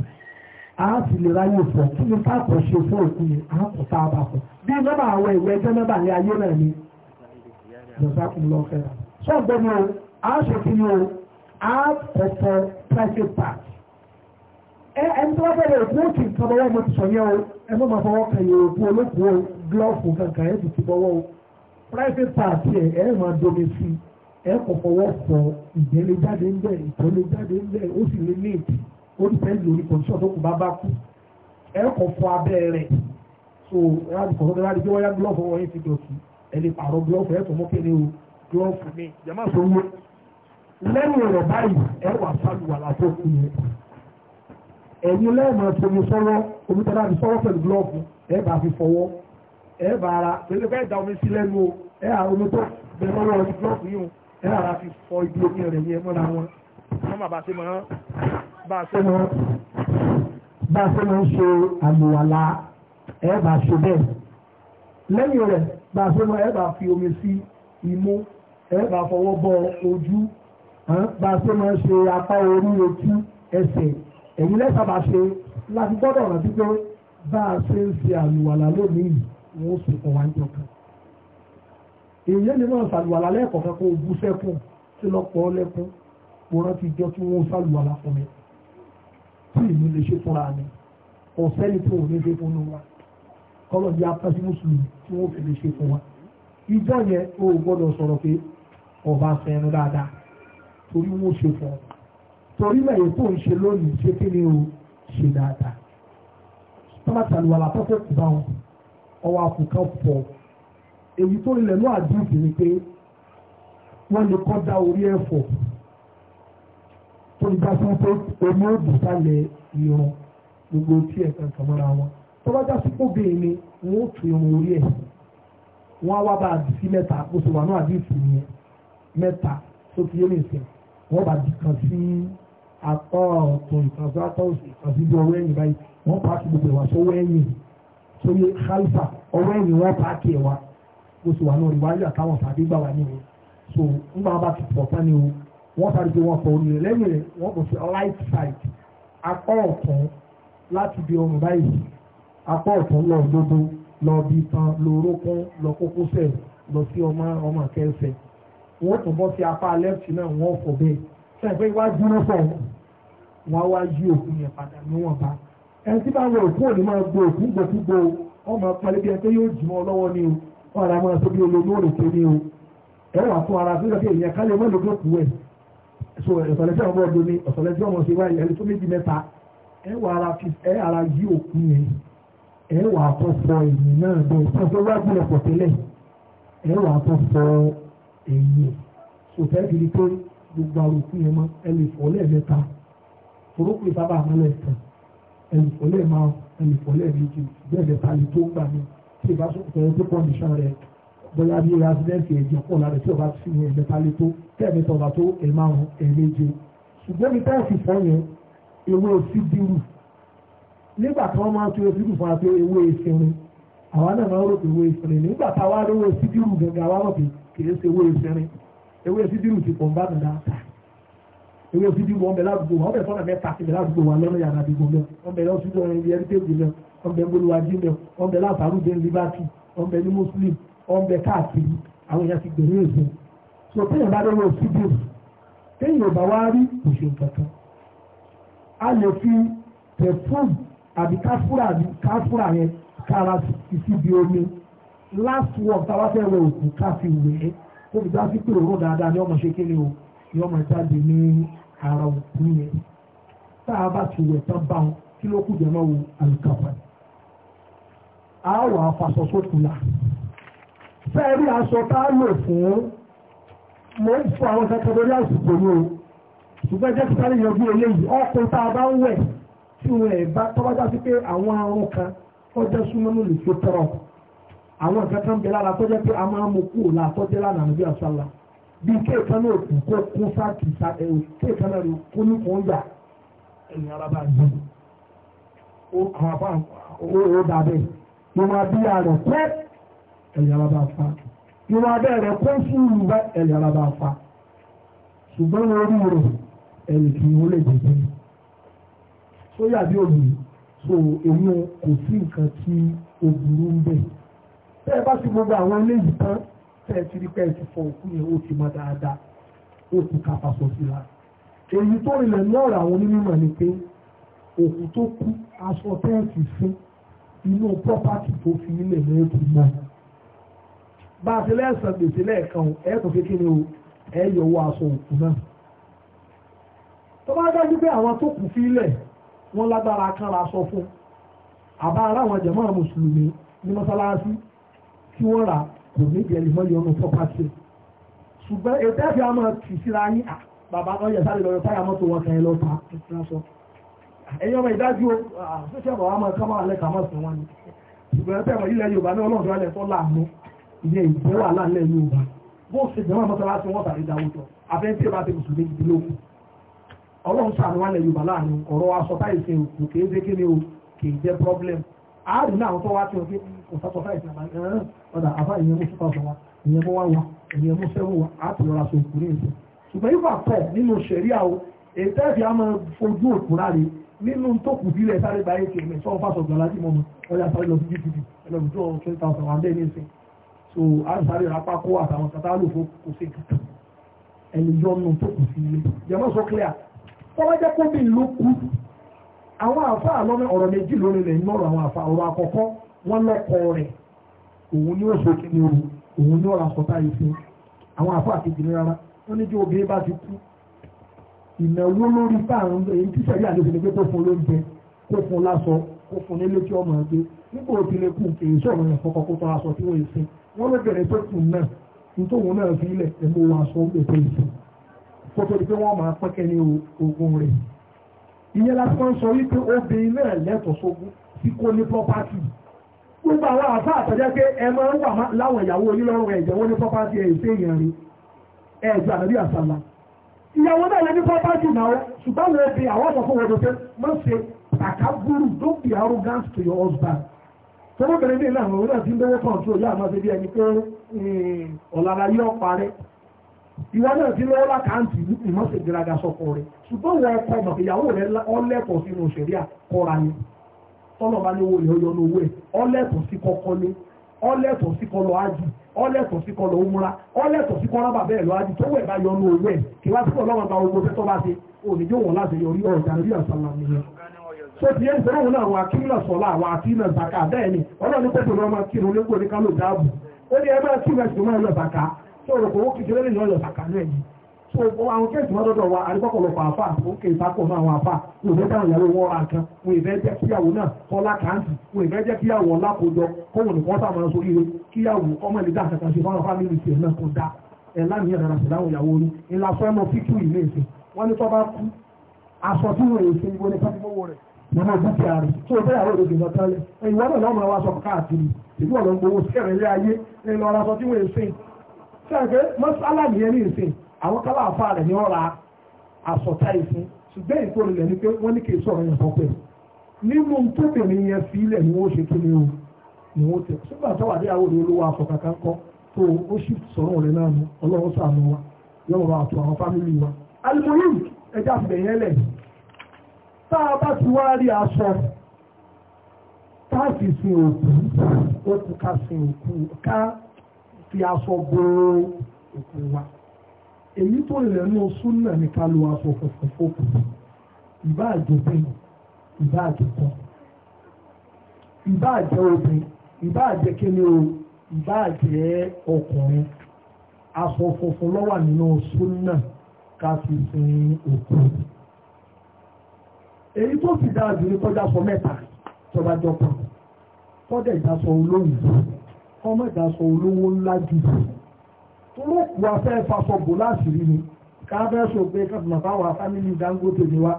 a sì lè ráyè fọ kí ni káàkó ṣe fún òkú yẹn a kò tá a bá fọ bí nọ́mbà àwọn ìwé ẹjọ́ nọ́mbà ní ayé náà ni lọ́sàkùn lọ́fẹ́ rà sọ́ọ̀gbọ́n ni o a ṣe kí ni o a kò fọ private party ẹni tó wá bẹ̀rẹ̀ òkú òkè nǹkan bọ́wọ́ ti sọ̀yẹ́ o ẹ mọ́ máa fọwọ́ kan yẹ òkú olókùú o glọ́ọ̀fù kankan ẹ̀ ti bọ́wọ́ o private part ẹ̀ ẹ̀ máa domi sí ẹ̀ kò fọwọ́ fọ ìgbẹ́lẹ̀ jáde ń bẹ̀ ìtọ́lẹ̀ jáde ń bẹ̀ ó sì lé méèkì ó ti tẹ́lẹ̀ lórí kọ̀ǹtọ̀ tó kù bá bá kú ẹ̀ kò fọ abẹ́ rẹ̀ so láti kọ̀ọ̀kan tó láti gbé wáyà glọ́ọ̀fù wọn yìí ti dọ̀tí ẹ̀ lè pààrọ̀ o glọ́ọ̀fù mi jẹ́ máa lẹ́yìn rẹ̀ báyìí ẹ̀ wà sálùwàlà tó kù yẹn ẹ̀yin lẹ́ẹ̀mọ̀ tí omi sọ́wọ́ omi tẹ́lá fi sọ́wọ́ pẹ̀lú gílọ́ọ̀fù ẹ bá fi fọwọ́ ẹ bá ara pẹ̀lú bẹ́ẹ̀ da omi sí lẹ́nu o ẹ omi tó bẹ̀rẹ̀ mọ́ lọ́wọ́ sí gílọ́ọ̀fù yìí o ẹ àrà fi fọ ibi omi rẹ̀ yẹn mọ́ra wọn. bá a ṣe mọ̀ bá a ṣe mọ̀ ń ṣe àmùwàlà ẹ bá ṣe bẹ́ẹ̀ lẹ́yìn rẹ̀ bá a ṣe mọ̀ ẹ bá fi omi sí imú ẹ bá fọwọ́ bọ ojú bá a ṣe mọ̀ ṣe apá orí etí ẹsẹ̀ èyí lẹ́sàbà ṣe láti gbọ́dọ̀ rántí pé bá a ṣe ń ṣe àlùwàlà lónìí wọn ó sì kàn wá jọ kan èyí ni náà ṣàlùwàlà lẹ́ẹ̀kọ̀ọ̀kan kó o bú sẹ́kùn tí lọ́pọ̀ lẹ́kùn mo rántí jọ tí wọ́n ṣàlùwàlà fún mi tí ìlú lè ṣe fúnra mi kò sẹ́ni tó ò ní ṣe fún wa kọ́lọ̀ bí apẹ́sí mùsùlùmí tí wọ́n fi lè ṣe fún wa ìjọ yẹn o gbọ́dọ̀ sọ̀rọ̀ pé ọba sẹ́nu dáadáa torí wọ́n ṣe fún ọ torí lẹ́yìn tó ń ṣe lónìí ṣé kí ni o ṣe dáadáa tọ́mátà ni wàhálà tó fẹ́ kù bá wọn ọwọ́ àkùkọ pọ̀ èyí tó ilẹ̀ ló àdúgbò ni pé wọ́n lè kọ́ da orí ẹ̀fọ́ tó ń dásí pé omi ó dùn sálẹ̀ irun gbogbo tí ẹ̀ kankan mọ́ra wọn tó bá dásí pé ni wọ́n ó tu irun orí ẹ̀ wọ́n á wá bá a dì sí mẹ́ta oṣù wà náà àdúgbò yẹn mẹ́ta tó ti yé nìsín wọ́n bá dì kan sí. Si àtọ́ ọ̀tọ̀ ìfàzátọ̀ àfihàn ọwọ́ ẹ̀yìn báyìí wọ́n pàákì gbogbo ẹ̀wà sọ́wọ́ ẹ̀yìn sórí khalifa ọwọ́ ẹ̀yìn wọ́n pàákì ẹ̀wà kó sì wà lórí wáyé àtàwọn tàbí gbà wà nínú so nígbà bá ti pọ̀ tán ni o wọ́n sáré pé wọ́n pọ̀ orí rẹ̀ lẹ́yìn rẹ̀ wọ́n kò sí right side apá ọ̀tún láti bí ọrùn báyìí apá ọ̀tún lọ lódó lọ bí tan lórókún lọ kókósẹ̀ lọ sí ọmọ ọmọ kẹsẹ̀ wọ́n tún bọ́ sí apá left náà wọ́n fọ̀ bẹ́ẹ̀ ẹgbẹ́ wá dúró fọ̀ wọ́n wá yí òkú yẹn padà níwọ̀nba ẹni tí bá wọ òkú òní máa gbó òkú gbòkúgbò wọ́n máa parí bí ẹgbẹ́ yóò jùmọ̀ lọ́wọ́ ni o wọ́n ara máa tóbi olómi òrèké ni o ẹ̀rọ wà fún ara fúnra bí èèyàn kálẹ̀ mọ́ lókè òkú ẹ̀ so ọ̀sọ̀lẹ́sẹ̀ ọmọ ọdún ni ọ̀sọ̀lẹ́sẹ̀ ọmọ ṣe wáyé ẹni tó méjì mẹ́ta ẹ wà ara fi ẹ ara yí òkú yẹn ẹ wà àtọ̀ fọ èyí náà bẹ́ẹ̀ tí wọ́n fẹ́ wá gbọ́dọ̀ pọ̀ tẹ́lẹ̀ ẹ wà àtọ̀ fọ èyí sòtẹ́ẹ̀dì ni pé gbogbo àròkù yẹn mọ́ ẹ lè fọ́ lẹ́ẹ̀mẹ́ta torókù ìsábà àmọ́lẹ̀ kan ẹ lè fọ́ lẹ́ẹ̀ márùn ẹ lè fọ́ lẹ́ẹ̀ méjì bẹ́ẹ̀ lẹ́ta lè tó gbà mí tí ìbá sọ̀rọ̀ pé kọ́ndíṣàn rẹ̀ bóyá bí rásídẹ́ǹtì ẹ̀jẹ̀ pọ̀ lára tí ọba sí yẹn ẹ̀mẹ́ta lè tó kẹ́ẹ̀mẹ́ta ọba tó ẹ̀ márùn ẹ̀ méje ṣùgbọ́n mi táyà fi fọ́ yẹn ewé sídìrù nígbà tí wọ́n máa ń tó sídìrù fún wa pé ewé ìsinrin àwa náà máa rò pé ewé ìsinrin nígbà táwa rò ewé sídìrù gẹ̀gẹ̀ àwa rò pé kì í ṣe ewé ìsinrin ewé sídìrú ti pọ̀ nbánu dáadáa ewé sídìrú wọn bẹ ládùúgbò wọn bẹ sọ́nà mẹ́ta ti bẹ ládùúgbò wọn lọ́nà yàrá àdìgbò mẹ́ wọn bẹ lọ́sùn lọ́nà ibi ẹni tẹ́gbẹ̀ mẹ́ wọn bẹ gbólúwájú mẹ́ wọn bẹ láfàárù bẹ liberty wọn bẹ ní muslim wọn bẹ káàkiri àwọn èèyàn ti gbèrú èso so téèyàn bá lọ́wọ́ sídìrú téèyàn bá wá rí òṣè kankan a lè fi tẹ̀fún àbí káfúrà àbí káfúrà yẹn kára ìsíbi omi last word táwa fẹ́ wẹ òkú ká fi tó fi dá sí pé òórùn dáadáa ni ọmọ ṣe kéde o ni ọmọ jáde ní ara òkú yẹn tá a bá ti wẹ̀ tán bá wọn kí ló kù jẹ́mọ́ wo àlùkàfà á wà fàṣọ sókè là fẹ́ẹ́rí aṣọ tá a lò fún mo ń fún àwọn kẹkẹrẹ ní àsìkò ní o ṣùgbọ́n jẹ́ kí sáré yọjú eléyìí ọkùnrin tá a bá ń wẹ̀ tí wọn ẹ̀ bá tọ́wájá sí pé àwọn arún kan ọjọ́ súnmọ́ ló lè fi tọrọ àwọn nǹkan kan bẹ lára tó jẹ́ pé a máa mú kúrò látọ́jẹ́ lánàá níbi àṣàlá bí kéèkan náà kù kó kún sáàkì ẹ̀wò kéèkan náà rè kó ní kún yà ẹ̀yìn ara bá jẹ́ àwọn àbá owó dà bẹ́ẹ̀ mo máa bí ara rẹ̀ ẹ̀yìn ara fa mo máa bẹ́ẹ̀ rẹ̀ kọ́ fún mi bá ẹ̀yìn ara fa ṣùgbọ́n orí rẹ̀ ẹ̀yìn kì í wọlé gbèdé sóyà bí òbí so èmi kò sí nǹkan tí ó ń bẹ́ẹ̀ tẹ́ ẹ bá ti gbogbo àwọn eléyìí tán tẹ́ ẹ ti rí pé ẹ ti fọ òkú yẹn ó ti mọ dáadáa ó ti kápá sọ sí la èyí tó rìnlẹ̀ ní ọ̀rọ̀ àwọn onímọ̀ ni pé òkú tó kú aṣọ tẹ́ẹ̀sì fún inú pọ́pátì tó fi ilẹ̀ náà ti mọ́ bá a ti lẹ́sàn gbèsè lẹ́ẹ̀kan ẹ̀ tó kékeré o ẹ̀ yọ owó aṣọ òkú náà tó bá dájú pé àwọn tó kù fi ilẹ̀ wọ́n lágbára kan ra aṣọ fún àbá ara àwọn jàmáà ní mọ́sálásí tí wọ́n rà kò ní ìdí ẹlẹ́mọ́ yọ ọmọ pọ́pátì ṣùgbọ́n ètò ẹ̀fẹ́ àmọ́ tì síra yín à bàbá ọyẹ sáré lọ́yọ̀ táyà mọ́tò wọn kàn yín lọ́ta ìtìlásọ ẹ̀yin ọmọ ìdájú ṣíṣẹ́ bàbá máa ká máa lẹ́ka máa sùn wọn ni ṣùgbọ́n ẹ̀fẹ́ ọmọ ilẹ̀ Yorùbá ní Ọlọ́run tó lẹ̀ tọ́ láàánú ilé ìgbẹ́ wà láàlẹ́ Yorùbá bó ṣe jẹ́ máa mọ́sálásí wọn tàbí dáwùjọ abẹ́ńtì bá ti mùsùlùmí ìdílógún Ọlọ́run sàánú wà lẹ̀ Yorùbá láàánú ọ̀rọ̀ aṣọ táìsìn òkú kèé jẹ́ kí ni o kèé jẹ́ problem àárín náà tó wá ti ọ̀ ọ̀dà àbá ìyẹn mú fúta ọ̀sán wa ìyẹn mú wá wa ìyẹn mú sẹ́wọ̀n wa á ti rọra so òkú ní ìsìn ṣùgbọ́n ifá pẹ̀ nínú sẹ̀rí àwọ èyí tẹ́ẹ̀fì á máa fojú òkú ráre nínú tó kù bílẹ̀ sáré gba ayé kèmí sọ́n fásọ̀ gbọ́lá jì mọ́mọ́ ọjà sáré lọ bíbí bíbí ẹlẹ́bùn tó ọ̀rọ̀ twenty thousand wà bẹ́ẹ̀ ní ìsìn so á sáré rapá kó àtàwọn kàtà lò fún kò sí kankan ẹni yọ nù tó kù sí ilé jẹ́mọ́ sọ clear tọ́wọ́ jẹ́ kó bí ló kú àwọn àfa àlọ́mọ ọ̀rọ̀ méjì lórí rẹ̀ nínú ọ̀rọ̀ àwọn àfa ọ̀rọ̀ àkọ́kọ́ wọn lọ́kọ rẹ̀ òun ní òṣò kí ni o òun ní ọ̀rọ̀ àkọ́tà yìí fún àwọn àfọ àkejì rárá wọ́n ní tí obìnrin bá ti kú ìnáwó lórí fáàrùn èyí tí sẹ́rí àlejò pé kó fún lóúnjẹ kó fún láṣọ kó fún nílé tí ọmọ ẹgbẹ́ nígbà òbí lè kú kì í sọ̀rọ̀ yẹn kọ́kọ́ kó tọ́ aṣọ tí wọ́n yìí fún wọ́n lóbìnrin tó kù náà nítòhun náà fi ilẹ̀ ẹ̀mú aṣọ ògbèpé ìfún kó di pé wọ́n máa pẹ́kẹ́ ní ogun rẹ̀ ìyẹn láti wọ́n sọ wípé obìnrin náà lẹ́tọ̀ọ́ sógún tí kò ní pọ́pátì gbogbo àwọn àfá àtọ́jẹ́ pé ẹ máa ń wà láwọn ìyàwó onílọ́rùn ẹ̀jẹ̀ ní pọ́pátì ẹ̀ ìṣe èèyàn rí ẹ̀jẹ̀ àdàbí àsàlà ìyàwó náà lẹ́ni pọ́pátì náà ṣùgbọ́n wọn bí àwọn ọmọ fún wọn pé má ṣe àkábúrú to your husband tó tọ́lọ̀ bá ní owó ìyọ́ yọnu owó ẹ̀ ọlẹ́tọ̀ sí kọkọlé ọlẹ́tọ̀ sí kọlọ ájì ọlẹ́tọ̀ sí kọlọ òmúra ọlẹ́tọ̀ sí kọlọ bàbá ẹ̀ lọ ájì tọ́wọ́ ẹ̀ bá yọnu owó ẹ̀ kí wá sí kọlọ́ bá owó tẹ́tọ́ bá ṣe òníjó wọn láti yọrí ọ̀jà lórí àṣàlà nìyẹn so ti yẹn sọ́rọ̀ wọn àwọn akínlẹ̀ sọ́lá àwọn akínlẹ̀ zaka bẹ́ẹ̀ ni ọlọ́ni pẹ̀lú ọmọ kírun onígbò ní kálò dáàbò ó ní ẹgbẹ́ kírun zaka tó rò pé owó zaka náà so àwọn kéèsì wọn dọ́dọ̀ wa àríkọ́kọ̀lọ̀ fàáfà ó kè sákò náà àwọn àfà wọn ìfẹ́ táwọn ìyàwó wọn ra nǹkan wọn ìfẹ́ jẹ́ kíyàwó náà kọ́lá kàǹtì wọn ìfẹ́ jẹ́ kíyàwó ọlákojọ kóhùn nìkan sáà máa sórí ire kíyàwó ọmọ ìlú dà kankan ṣe fáwọn fámìlì tiẹ̀ náà kò dá ẹ̀ láàmìyàn dára sí láwọn ìyàwó ní ńlá fẹ́mọ fíkú ilé ìsìn wọ́n ní tó bá kú aṣọ tí wọ́n èsì ìwọ ní pátímọ́wọ́ rẹ̀ mọ́mọ́ dúkìá rẹ̀ tó bẹ́ẹ̀ àwọn òdòdó ìgbà tẹ́lẹ̀ ìwọ́n náà lọ́mọ wa sọ káàkiri ìlú ọ̀rọ̀ ń gbowó sí ẹ̀rẹ̀ ilé ayé ńlọrọ̀ aṣọ tí wọ́n èsì sẹ́ẹ̀kẹ́ mọ́sálà nìyẹn ní ìsìn àwọn kálá àfa rẹ̀ ní ọ̀ra àsọ̀tá ìfún ṣùgbọ́n ìtò rẹ̀ ni pé wọ́n ní kì í sọ̀rọ̀ yẹn kan pẹ̀lú nínú tóbìnrin yẹn fi ilẹ̀ ni wọ́n ṣe kí ni o ni wọ́n tẹ̀ ṣùgbọ́n àtàwọn àdéhàwó rẹ̀ olówó aṣọ kankan kọ́ tó ó sì sọ̀rọ̀ rẹ̀ náà nu ọlọ́run ṣàánú wa yọ̀rọ̀ wa àtọ̀ àwọn fámìlì wa. alimoyin ẹja tá a bá ti wá rí aṣọ táàsì sin òkú èyí tó rẹ̀ ní oṣù náà ní ká lo aṣọ funfun fòkù ìbá àjòbìn ìbá àjòkọ ìbá àjẹ obìn ìbá àjẹ kíni o ìbá àjẹ ọkùnrin aṣọ funfun lọ́wà nínú oṣù náà ká fi sin òkú èyí tó sì dáa jù ní kọjá sọ mẹ́ta tọba jọpọ̀ kọ́dẹ̀ ìdásọ olóyìn kọ́mọ̀ ìdásọ olówó ńlá jù jù túlùkù afẹ́ fasọ̀bù láṣìírí ni káfẹ́ sọ pé kẹ́tùmọ̀ báwa fámìlì Dangote ni wá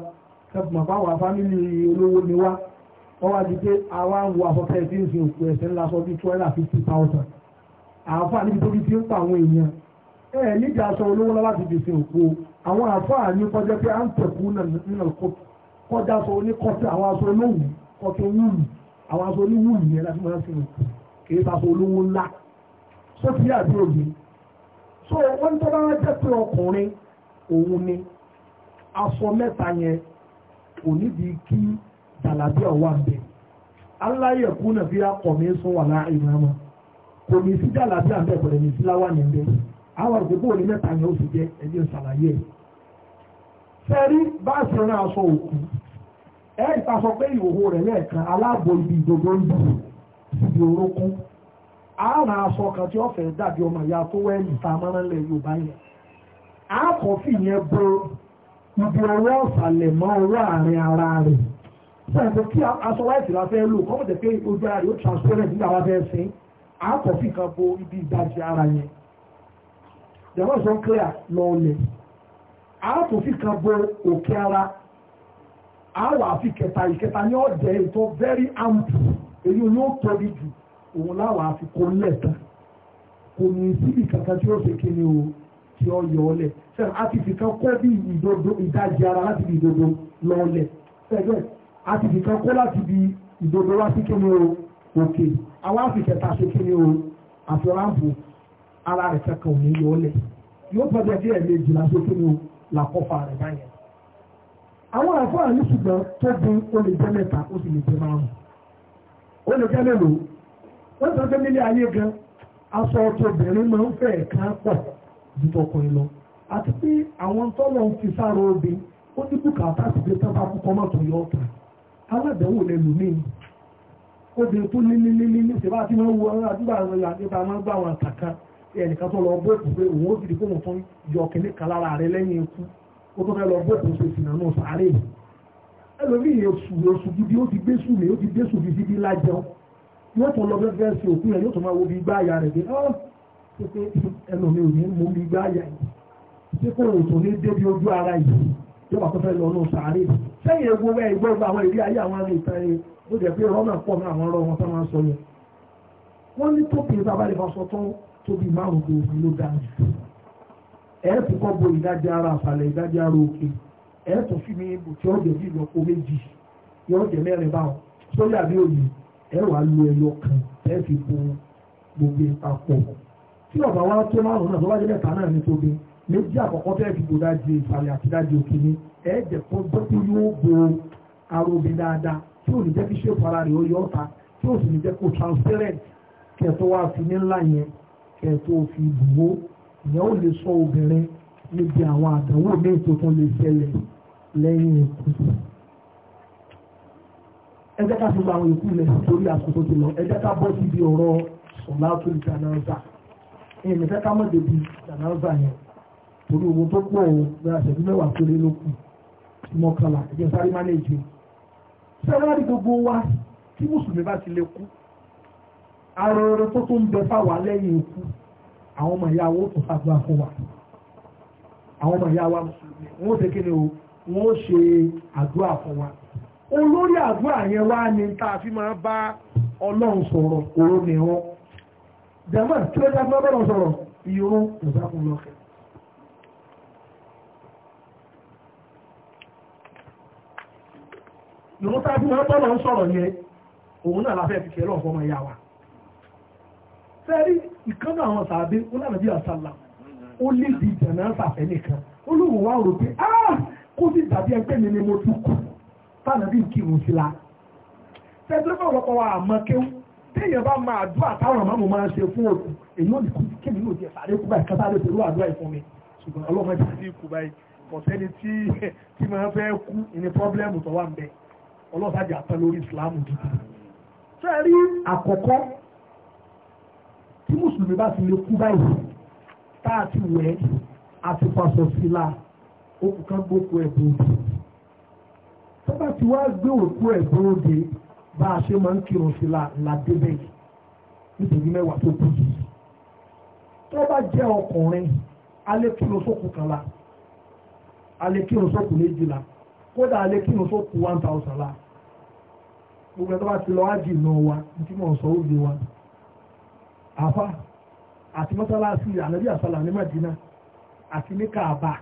kẹ́tùmọ̀ báwa fámìlì olówó ni wá wọ́n wá di pé àwa ń wo afọ́fẹ́ tí ń sin òkú ẹ̀sẹ̀ ńlá sọ bí two fifty thousand àáfà níbi tó fi ti ń pa àwọn èèyàn ẹ̀ níjà aṣọ olówó lọ́wọ́ ti fi sin òkú àwọn àáfà ní kọjá pé à ń tẹ̀kú nínú kọjá aṣọ oníkọ́tì àwọn aṣọ olówó kọ́tì wúlù àwọn aṣọ oníwúlù yẹn láti máa sin òkú kì í ta olówó ńlá sókè àbí òbí so wọ́n tó bá wá jẹ́ pé ọkùnrin òun ni aṣọ mẹ́ta yẹn kò nídìí kí jàlábíà wà bẹ́ẹ̀ aláyẹ̀kú náà fi akọ̀mí sún wà láàrin mọ́ kò ní sí jàlábíà bẹ́ẹ̀ kò ní sí láwà ní bẹ́ẹ̀ àwọn àgbègbè òní mẹ́ta yẹn ó sì jẹ́ ẹbí ìsàlàyé ẹ̀ fẹ́rí bá ṣe rán aṣọ òkú ẹ̀ ìta pé ìhòòhò rẹ̀ lẹ́ẹ̀kan aláàbò ibi ìdòdó ń bù síbi orókún àárà aṣọ kan tí wọ́n fẹ́ dàbí ọmọ ìyá tó wẹ́ẹ̀lì ta mọ́ránlẹ̀ Yorùbá yẹn àkọ́fì yẹn bo ibi ọwọ́ ọ̀sàlẹ̀ mọ́ ọwọ́ àárín ara rẹ̀ sẹ́yìn pé kí aṣọ wáìtì la fẹ́ lò kọ́ mọ̀tẹ́ pé ojú ara yóò transparent nígbà wá fẹ́ sin àkọ́fì kan bo ibi ìdajì ara yẹn jẹ́wọ́n sọ clear lọ́ọ̀lẹ̀ àkọ́fì kan bo òkè ara àwọ̀ àfi kẹta ìkẹta ni ó jẹ́ ètò very ample èyí ni ó tóbi jù òun láwọn àfikún lẹ́tàn kò ní síbi kankan tí ó ṣe kíni o tí ó yọ ọlẹ̀ sẹ́yìn a ti fi kan kọ́ bí ìdodo ìdajì ara láti bí ìdodo lọ́ọ̀lẹ̀ sẹ́yìn a ti fi kan kọ́ láti bí ìdodo wá sí kíni o òkè àwọn àfikẹ́ta ṣe kíni o àfọláǹfò ara rẹ̀ kankan ò ní yọ ọlẹ̀ yóò pàdé bí ẹ̀mejì lásòkè ni o làkọ́fà rẹ̀ báyẹn. àwọn àfọwà ní ṣùgbọ́n tó dín ó lè jẹ́ mẹ́ta ó sì lè jẹ́ márùn-ún ó jẹ́ mélòó wọ́n sọ pé nílé ayé gan aṣọ ọ̀tọ̀ obìnrin máa ń fẹ́ ẹ̀ka pọ̀ ju tọkùnrin lọ àti pé àwọn tọ́lọ̀ ń fi sára obì ó ní bùkátà sí pé tábà kú kọ́mọ̀ tó yọ ọ̀tà alábẹ̀wò lè lù mí obìnrin tó ní nílé nílé ṣe bá ti máa ń wo ọ̀rọ̀ àdúgbò àwọn ìyá nípa máa ń gbà wọn àtàkà ẹnìkan tó lọ bóòpù pé òun ó fìdí fóun fún yọ kìnní kan lára rẹ lẹ́yìn ikú ó tó fẹ́ lọ bóòpù ṣe sì nànú sàárè ẹlòmíì èsù èsù gidi ó ti gbé sùn mi ó ti gbé sùn fi síbi lájẹun yóò tún lọ fẹ́fẹ́ sí òkú rẹ̀ yóò tún máa wo bí gbá àyà rẹ̀ dé ọ́ ah! pé ẹnu mi ò ní mú bí gbá àyà yìí tí kò rò tó ní débi ojú ara yìí yóò bá tó fẹ́ lọ lóun sàárè sẹ́yìn ewu ẹ̀ ìgbọ́ ìgbà àwọn ìrí ayé àwọn arìnrìn ìtàn ẹ̀ ó jẹ́ pé rọ́nà pọ̀ ní àwọn ọ̀rọ̀ wọn tó máa ń sọ yẹn wọ́n ní tóbi ìbábalẹ̀ bá sọ tán tóbi márùn-ún gbòòrò ló dáa jù ẹ̀ẹ́tù kọ́ bo ìdájẹ́ ara àfàlẹ̀ ìdájẹ́ ara òkè ẹ̀ẹ́tù fi mi ibù tí ó jẹ́ bí ìlọ́po méjì yóò jẹ́ mẹ́rin báwọn sóyà ní òyìn ẹ wà á lo ẹyọ kan ẹ fi bo gbogbo papọ̀ tí ọ̀bà wa tó márùn náà tó bá jẹ́ mẹ́ta náà ní tóbi méjì àkọ́kọ́ tẹ́ fi bo dájú ìsàlẹ̀ àti dájú òkè ni ẹ jẹ́ kó dọ́kú yóò bo arobi dáadáa tí ò ní jẹ́ kí ṣéèpù ara rẹ̀ ó yọ ọ́ta tí ò sì ní jẹ́ kó transparent kẹ̀tọ́ wa fi ní ńlá yẹn kẹ̀tọ́ fi bùwó ìyẹn ò lè sọ obìnrin níbi àwọn àdánwò míì tó lè ṣẹlẹ̀ lẹ́yìn ikú ẹjẹ́ ká fún àwọn ìkú ilẹ̀ torí àsìkò tó lọ ẹjẹ́ ká bọ́ síbi ọ̀rọ̀ ọ̀làkùn jànáza ẹ̀yìn nìkan ká mọ̀ débi jànáza yẹn torí owó tó pọ̀ ọ̀hún gbéra ṣẹ́jú mẹ́wàá péré ló kù mọ́kànlá ẹ̀jẹ̀ sáré mánéèjì sẹ́wọ́n rí gbogbo wa tí mùsùlùmí bá ti lè kú ara tó tó ń bẹ fáwa lẹ́yìn ikú àwọn ọmọ ìyá wọn tó fàgbà fún wa àwọn ọmọ ìyá wa mùsùlùmí wọn ó ṣe kí olórí àdúrà yẹn wá ní tá a fi máa bá ọlọ́run sọ̀rọ̀ òun ni wọn jẹ́mọ́ tí ó dáa fẹ́ bọ́lọ̀ sọ̀rọ̀ ìyóró ìzákùnlọ́kẹ̀ ìwọ́n tá a fi máa bọ́lọ̀ sọ̀rọ̀ yẹn òun náà la fẹ́ fi kẹ́ lọ́fọ́ ọmọ ìyá wa fẹ́rí ìkánná àwọn sàbí olànàbí àsálà ó lè di ìjànà sàfẹ́ nìkan olóhùn wa rò pé ah! kó sì dàbí ẹgbẹ́ mi ni mo tún kù tánà bí nkírun sí la tẹ́tẹ́fẹ́ ọ̀pọ̀lọpọ̀ wa àmọ́ kéwú téèyàn bá máa àdúrà táwọn ọmọ mi máa ń ṣe fún òkú èyí ò ní kú kémi ní òjì ẹ̀sàrẹ́ kú báyìí kátà lè pẹ̀lú àdúrà ìfún mi ṣùgbọ́n ọlọ́mọ ti sí ikú báyìí ọ̀sẹ́ni tí [laughs] tí máa fẹ́ kú ní pọ́blẹ́mù tó wà ń bẹ ọlọ́sàjà tán lórí ìsìláàmù dúdú. sẹ́ẹ̀rí àkọ́kọ́ tí mùsùlùmí bá ti lè kú báyìí tá a ti wẹ̀ àti pàṣọ sí la òkú kan gbókù ẹ̀ bòbò tó bá ti wá gbé òkú ẹ̀ bóde bá a ṣe máa ń kírun sí la làdébẹ̀ nítorí mẹ́wàá tó kù yìí tó bá jẹ́ ọkùnrin alẹ́ kírun sókù kan la alẹ́ kírun sókù méjìlá kódà alẹ́ kírun sókù one thousand la gbogbo ẹ̀tọ́ bá ti lọ ájì lọ wa tí mò ń sọ òde wa àfa àti mọ́sálásí ànábì àsálà ní Mádínà àti ní Kaaba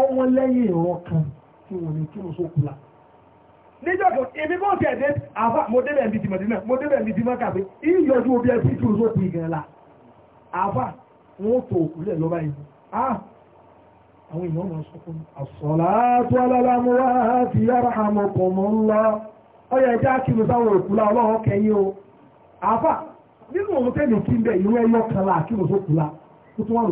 ọwọ́n lẹ́yìn ìran kan tí wọ́n ní kí wọ́n sókù la níjọ́kọ̀ èmi bọ́ ti ẹ̀dẹ́ àfá mo débẹ̀ ní tìmọ̀dínà mo débẹ̀ ní tìmọ̀ kàfé la àfá wọn tó òkúlẹ̀ ah àwọn èèyàn máa sọ fún mi. àsọ̀làtú alálámúwá ti yára àmọ̀ pọ̀ mọ́ ń lọ ọyọ ẹja kìlú sáwọn òkúlá ọlọ́wọ́ kẹyìn o àfá nínú òun tẹ́lẹ̀ kí n bẹ̀ ìwé ẹyọ kan la kìlú sókúlá ó tún wà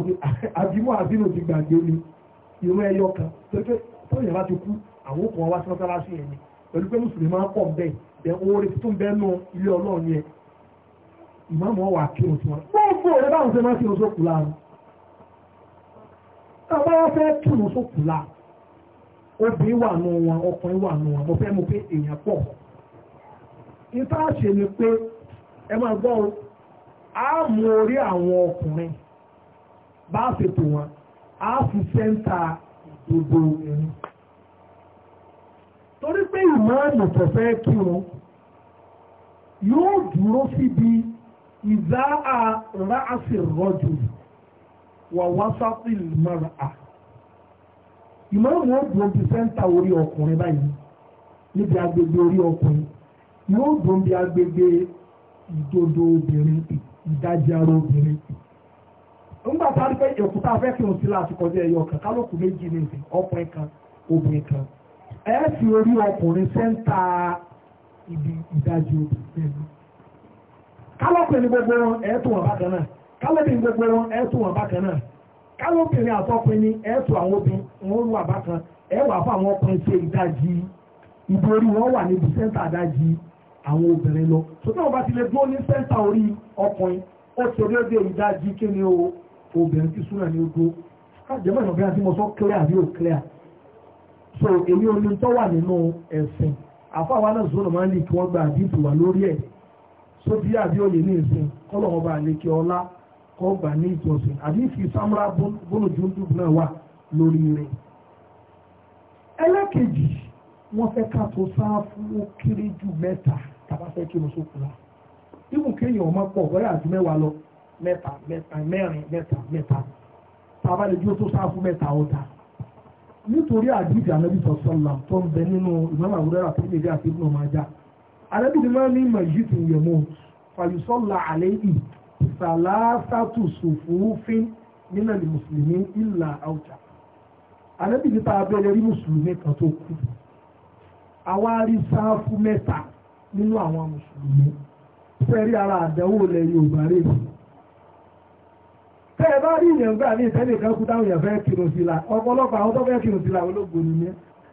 lóde [laughs] pẹ̀lú pé mùsùlùmí máa pọ̀ bẹ́ẹ̀ bẹ́ẹ̀ wọ́n rí tuntun bẹ́ẹ̀ nù ilé ọlọ́run yẹn ìmáàmù ọ̀wà kí o tiwọn. gbogbo ọ̀rẹ́ báwọn ṣe máa kí o sókù láàrú. tábà wọ́n fẹ́ kí o sókù lá obìnrin wà nù wọn ọkùnrin wà nù wọn mo fẹ́ mo pé èèyàn pọ̀. ìta ṣe ni pé ẹ máa gbọ́ o á mú orí àwọn ọkùnrin bá ṣètò wọn á fi sẹ́ńtà gbogbo ẹ̀rín torí pé ìmáàmù tó fẹ́ kí wọn yóò dúró síbi ìdá àrà àsì rọ́jò wà wásátì mara ìmáàmù ó dúró bí sẹ́ńtà orí ọkùnrin báyìí níbi agbègbè orí ọkùnrin yóò dúró bí agbègbè ìdodo obìnrin ìdajì ara obìnrin nígbà tá a rí pé èkúta afẹ́kẹ́ òsínlá àti kọjá ẹ̀yọ kan kálukú méjì ní ìsìn ọkùnrin kan obìnrin kan ẹ fi orí ọkùnrin sẹ́ńtà ibi ìdajì obìnrin lọ kálọ́pẹ̀ ní gbogbo wọn ẹ̀ tún wọn bákan náà kálọ́pẹ̀ ní gbogbo wọn ẹ̀ tún wọn bákan náà kálọ́pẹ̀ ní àtọ́pẹ̀ ní ẹ̀ tún àwọn obìnrin wọn wà bákan ẹ̀ wà fún àwọn ọkùnrin ṣe ìdajì ibi orí wọn wà níbi sẹ́ńtà ìdajì àwọn obìnrin lọ sọ́tún ọba ti lè dúró ní sẹ́ńtà orí ọkùnrin ó ti orí ọdẹ ìdajì kí ni o obìnrin ti súnà ní ogo jẹ́mọ̀ ìṣọ̀gbìn àti mọ̀sán clear àbí ò clear so èyí omi tó wà nínú ẹ̀sìn àfáwa náà sọ̀rọ̀ máa ń lè kí wọ́n gba àdìpù wà lórí ẹ̀ sóbí àbí òye ní ìsìn kọ́lọ̀ ọba àlekè ọlá kọ́ gbà ní ìjọsìn àdìpù samra bónújú dùbù náà wà lórí rẹ̀ ẹlẹ́kejì wọ́n fẹ́ ká tó sáfù ó kéré jù mẹ́ta tàbá fẹ́ kí wọ́n sókun wa ibùn kéèyàn ọmọ pọ̀ bọ́yà àti mẹ́wàá lọ mẹ́ta mẹ́ta mẹ́rin mẹ́ta mẹ́ta tàbá lè dúró tó sáfù mẹ́ta ọ̀dà nítorí àdìsí ànábì sọ̀sọ̀là tó ń bẹ nínú ìmọ̀lá àwùrẹ́rà tó lè àti ìbùnà máa já ànábì ni wọ́n ní màjí tó yẹ mọ́ fàyùsọ̀là àlẹ́yìn sàlásàtù sùfúfin nínà ní mùsùlùmí ìlà àwùjá ànábì ni tá a bẹ̀rẹ̀ rí mùsùlùmí kan tó kú àwa rí sáfù mẹ́ta nínú àwọn mùsùlùmí fẹ́ẹ́ ara àdánwò lẹ́yìn òbárẹ́ tẹ́ ẹ bá rí ìyẹn gbà ní ìtẹ́lẹ̀ kan kú táwọn èèyàn fẹ́ kírun sí la ọ̀pọ̀lọpọ̀ àwọn tó fẹ́ kírun sí la ológun ni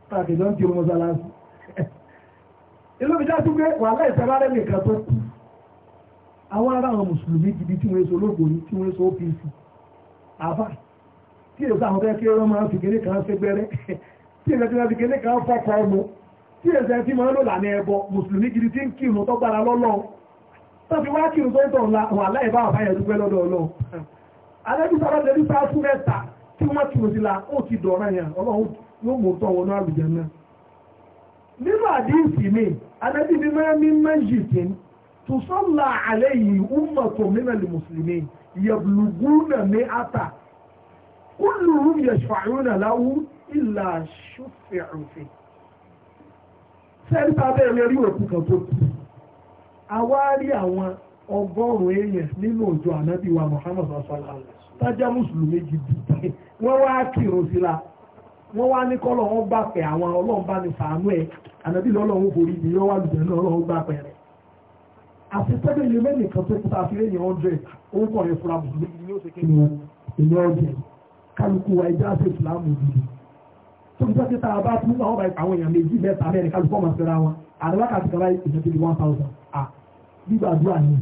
tàbí lọ́n kírun mọ́sálásí [laughs] inú mi dájú pé wà láì sẹ́ bá rẹ́ nìkan tó kú àwọn ará àwọn mùsùlùmí gidi tí wọ́n èso ológun tí wọ́n èso OPC àbá tí èso àwọn fẹ́ kí wọ́n máa fi kéde kan ṣẹgbẹ́rẹ́ [laughs] tí èso ti kéde kan fọ́kọ ọmọ tí èso ti máa ń lò lànà ẹbọ mùsùlùmí gidi tí ń kírun tó gbára lọ́lọ́ tó fi wá kírun tó ń tọ̀ wà láì bá àbáyẹ̀ dúpẹ́ lọ́dọ̀ ọlọ́run alẹ́bí sábà lẹ́bí sáà fún mẹ́ta tí wọ́n kìlọ̀ sí la ó ti dọ̀ọ̀rọ̀ yẹn ọlọ́run yóò mú tọ́ wọnú àlùjẹ́ náà nínú àdínsì mi alẹ́bí mi máa ń mímọ́ yìí sí tó sọ́la àlẹ́ yìí ó mọ̀ tó mímọ́ lè mùsùlùmí yẹ̀bùlùgú náà ní ata kúlù yẹ̀ṣọ̀rún náà láwù ìlà ṣùfẹ̀rùfẹ̀ sẹ́ńtà bẹ́ẹ̀ lẹ́rí òkú kan tó kù àwárí àwọn ọgọ́rùn-ún èèyàn nínú òjò ànábì wa Muhammad asala tájá mùsùlùmí gidi wọ́n wá kírun sí la wọ́n wá ní kọ́lọ̀ wọn gbà pé àwọn ọlọ́run bá ní sàánú ẹ̀ ànábì lọ́lọ́run forí ni yọ́ wá lùdẹ̀ náà ọlọ́run gbà pé rẹ̀ àti tẹ́lẹ̀ ilé mẹ́rin kan tó kúta fi lẹ́yìn hundred orúkọ rẹ̀ fura mùsùlùmí ni ó ṣe kí ni ìní ọ̀jẹ̀ kálukú wa ẹja ṣe ìsìlámù gidi tó ń tẹ́tí tá a bá tún àwọn àwọn èèyàn méjì mẹ́ta mẹ́rin one thousand ah gbígbàdúrà yìí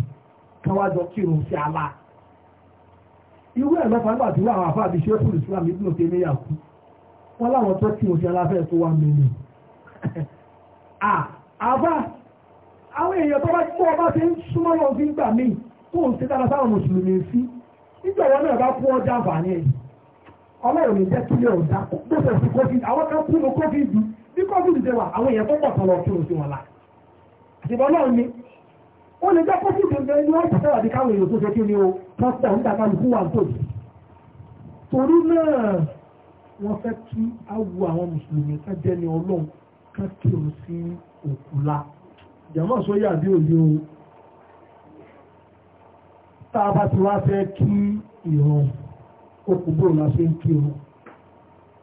káwájọ kírun sí alá irú ẹ̀ lọ́pàá nígbà tí wọ́n àwọn àfáà bíi ṣẹ́fù Islam ibùdó tẹ́ ní yàkú wọ́n láwọn tó kírun sí aláfẹ́ tó wà mẹ́rin àbá àwọn èèyàn tó bá tí wọ́n bá ti ń súnmọ́ lọ sí gbà míì tó ń ṣe dára sáwọn mùsùlùmí sí nígbà wọn náà bá kú ọjà àǹfààní ẹ̀ ọlọ́run ní jẹ́ kílẹ̀ ọ̀dà gbọ́dọ̀ sí covid àwọn kan kú ní covid bí covid ṣe ó lè jẹ́ pósí ìgbẹ̀gbẹ̀ inú ẹ̀sẹ̀ àti káwọn èèyàn tó ṣe kí ni o pọ́sítà ń dàgbà lùkú wà tó torí náà wọ́n fẹ́ kí á wo àwọn mùsùlùmí ká jẹ́ ni ọlọ́run ká kí o sí òkúla jàmọ́ sóyà bí òye o tá a bá ti wá fẹ́ kí ìrọ̀rùn okùnbó la ṣe ń kí o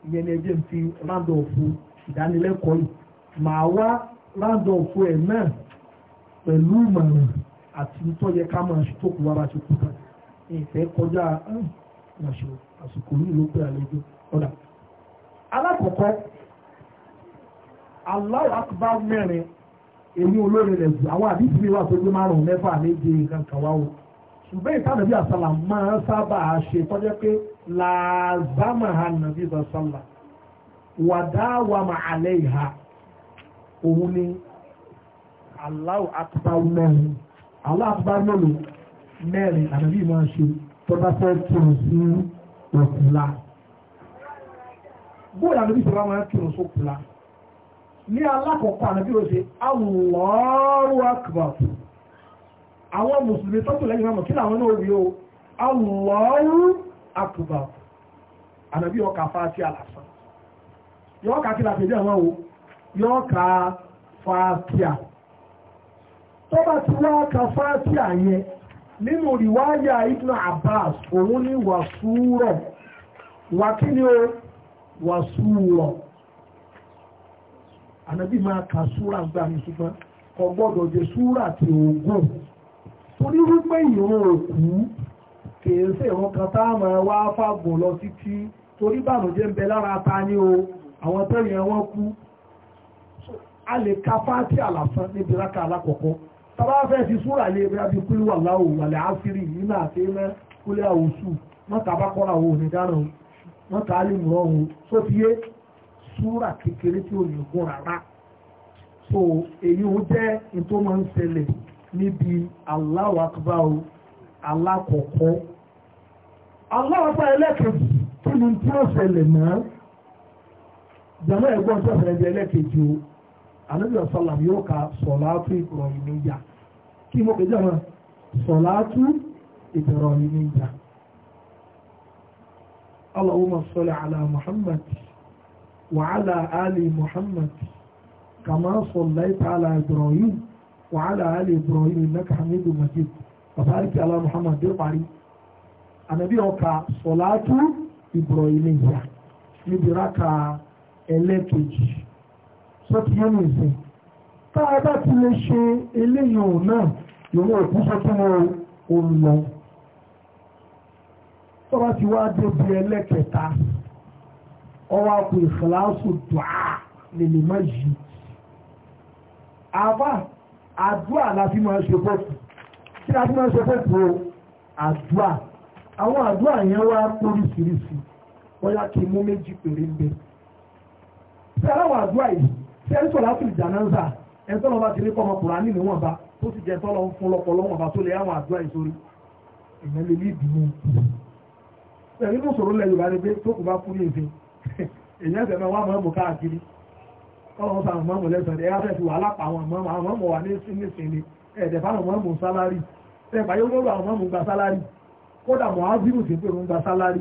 ìyẹn ni ẹjẹ́ ń fi rándọ̀fù ìdánilẹ́kọ̀ọ́ yìí màá wá rándọ̀fù ẹ̀ náà pẹ̀lú ìmọ̀ràn àti tó yẹ ká máa ṣe tó kù wá bá ti kú tán ìfẹ́ kọjá àṣọ àsìkò yìí ló pé àlejò ọ̀dà. alákọ̀ọ́kọ́ Allahu akbar mẹ́rin èmi olóore rẹ̀ jù àwọn àdìsí mi wà tó gbé márùn-ún mẹ́fà méje nǹkan kan wá o ṣùgbọ́n ìtànàbí àsálà máa sábà ṣe tọ́jọ́ pé làzámà ha nàbí àsálà wàdá wàmà àlẹ́ ìhà òun ni Allahu akbar mẹ́rin Allahu akbar mẹ́rin mẹ́rin àdàbí máa ṣe tó bá fẹ́ kírun sí òkúla bóòlù àdàbí tó bá máa kírun sí òkúla ní alákọ̀ọ́kọ́ àdàbí ó ṣe Allahu akbar àwọn mùsùlùmí tọ́tù lẹ́yìn mọ́mọ́ kí làwọn náà rí o Allahu akbar àdàbí ọkà fáti àlàsán yọ́ọ̀ka kí làpèjì àwọn o yọ́ọ̀ka fáti àlàsán tó bá ti wá ka fáàtì àyẹ nínú ìwáyà Ibn Abbas òun ní wàsúrọ̀ wà kí ni ó wàsúrọ̀ ànábì máa ka súrà gbà mí ṣùgbọ́n kò gbọ́dọ̀ jẹ súrà ti ògùn torí wípé ìran òkú kèé sí ìran kan tá wá fàgùn lọ títí torí bànújẹ́ ń bẹ lára ta ní o àwọn tẹ́yìn wọn kú a lè ka fáàtì àlàfán níbi rákà alákọ̀ọ́kọ́ tàbá fẹ́ fi súrà lè rẹ̀ bí kúlú wà láwò wà lẹ́ áfírí nínú àti iná kúlẹ̀ àwòsù wọ́n ta bá kọ́ra wo òní dáná o wọ́n ta lè mọ̀ fi yé súrà kékeré tí ò ní gùn rárá so èyí ó jẹ́ ètò máa ń ṣẹlẹ̀ níbi Allahu Akbar o alákọ̀ọ́kọ́ Allahu Akbar ẹlẹ́kẹ̀ẹ́jì kí ni tí ó ṣẹlẹ̀ náà jàmọ́ ẹ̀gbọ́n tó ṣẹlẹ̀ ẹlẹ́kẹ̀ẹ́jì o àlejò sọlá yóò ka sọlá tó ìkọ̀rọ̀ ìníyà kí mo pè jọmọ sọ̀látú ìbẹ̀rọ̀ ní níjà Allahumma salli ala Muhammad wa ala ali Muhammad kama sallaita ala Ibrahim wa ala ali Ibrahim innaka hamidun majid wa barik ala Muhammad dé parí ànàbí ọkà sọ̀látú Ibrahim níjà níbi ráka ẹlẹ́kejì sọ́tìyẹ́nì ìsìn tá a bá ti lè ṣe eléyìí náà lòun ò kúṣọ́ tí mo ò lọ tó bá ti wá débi ẹlẹ́kẹta ọwọ́ àpò ìfìlàásù dùá nìlè má yìí àbá àdúà láti máa ṣe pọ́pù kí láti máa ṣe pọ́pù o àdúà àwọn àdúà yẹn wá póríṣiríṣi bóyá kí n mú méjì péré ń bẹ sí aláwọ̀ àdúà yìí sí ẹni sọ̀rọ̀ àtúndì jànáńsà ẹni sọ̀rọ̀ bá rí kọ́ ọmọkùnrin àní tó sì jẹ́ tọ́lọ́ fún lọ́pọ̀lọ́wọ́ bá tó lè àwọn àdúrà ìsorí èèyàn lè ní ìdùnnú kù ẹ̀rí mú sọ̀rọ̀ lẹ̀ Yorùbá ni pé tó kù bá kú ní ìfẹ́ èèyàn tẹ̀mẹ́ wà mọ́ mọ́ káàkiri ọlọ́run sàmù mọ́mù lẹ́sàn ẹ̀yà fẹ́ fi wà lápá àwọn mọ́mù àwọn mọ́mù wà ní ìsinmi ẹ̀ẹ̀dẹ̀ fáwọn mọ́mù sálárì ẹ̀bà yóò gbọ́rọ̀ àwọn mọ́mù gba sálárì kódà mọ́ ábírù sí pé òun gba sálárì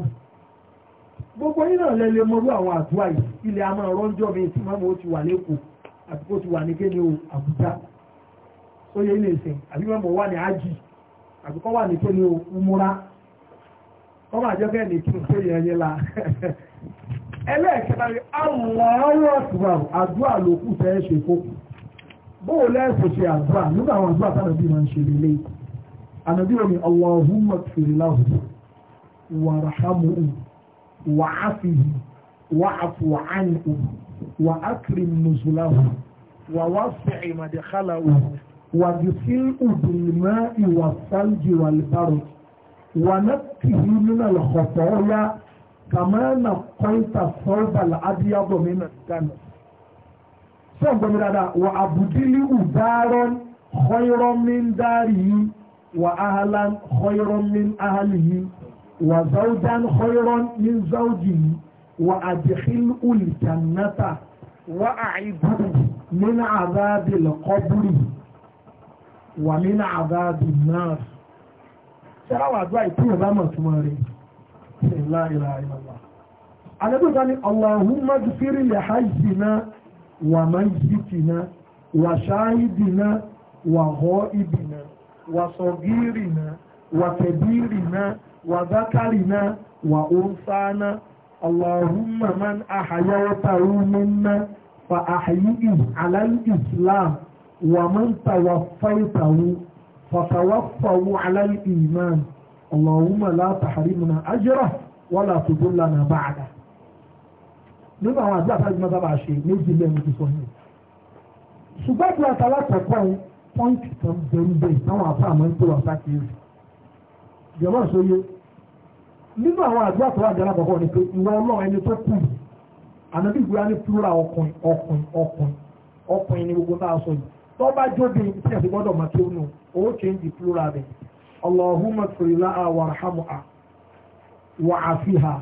gbogbo yìí náà lẹ́lẹ́ mọ́rú àwọn àdúrà yìí ilẹ̀ a máa rọ́njọ́ mi tí mọ́mù ó ti wà lẹ́kọ̀ọ́ àti kó ti wà ní kéde Àbújá tó yẹ ilé ìsìn àbí mọ̀mọ́ wà ní ájì àbí kọ́ wà ní tó ní umura kọ́ máa jẹ́ bẹ́ẹ̀ ní tún tó yẹ ẹyẹ la [laughs] ẹlẹ́ẹ̀kẹta ni aláwọ̀ àtúbà àdúrà ló kù fẹ́ ṣe fókù bóò lẹ́ẹ̀sọ̀ ṣe àdúrà nígbà àwọn àdúrà tánà bí máa ṣe lélẹ̀ ànàbí omi Allahumma fèrè láhùn wà ràhámù wà áfìhì wà àfù wà wà ákìrì nùsùláhùn wà wá fẹ́ ìmàdìkálà òhùn وجفيء بالماء والثلج والبرد ونقه من الخطايا كما نقيت الثوب الابيض من الدنس sọ́gbọ́n mi dáadáa wà àbùdílì ùdárọ́n xọ́yọ́rọ́mìn dárì yìí wà áhàlán xọ́yọ́rọ́mìn áhàlì yìí wà záwùdán xọ́yọ́rọ́mìn záwùjì yìí wà àdìxín ùlìjànnátà wà àìbùdù mìn àdábìlì kọ́bùrì yìí wà nínú àbáàbì náà ṣẹ́láwà àdúrà ìpínlẹ̀ bá mọ̀ túnmọ̀ rẹ̀ la ilaha illallah alẹ́bùsá ni allahumma jùfírí lè hajjina wà masjitina wà ṣáhìdìna wà họ ìbìna wà sọ̀gírìna wà kẹbírìna wà zákàrìna wà òǹfààna allahumma man àhàyàwọ́ta rúmọ́ná fa àhàyí ìhàlá islam ومن توفيته فتوفه على الإيمان اللهم لا تحرمنا أجره ولا تضلنا بعده na àwọn àdúrà tá a gbọ́dọ̀ bá ṣe nínú àwọn àdúrà tó wà jẹ́lá kọ̀ọ̀kọ́ ni pé ìwọ ọlọ́run ẹni tó tó bá jóbi tí ẹ̀sìn gbọ́dọ̀ máa tó nù ó change plural rẹ̀ Allahumma fìrìlá a wàrhámù a wà á fi ha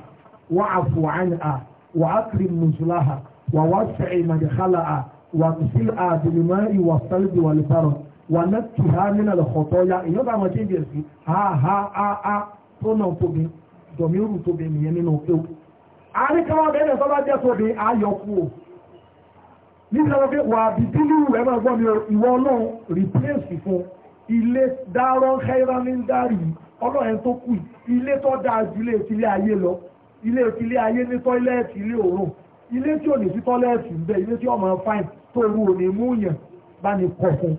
wà á fò àyìn a wà á kiri nùsùlá ha wà wá sẹ̀yìn màdìkálà a wà sí a bìnnìmọ́ ìwà sálíbi wà lùbárọ̀ wà ná tì ha nínú àlùkọ̀tọ̀ ya ìyọ́ bá máa change ẹ̀sìn ha ha ha ha tó náà tóbi dọ̀míìrù tóbi nìyẹn nínú kéwù nítorí pé wà á bí bílíù rẹ̀ máa gbọ́ mi ìwọ ọlọ́run rìpléèsì fún ilé dárọ́ kẹ́ráníndarì ọlọ́run tó kù ilé tó dáa ju ilé ìtìlé ayé lọ ilé ìtìlé ayé ní tọ́ílẹ̀tì ilé òórùn ilé tí ò ní sí tọ́ílẹ̀tì ń bẹ ilé tí ọmọ fáìn tó ru òní mú yàn bá ní kọ̀ fún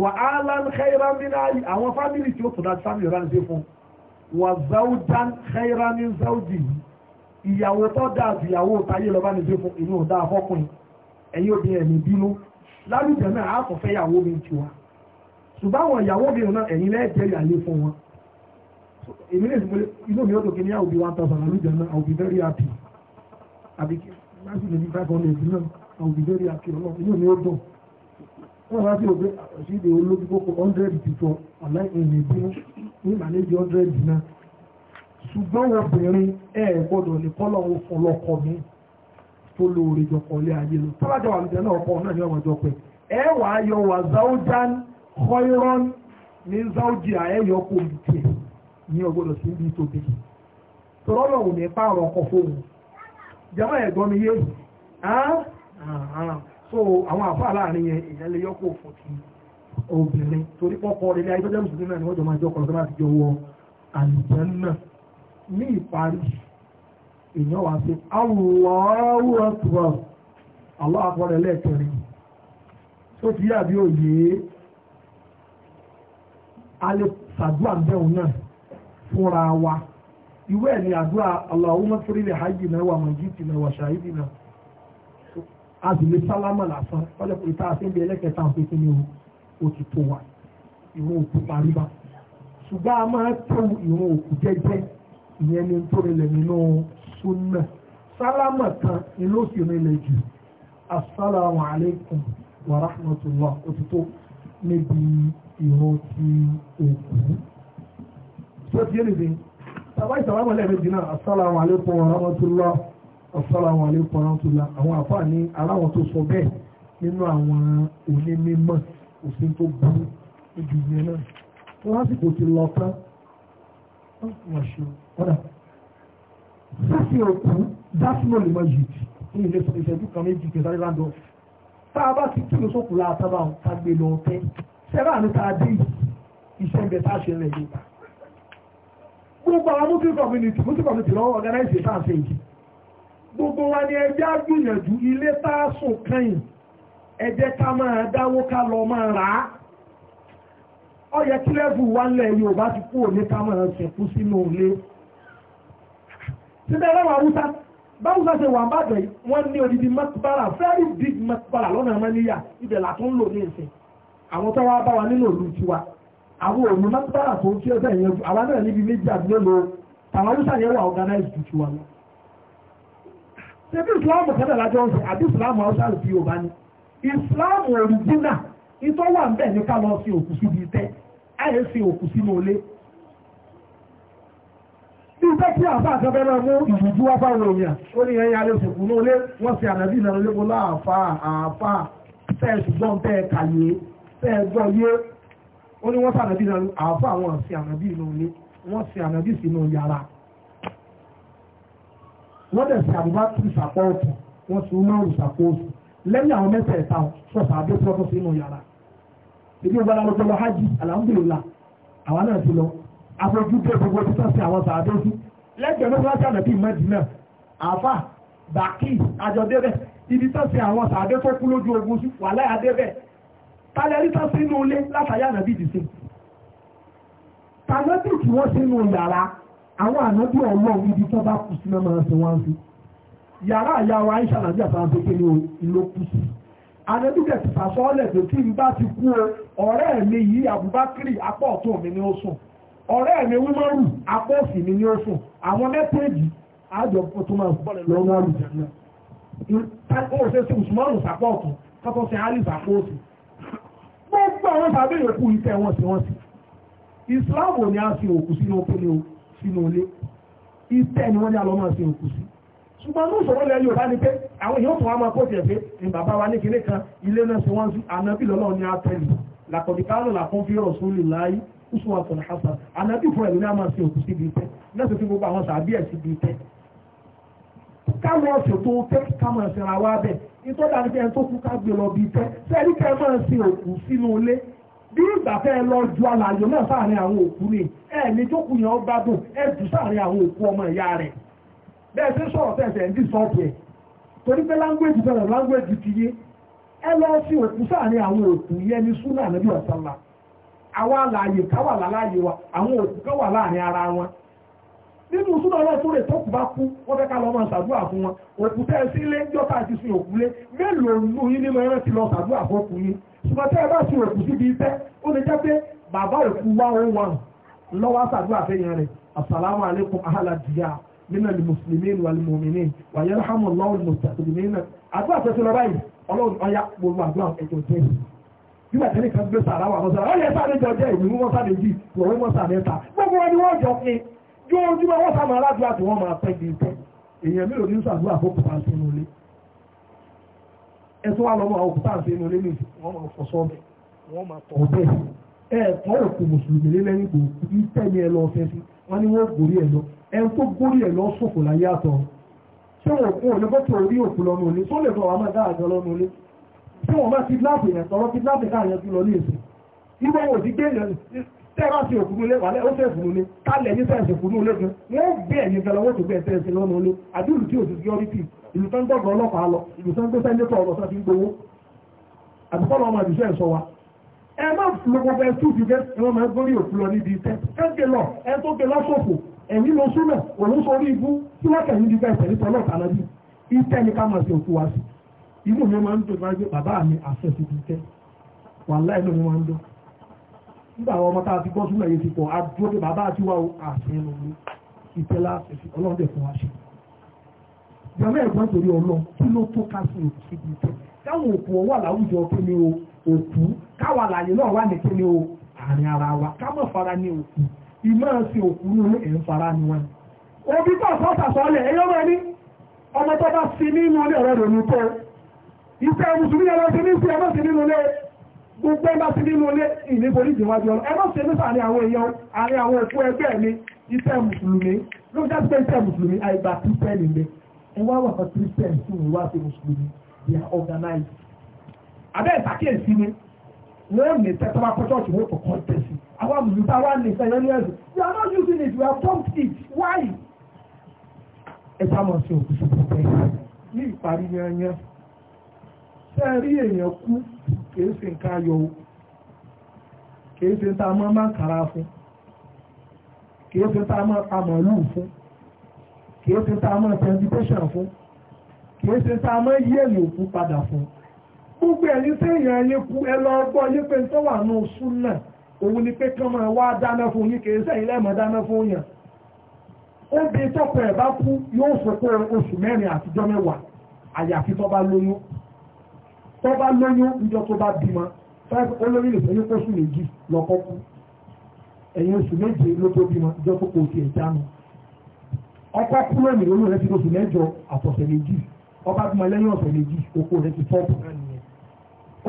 wà á lán kẹ́ráníndarì àwọn fámìlì tí ó tún láti fámìlì ránṣẹ́ fún wà záúdán kẹ́ránínzáúdì ìyàwó tó dáa ìyàwó táyé lọ bá ní ṣe fún inú ọ̀dà afọ́kùnrin ẹ̀yin obìnrin ẹ̀mí bínú lálùjẹ náà á kọ̀ fẹ́ ìyàwó mi ti wa ṣùgbọ́n àwọn ìyàwó mi náà ẹ̀yin lẹ́ẹ̀jẹ́ ìyàlé fún wọn èmi lè sọ inú mi ó tó kíní àwọn òbí one thousand lálùjẹ náà I will be very happy àbí láti lè fi five hundred náà I will be very happy ọlọ́run inú mi ó dùn wọ́n wá sí òpé ṣíde olójú kókó hundred tìtọ́ aláìní bínú ní màlẹ́jì hundred náà ṣùgbọ́n obìnrin ẹ̀ gbọ́dọ̀ lè kọ́ lọ́wọ́ fọlọ́kọ mi tó lóore jọpọ̀ lé ayé lọ tó lájọ àlùjẹ náà ọkọ náà ni ọmọ jọ pé ẹ wà á yọ wà záúján kọ́irọ́n ní záújì àẹ́yọ kò ní tiẹ̀ ní ọgbọ́dọ̀ sí ibi tóbi tọ́rọ́ náà ò ní pààrọ̀ ọkọ̀ fóun jẹ́mọ́ ẹ̀gbọ́n mi yé so àwọn àfáà láàrin yẹn èèyàn lè yọkọ̀ òfò ti obìnrin torí pọ́pọ́ ilé ayé tó jẹ́ ni wọ́n èèyàn wá sí Allahu Akbar Allahu Akbar lẹ́ẹ̀kẹrin tó ti yá bí òye alẹ́ sàdúrà bẹ́ẹ̀ náà fúnra wa ìwé ẹ̀ ni àdúrà Allahumma fúri lè hajj náà wà mọ̀jí tì náà wà ṣàhídì náà a sì lè sálámà lásán ọlẹ́ pé tá a fi ń bí ẹlẹ́kẹta òfin ni o ti tó wa ìrun òkú parí bá ṣùgbọ́n a máa tó ìrun òkú jẹ́jẹ́ ìyẹn ni tó rinlẹ̀ nínú súnà sálámà kan inú sì rìnlẹ̀ jù asálàmù alaykum wa rahmatullah òtútó níbi ìrun ti òkú tí ó ti yé nìdí tàbá ìsàlámù lẹ́ẹ̀mejì náà asálàmù alaykum wa rahmatullah asálàmù alaykum wa rahmatullah àwọn àfààní aláwọ̀ tó sọ bẹ́ẹ̀ nínú àwọn onímọ̀ òfin tó burú ojú ìyẹn náà lásìkò ti lọ tán sísìn òkú dásímọ̀lì mọ yìí ní ilé ìṣẹ́jú kan méjì kẹsàrí ládọ́ tá a bá ti kírun sókù látàbà ká gbé lọ tẹ́ sẹ́rà ní tá a dé iṣẹ́ ibẹ̀ tá a ṣe rẹ̀ yìí gbogbo àwọn muslim community muslim community lọ́wọ́ organize tá a ṣe yìí gbogbo wa ni ẹjẹ́ àgbìyànjú ilé tá a sùn kẹ́yìn ẹjẹ́ ká máa dáwó ká lọ máa rà á ó yẹ kílẹ̀fù wálẹ̀ Yorùbá ti kú òní ká máa ṣẹ̀kú sínú ilé síbẹ̀ ẹ̀rọ àwùsá báwùsá ṣe wà bàbẹ̀ wọ́n ní odidi mẹ́tìbára very big mẹ́tìbára lọ́nà ẹ̀mọ́ níyà ibẹ̀ là tún lò ní ìsìn àwọn tó wá bá wa nínú òlu tiwa àwọn òlu mẹ́tìbára tó ń tí ẹ̀sẹ̀ yẹn àwa náà níbi méjì àdúgbò lọ tàwọn àwùsá yẹn wà organized ju tiwa lọ. ṣebí islam kẹ́lẹ̀ lájọ́ ń sọ àbí islam haúsá lè fi yorùbá ni islam original ìtọ́wà ń bẹ̀ ní ká lọ sí òkú síbi tẹ́ àyè sí òkú sínú ilé pé kí àbá àtẹ́bẹ̀rẹ̀ mú ìrújú wá fáwọn èèyàn ó ní ẹ̀yà alẹ́ òṣèkú ní olé wọ́n fi ànàbí ìlànà olé wọn láàfà àfà tẹ́ẹ̀ ṣùgbọ́n tẹ́ẹ̀ kàyé tẹ́ẹ̀ gbọ́ yé ó ní wọ́n fi ànàbí ìlànà àfà àwọn sí ànàbí ìlànà olé wọ́n fi ànàbí sínú yàrá wọ́n dẹ̀ sí àbúbá tù sàpọ̀ ọ̀tún wọ́n sì ń márùn sàpọ̀ oṣù lẹ́yìn àwọn mẹ́tẹ̀ẹ̀ta sọ̀tà àbí tọ́tún sínú yàrá ìdí ìgbàlá lọ́tọ́ lọ hajj alhamdulillah àwọn náà ti lọ afọ́jú pé gbogbo títà sí àwọn sàádọ́sí lẹ́gbẹ̀ẹ́ mẹ́sàlásí ànàbí mẹ́dínà àfà bàkì àjọdébẹ̀ ibi tó ṣe àwọn sàádé tó kú lójú ogun sí wà láyé adébẹ̀ tálẹ̀ rí tán sínú ilé látàyà ànàbí ìdìsẹ́ tànàbí tí wọ́n sínú yàrá àwọn ànàbí ọlọ́run ibi tó bá kù sí náà máa ṣe wọ́n sí yàrá àyàwó àìsàn ànàbí àtàwọn kékeré ló kù sí anẹ́dúkẹ̀ ti fàṣọ́ọ́lẹ̀ tó tí ń bá ti kú ọ̀rẹ́ mi yìí àbúbákírì apọ̀ ọ̀tún mi ni ó sùn ọ̀rẹ́ mi wímọ́rù apọ́ọ̀sì mi ní oṣù àwọn mẹ́tẹ́ẹ̀jì àjọ tó máa bọ́ọ̀lẹ̀ lọ́wọ́ náà rùjẹ̀ náà ó ṣe sí usmanu sàpọ̀ọ̀tù tọ́tọ́ sí ali sàpọ̀ọ̀tù gbogbo àwọn sàbẹ̀ yòókù ìtẹ́ wọn sí wọn islam ò ní a sin o sínú ilé ìtẹ́ ni wọ́n ní alọ́ máa sin òkú sí ṣùgbọ́n ní ìṣòro ilẹ̀ Yorùbá ni pé àwọn èèyàn tó wá máa kóòtù ẹ̀ ní bàbá wa ní kinní kan ilé náà sí wọn sí ànábì lọ́lọ́ ní atẹ́lì làkọ̀dìkánù làkúnfí rọ̀ sólè láyé usman tọ̀nà hasan ànábì fún ẹ̀mí náà máa ṣe òkú síbi ìtẹ́ lẹ́sìn tí gbogbo àwọn sàbí ẹ̀ síbi ìtẹ́ káwọn ọ̀sẹ̀ tó tẹ́ káwọn ẹ̀sìn ra wá bẹ̀ ìtọ́jà ní ẹni tó kú ká gbé lọ bí ìtẹ́ sẹ́ẹ̀rí kẹ́ máa ṣe òkú sínú ilé bí ìgbà àwọn òkú ni ní yẹn ọmọ torí pé ti yé òkú àwọn òkú àwọn alààyè káwà láàyè wa àwọn òkú káwà láàrin ara wọn nínú súnà ọlọ́run tó lè tọ́kù bá kú wọ́n fẹ́ ká lọ máa ṣàdúrà fún wọn òkú tẹ́ ẹ sí ilé jọ́ta àti sin òkú lé mélòó nù yín nínú ẹran ti lọ ṣàdúrà fún òkú yín ṣùgbọ́n tẹ́ ẹ bá sin òkú síbi iṣẹ́ ó lè jẹ́ pé bàbá òkú oh wá ó wà lọ́wọ́ ṣàdúrà fẹ́yìn rẹ̀ assalamu alaikum ahala diya nínú alimusulmi walimomini wàyẹn alhamdulilayi alimusulmi àdúrà tẹ̀síwájú ọlọ́run ọya gbogbo àdúrà ẹ̀jọ̀ tẹ̀síwájú nígbà tí nìkan gbé sàrà wà mọ́sára ó yẹ sáré jọ jẹ́ ìlú wọ́n sáré jì lọ́wọ́ wọ́n sáré ta gbogbo wọn ni wọ́n jọ pin jó ojúmọ́ wọ́n sáré aládùúgbò àti wọ́n máa pẹ́gì tẹ́ èèyàn mélòó ní sàdúrà fún òkúta sínú ilé ẹ̀sùn wa lọ́mọ òkúta sínú ilé nìyí wọ́n máa fọ sọ́ọ̀bẹ̀ wọ́n máa tọ̀ bẹ́ẹ̀ ẹ̀ẹ̀kan òkú mùsùlùmí lẹ́yìn gbòòkú ní tẹ́ni ẹ lọ fẹ́ sí wọ́n ní wọ́n gòrí ẹ̀ lọ ẹn tó gòrí ẹ̀ lọ sòfò láyé àtọ̀ ṣé òkú òní bọ́tò orí òkú lọ́nu òní tó lè fọ àwọn àmọ́ dáadọ́ lọ́nu òní tí wọ́n bá ti láàpù yẹn sọ̀rọ̀ ti láàpù káàyàn jù lọ ní èsì ìwọ wò sí gbé yẹn tẹ́rà sí òkú nílé wàlẹ́ ó fẹ́ fún nílé kálẹ̀ ní sẹ́ẹ̀sì òkú nílé gan wọ́n gbé ẹ̀yìn gan lọ́wọ́ tó gbé ẹ̀sẹ̀ lọ́nà olé àdúrù tí ò sí security ìlú tó ń gbọ́gbọ́ ọlọ́pàá lọ ìlú tó ń gbé sẹ́ńdẹ́tọ̀ ọ̀rọ̀ sọ́ ti ń gbowó àbúkọ́ lọ́mọ àdìsẹ́ ẹ̀sọ́ wa ẹ má lo gbogbo ẹtú ju kẹ ẹ má gbórí òkú lọ níbi tẹ kẹ́kẹ́ lọ ẹ tó gbé lọ́sọ̀fọ̀ ẹ̀yìn lọ súnmọ̀ òun sọ orí ibú tí wọ́n kẹ̀yìn di bẹ́ẹ̀ tẹ̀lé tọ́lọ́ọ̀tà inú mi ma ń dùn máa bàbá mi àṣẹ ti ti tẹ́ wà láì ló mi ń dùn nígbà àwọn ọmọ tá a ti ti pọ̀ a dúró bàbá àti wa àṣẹ ló ní ìtẹ́lá àṣẹ ọlọ́run dẹ̀ fún wa ìjọba ẹ̀gbọ́n torí ọlọ́ kí ló tó ká sí òkú síbi tẹ́ káwọn òkú wà ni o òkú náà wà ni o àárín ara wa ká fara ní iṣẹ́ mùsùlùmí ẹ̀rọ ti ní sí ẹ̀rọ ti nínú ilé gbogbo ẹ̀rọ ti nínú ilé ìní polisi wájú ọ̀nà ẹ̀rọ ti nípa ní àwọn èèyàn àárín àwọn òkú ẹgbẹ́ mi iṣẹ́ mùsùlùmí ló já sí pé iṣẹ́ mùsùlùmí àìgbà kristian ilé ẹ wá wà fún kristian tí wọ́n wá sí mùsùlùmí they are organized. abẹ́ ìsàkíyèsí ni wọ́n ní tẹ́tọ́ bá kọ́ ṣọ́ọ̀ṣì wọ́n kọ́ kọ́ńtẹ́sì àwọn mùsùlùmí táwa ní ìfẹ́ yẹn ní ẹ̀sìn you are not using it you have dumped it why? ẹ sá mọ̀ sí òkú sí pọ̀pẹ́ ní ìparí yẹn yẹn tẹ́ rí èèyàn kú kìí ṣe nǹkan ayọ̀ o kìí ṣe tá a máa máa kàrà fún kìí ṣe tá a máa pa màálù fún kìí ṣe tá a máa presentation fún kìí ṣe tá a máa yí ẹ̀yìn òkú padà fún gbogbo ẹni tí èèyàn yẹn kú ẹ lọ gbọ́ yín pé tó wà nù súnà òun ni pé kán máa wá dáná fún yín kìí sẹ́yìn lẹ́ẹ̀mọ́ dáná fún yàn obìnrin tọkọ ẹ̀ bá kú yóò fòkó oṣù mẹ́rin àtijọ́ mẹ́wàá àyàfi tó bá lóyún tó bá lóyún ìjọ tó bá bímọ olóyún lè fẹ́yìn kóṣù méjì lọ́kọ́ kú ẹ̀yìn oṣù méje ló tó bímọ ìjọ tó kò tiẹ̀ jánu ọkọ kú lónìí olóyún rẹ ti oṣù mẹ́jọ àtọ̀sẹ̀ méjì ọba bímọ lẹ́yìn ọ̀sẹ̀ méjì oko rẹ ti tọ́pù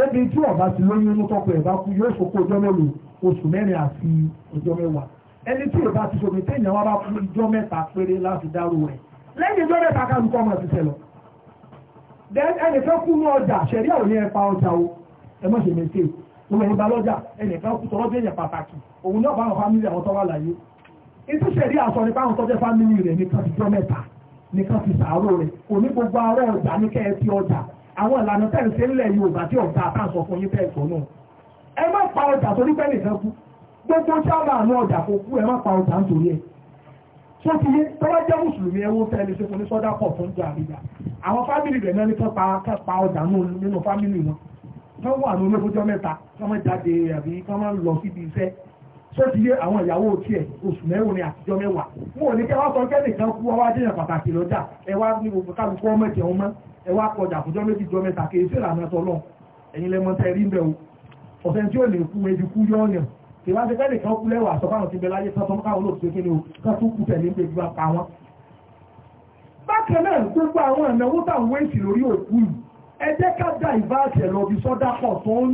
obìnrin tí ọba ti lóyún inú tọ́pù ẹ̀ bá kú yóò ṣoko ọjọ́ mélòó oṣù mẹ́rin àti ọjọ́ mẹ́wàá ẹni tí ìbá ti ṣòfin téèyàn wá bá kú ọjọ́ mẹ́ta péré láti dárò rẹ̀ lẹ́yìn ọjọ́ mẹ́ta kálukọ́ ọmọ ti sẹ̀ then ẹnìkan kú ní ọjà ṣẹ̀rí àwọn ní ẹpa ọjà o ẹ mọ̀ ṣe mẹ́tẹ́ òun ẹ̀yìn ba lọ́jà ẹnìkan kú tọ́lọ́ bí èèyàn pàtàkì òun ní ọ̀bá àwọn fámìlì àwọn tó wà láyé ètò ṣẹ̀rí àsọ nípa àwọn tọ́jẹ́ fámìlì rẹ̀ nìkan ti jọ mẹ́ta nìkan ti sàárò rẹ̀ òní gbogbo ará ọjà ní kẹ́ ẹ ti ọjà àwọn ìlànà tẹ́lẹ̀ ṣe ńlẹ̀ Yorùbá tí ọ̀gá àtàǹsọ fún yín tẹ́ẹ̀ tọ́nù ẹ má pa ọjà torí pẹ́ nìkan kú gbogbo sábà àánú ọjà kò kú ẹ má tó ti yé tọ́wọ́ jẹ́ mùsùlùmí ẹwọ́ tẹ́lẹ̀ ṣe fún ní sọ́dá pọ̀ fún jà àríjà àwọn fámìlì rẹ̀ náà ní kọ́ pa ọjà nínú fámìlì wọn tó wà ní olókójọ́ mẹ́ta tó mọ́ jáde àbí tó mọ́ lọ síbi iṣẹ́ tó ti yé àwọn ìyàwó tiẹ̀ oṣù mẹ́rin àtijọ́ mẹ́wàá wọn ò ní kẹ́ wá sọ kẹ́nìkan kú ọwá jẹ́yàn pàtàkì lọ́jà ẹ wá ní gbogbo kálukú ọmọ ẹ̀jẹ̀ ọmọ ẹ wá kọjà àkójọ méjì jọ mẹ́ta kì í sí ìlànà tọ́lọ́ ẹ̀yin lẹ́mọ́tẹ́ rí bẹ́ẹ̀ o ọ̀sẹ̀ tí ò lè kú ebi kú yọ̀ọ̀yàn tí wọ́n ti fẹ́lẹ̀ kan kú lẹ́wà àsọ̀fáwọn ti bẹ láyé tọ́tọ́ káwọn olóòtú kí ni o kán tún kú tẹ̀lé pé gbígbà pa wọn. bákan náà gbogbo àwọn ìnáwó táwọn wéèsì lórí òkú yìí ẹ jẹ́ ká dá ìbáàtì ẹ̀ lọ bí sọ́dá pọ̀ tó ń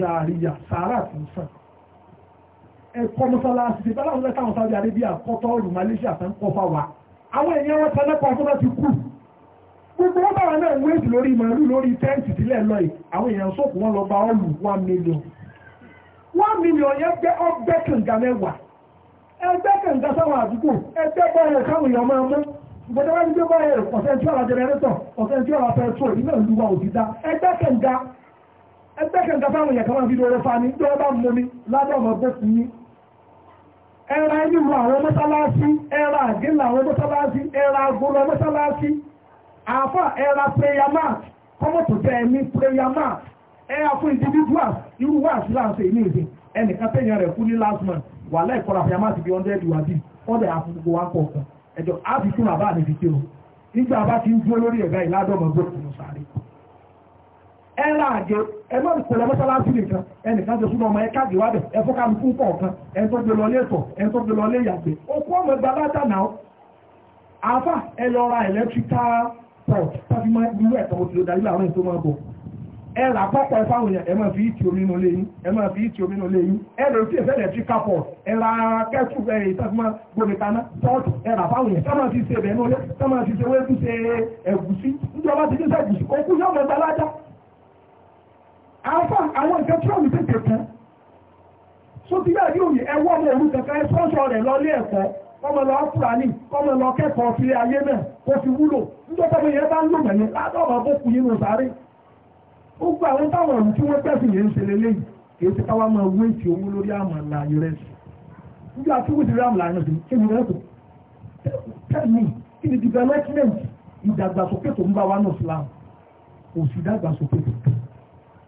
jàríyà sàárà tó ń sàn. ẹ kọ́ mọ́sálásí ti báwọn lẹ́tà àwọn Saudi Arabia kọ́tọ́ ọ̀rù Malaysia fẹ́ ń kọ́ fà wá àwọn èèyàn wọn tẹ́lẹ̀ pọ̀ tó bá ti kú gbogbo wọn náà wéèsì lórí màálù lórí tẹ́ǹtì sílẹ̀ lọ́yìn àwọn èèyàn sóòkù wọn lọ gba ọ̀lù one million one million yẹn gbẹ́ ọgbẹ́ kànga mẹ́wàá ẹgbẹ́ kànga sáwọn àdúgbò ẹgbẹ́ bọ́ọ̀lù káwọn èèyàn máa mú ìgbẹ́dẹ́ wá ní gbé bọ́ọ̀lù ọ̀sẹ̀ ọ̀la jẹnẹrétọ̀ ọ̀sẹ̀ ọ̀la ìlú wa ẹgbẹ́ kànga ẹgbẹ́ èèyàn fi lóore bá mú mi lábẹ́ ọmọ gbé fún àwọn mọ́sálásí àgínlá àwọn mọ́sálásí agolo mọ́sálásí ẹ̀yà fún individuals irú wà sí láǹṣe ní èdè ẹnìkan tẹ̀yàn rẹ̀ kú ní last month wà lẹ́ẹ̀kọ́ra fi amá ti fi hundred wà bí ọ̀dẹ̀ àfúgbò wa pọ̀ kan ẹ̀jọ̀ á fi fún àbá àmì fìkì o nígbà bá ti ń dúró lórí ẹ̀gá ìládọ́mọ̀ gbọ́dọ̀ sáré ẹ láàgé ẹ má pẹ̀lẹ́ mọ́sálásí nìkan ẹnìkan tó súnmọ́ ọmọ ẹ káàdì wádẹ̀ ẹ fọ́ká mi fún kọ̀ọ̀kan ẹ tó gbé lọlé ẹ̀tọ̀ ẹ tó gbé lọlé ìyàgbé okú ọmọ ẹgbà látà náà àfà ẹ lọ ra electrical port tàbí mọ́ ìlú ẹ̀tọ́ mo ti lò dájú láàrin tó máa bọ̀ ẹ rà pọ́pọ̀ ẹfáwọn èèyàn ẹ máa fi ìtì omi nù léyìn ẹ máa fi ìtì omi nù léyìn ẹ lè fi ìfẹ́ lẹ̀ fi kápọ̀ ẹ ra kẹ́tù ẹ ìtàkùnmọ́ gbòmìkaná tọ́ọ̀tù ẹ rà fáwọn èèyàn sọ́mọ́ ti ṣe ẹ̀bẹ̀ẹ́nu olé sọ́mọ́ ti ṣe wéku ṣe ẹ̀gúsí níjọba ti ṣe ẹ̀gúsí okú yóò mọ̀ gbalaja. àwọn àwọn ìfẹ́ tí wọ́n tètè kan so ti yára yóò yẹ ẹwọ́ ọmọ òru kankan ẹ sọ́ọ̀ṣọ́ rẹ̀ lọ́lé ẹ̀kọ́ kọ́mọ lọ fúlàní kọ́mọ lọ kẹ́kọ̀ọ́ fi ayé náà kó fi wúlò nígbà tó yẹ bá ń lò mẹ́yẹ látọ̀ ọ̀bọ̀ kù yín nù sáré ó gba àwọn táwọn ọ̀rùn tí wọ́n tẹ̀sí yẹn ń ṣe lélẹ́yìn èyí ti káwá máa wé ti owó lórí àmàlà ìrẹsì níbi àtúwò ti rí àmàlà ìrẹsì kí ni rẹ́pọ̀ tẹ́lẹ̀ kí ni development ìdàgbàsókè tó ń bá wa náà Islam kò sí ìdàgbàsókè tó tó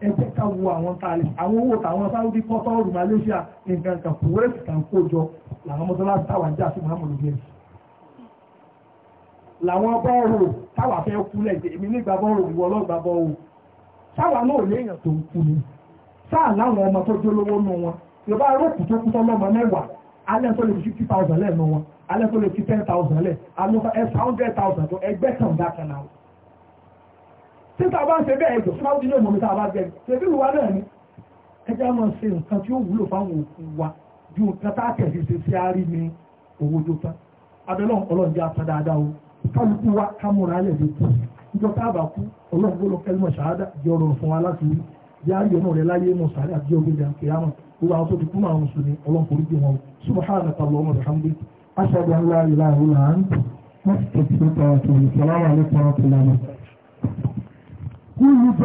ẹ jẹ́ ká wo àwọn tààlẹ̀ àwọn owó tàwọn sáwọ́dí kọ́tọ́ọ̀rù Malaysia nǹkan kan kò wẹ́ẹ̀sì kan kó jọ làwọn mọ́sálásí táwọn ajá sí Muhammadu bẹ́ẹ̀ làwọn bọ́ọ̀rù táwọn afẹ́ kúlẹ̀ èmi nígbà bọ́ọ̀rù ìwọ ọlọ́gbà bọ́ọ̀rù sáwà náà léèyàn tó ń kú ni sáà láwọn ọmọ tó jó lówó nù wọn yorùbá rọ́ọ̀kù tó kú tọ́lọ́mọ mẹ́wàá alẹ́ tó lè fi fifty thousand lẹ́ẹ̀nu wọn alẹ́ tó lè fi ten thousand lẹ̀ alọ́fà ẹ̀fà hundred thousand tó ẹgbẹ́ kan dá kan náà. títà bá ń ṣe bẹ́ẹ̀ ẹ̀jọ̀ fúnáwó dín ní òmòmí tá a bá jẹ ṣèbí ìwà náà ni ẹjẹ́ á máa ṣe nǹkan tí ó wúlò fáwọn òkú wa ju nǹkan tá a tẹ̀sí ṣe sí àárí ni owó tó tán abẹ́lẹ́ ọlọ́run jẹ́ apá dáadáa o kálukú wa ká múra alẹ́ lè níjọ́ táàbà kú ọlọ́gbọ́n lọ kẹ́lí mọ̀ ṣáádà jẹ́ ọ̀rọ̀ fún wa láti rí bí a yọ̀ mọ̀ rẹ̀ láyé mọ̀ sàárẹ̀ àti ọgbẹ́ ìjà kìyàmọ̀ gbogbo àwọn tó ti kú máa sùn ní ọlọ́kùnrin jù wọn subhanaka allahumma wa bihamdika ashhadu an la ilaha illa anta astaghfiruka wa atubu ilayk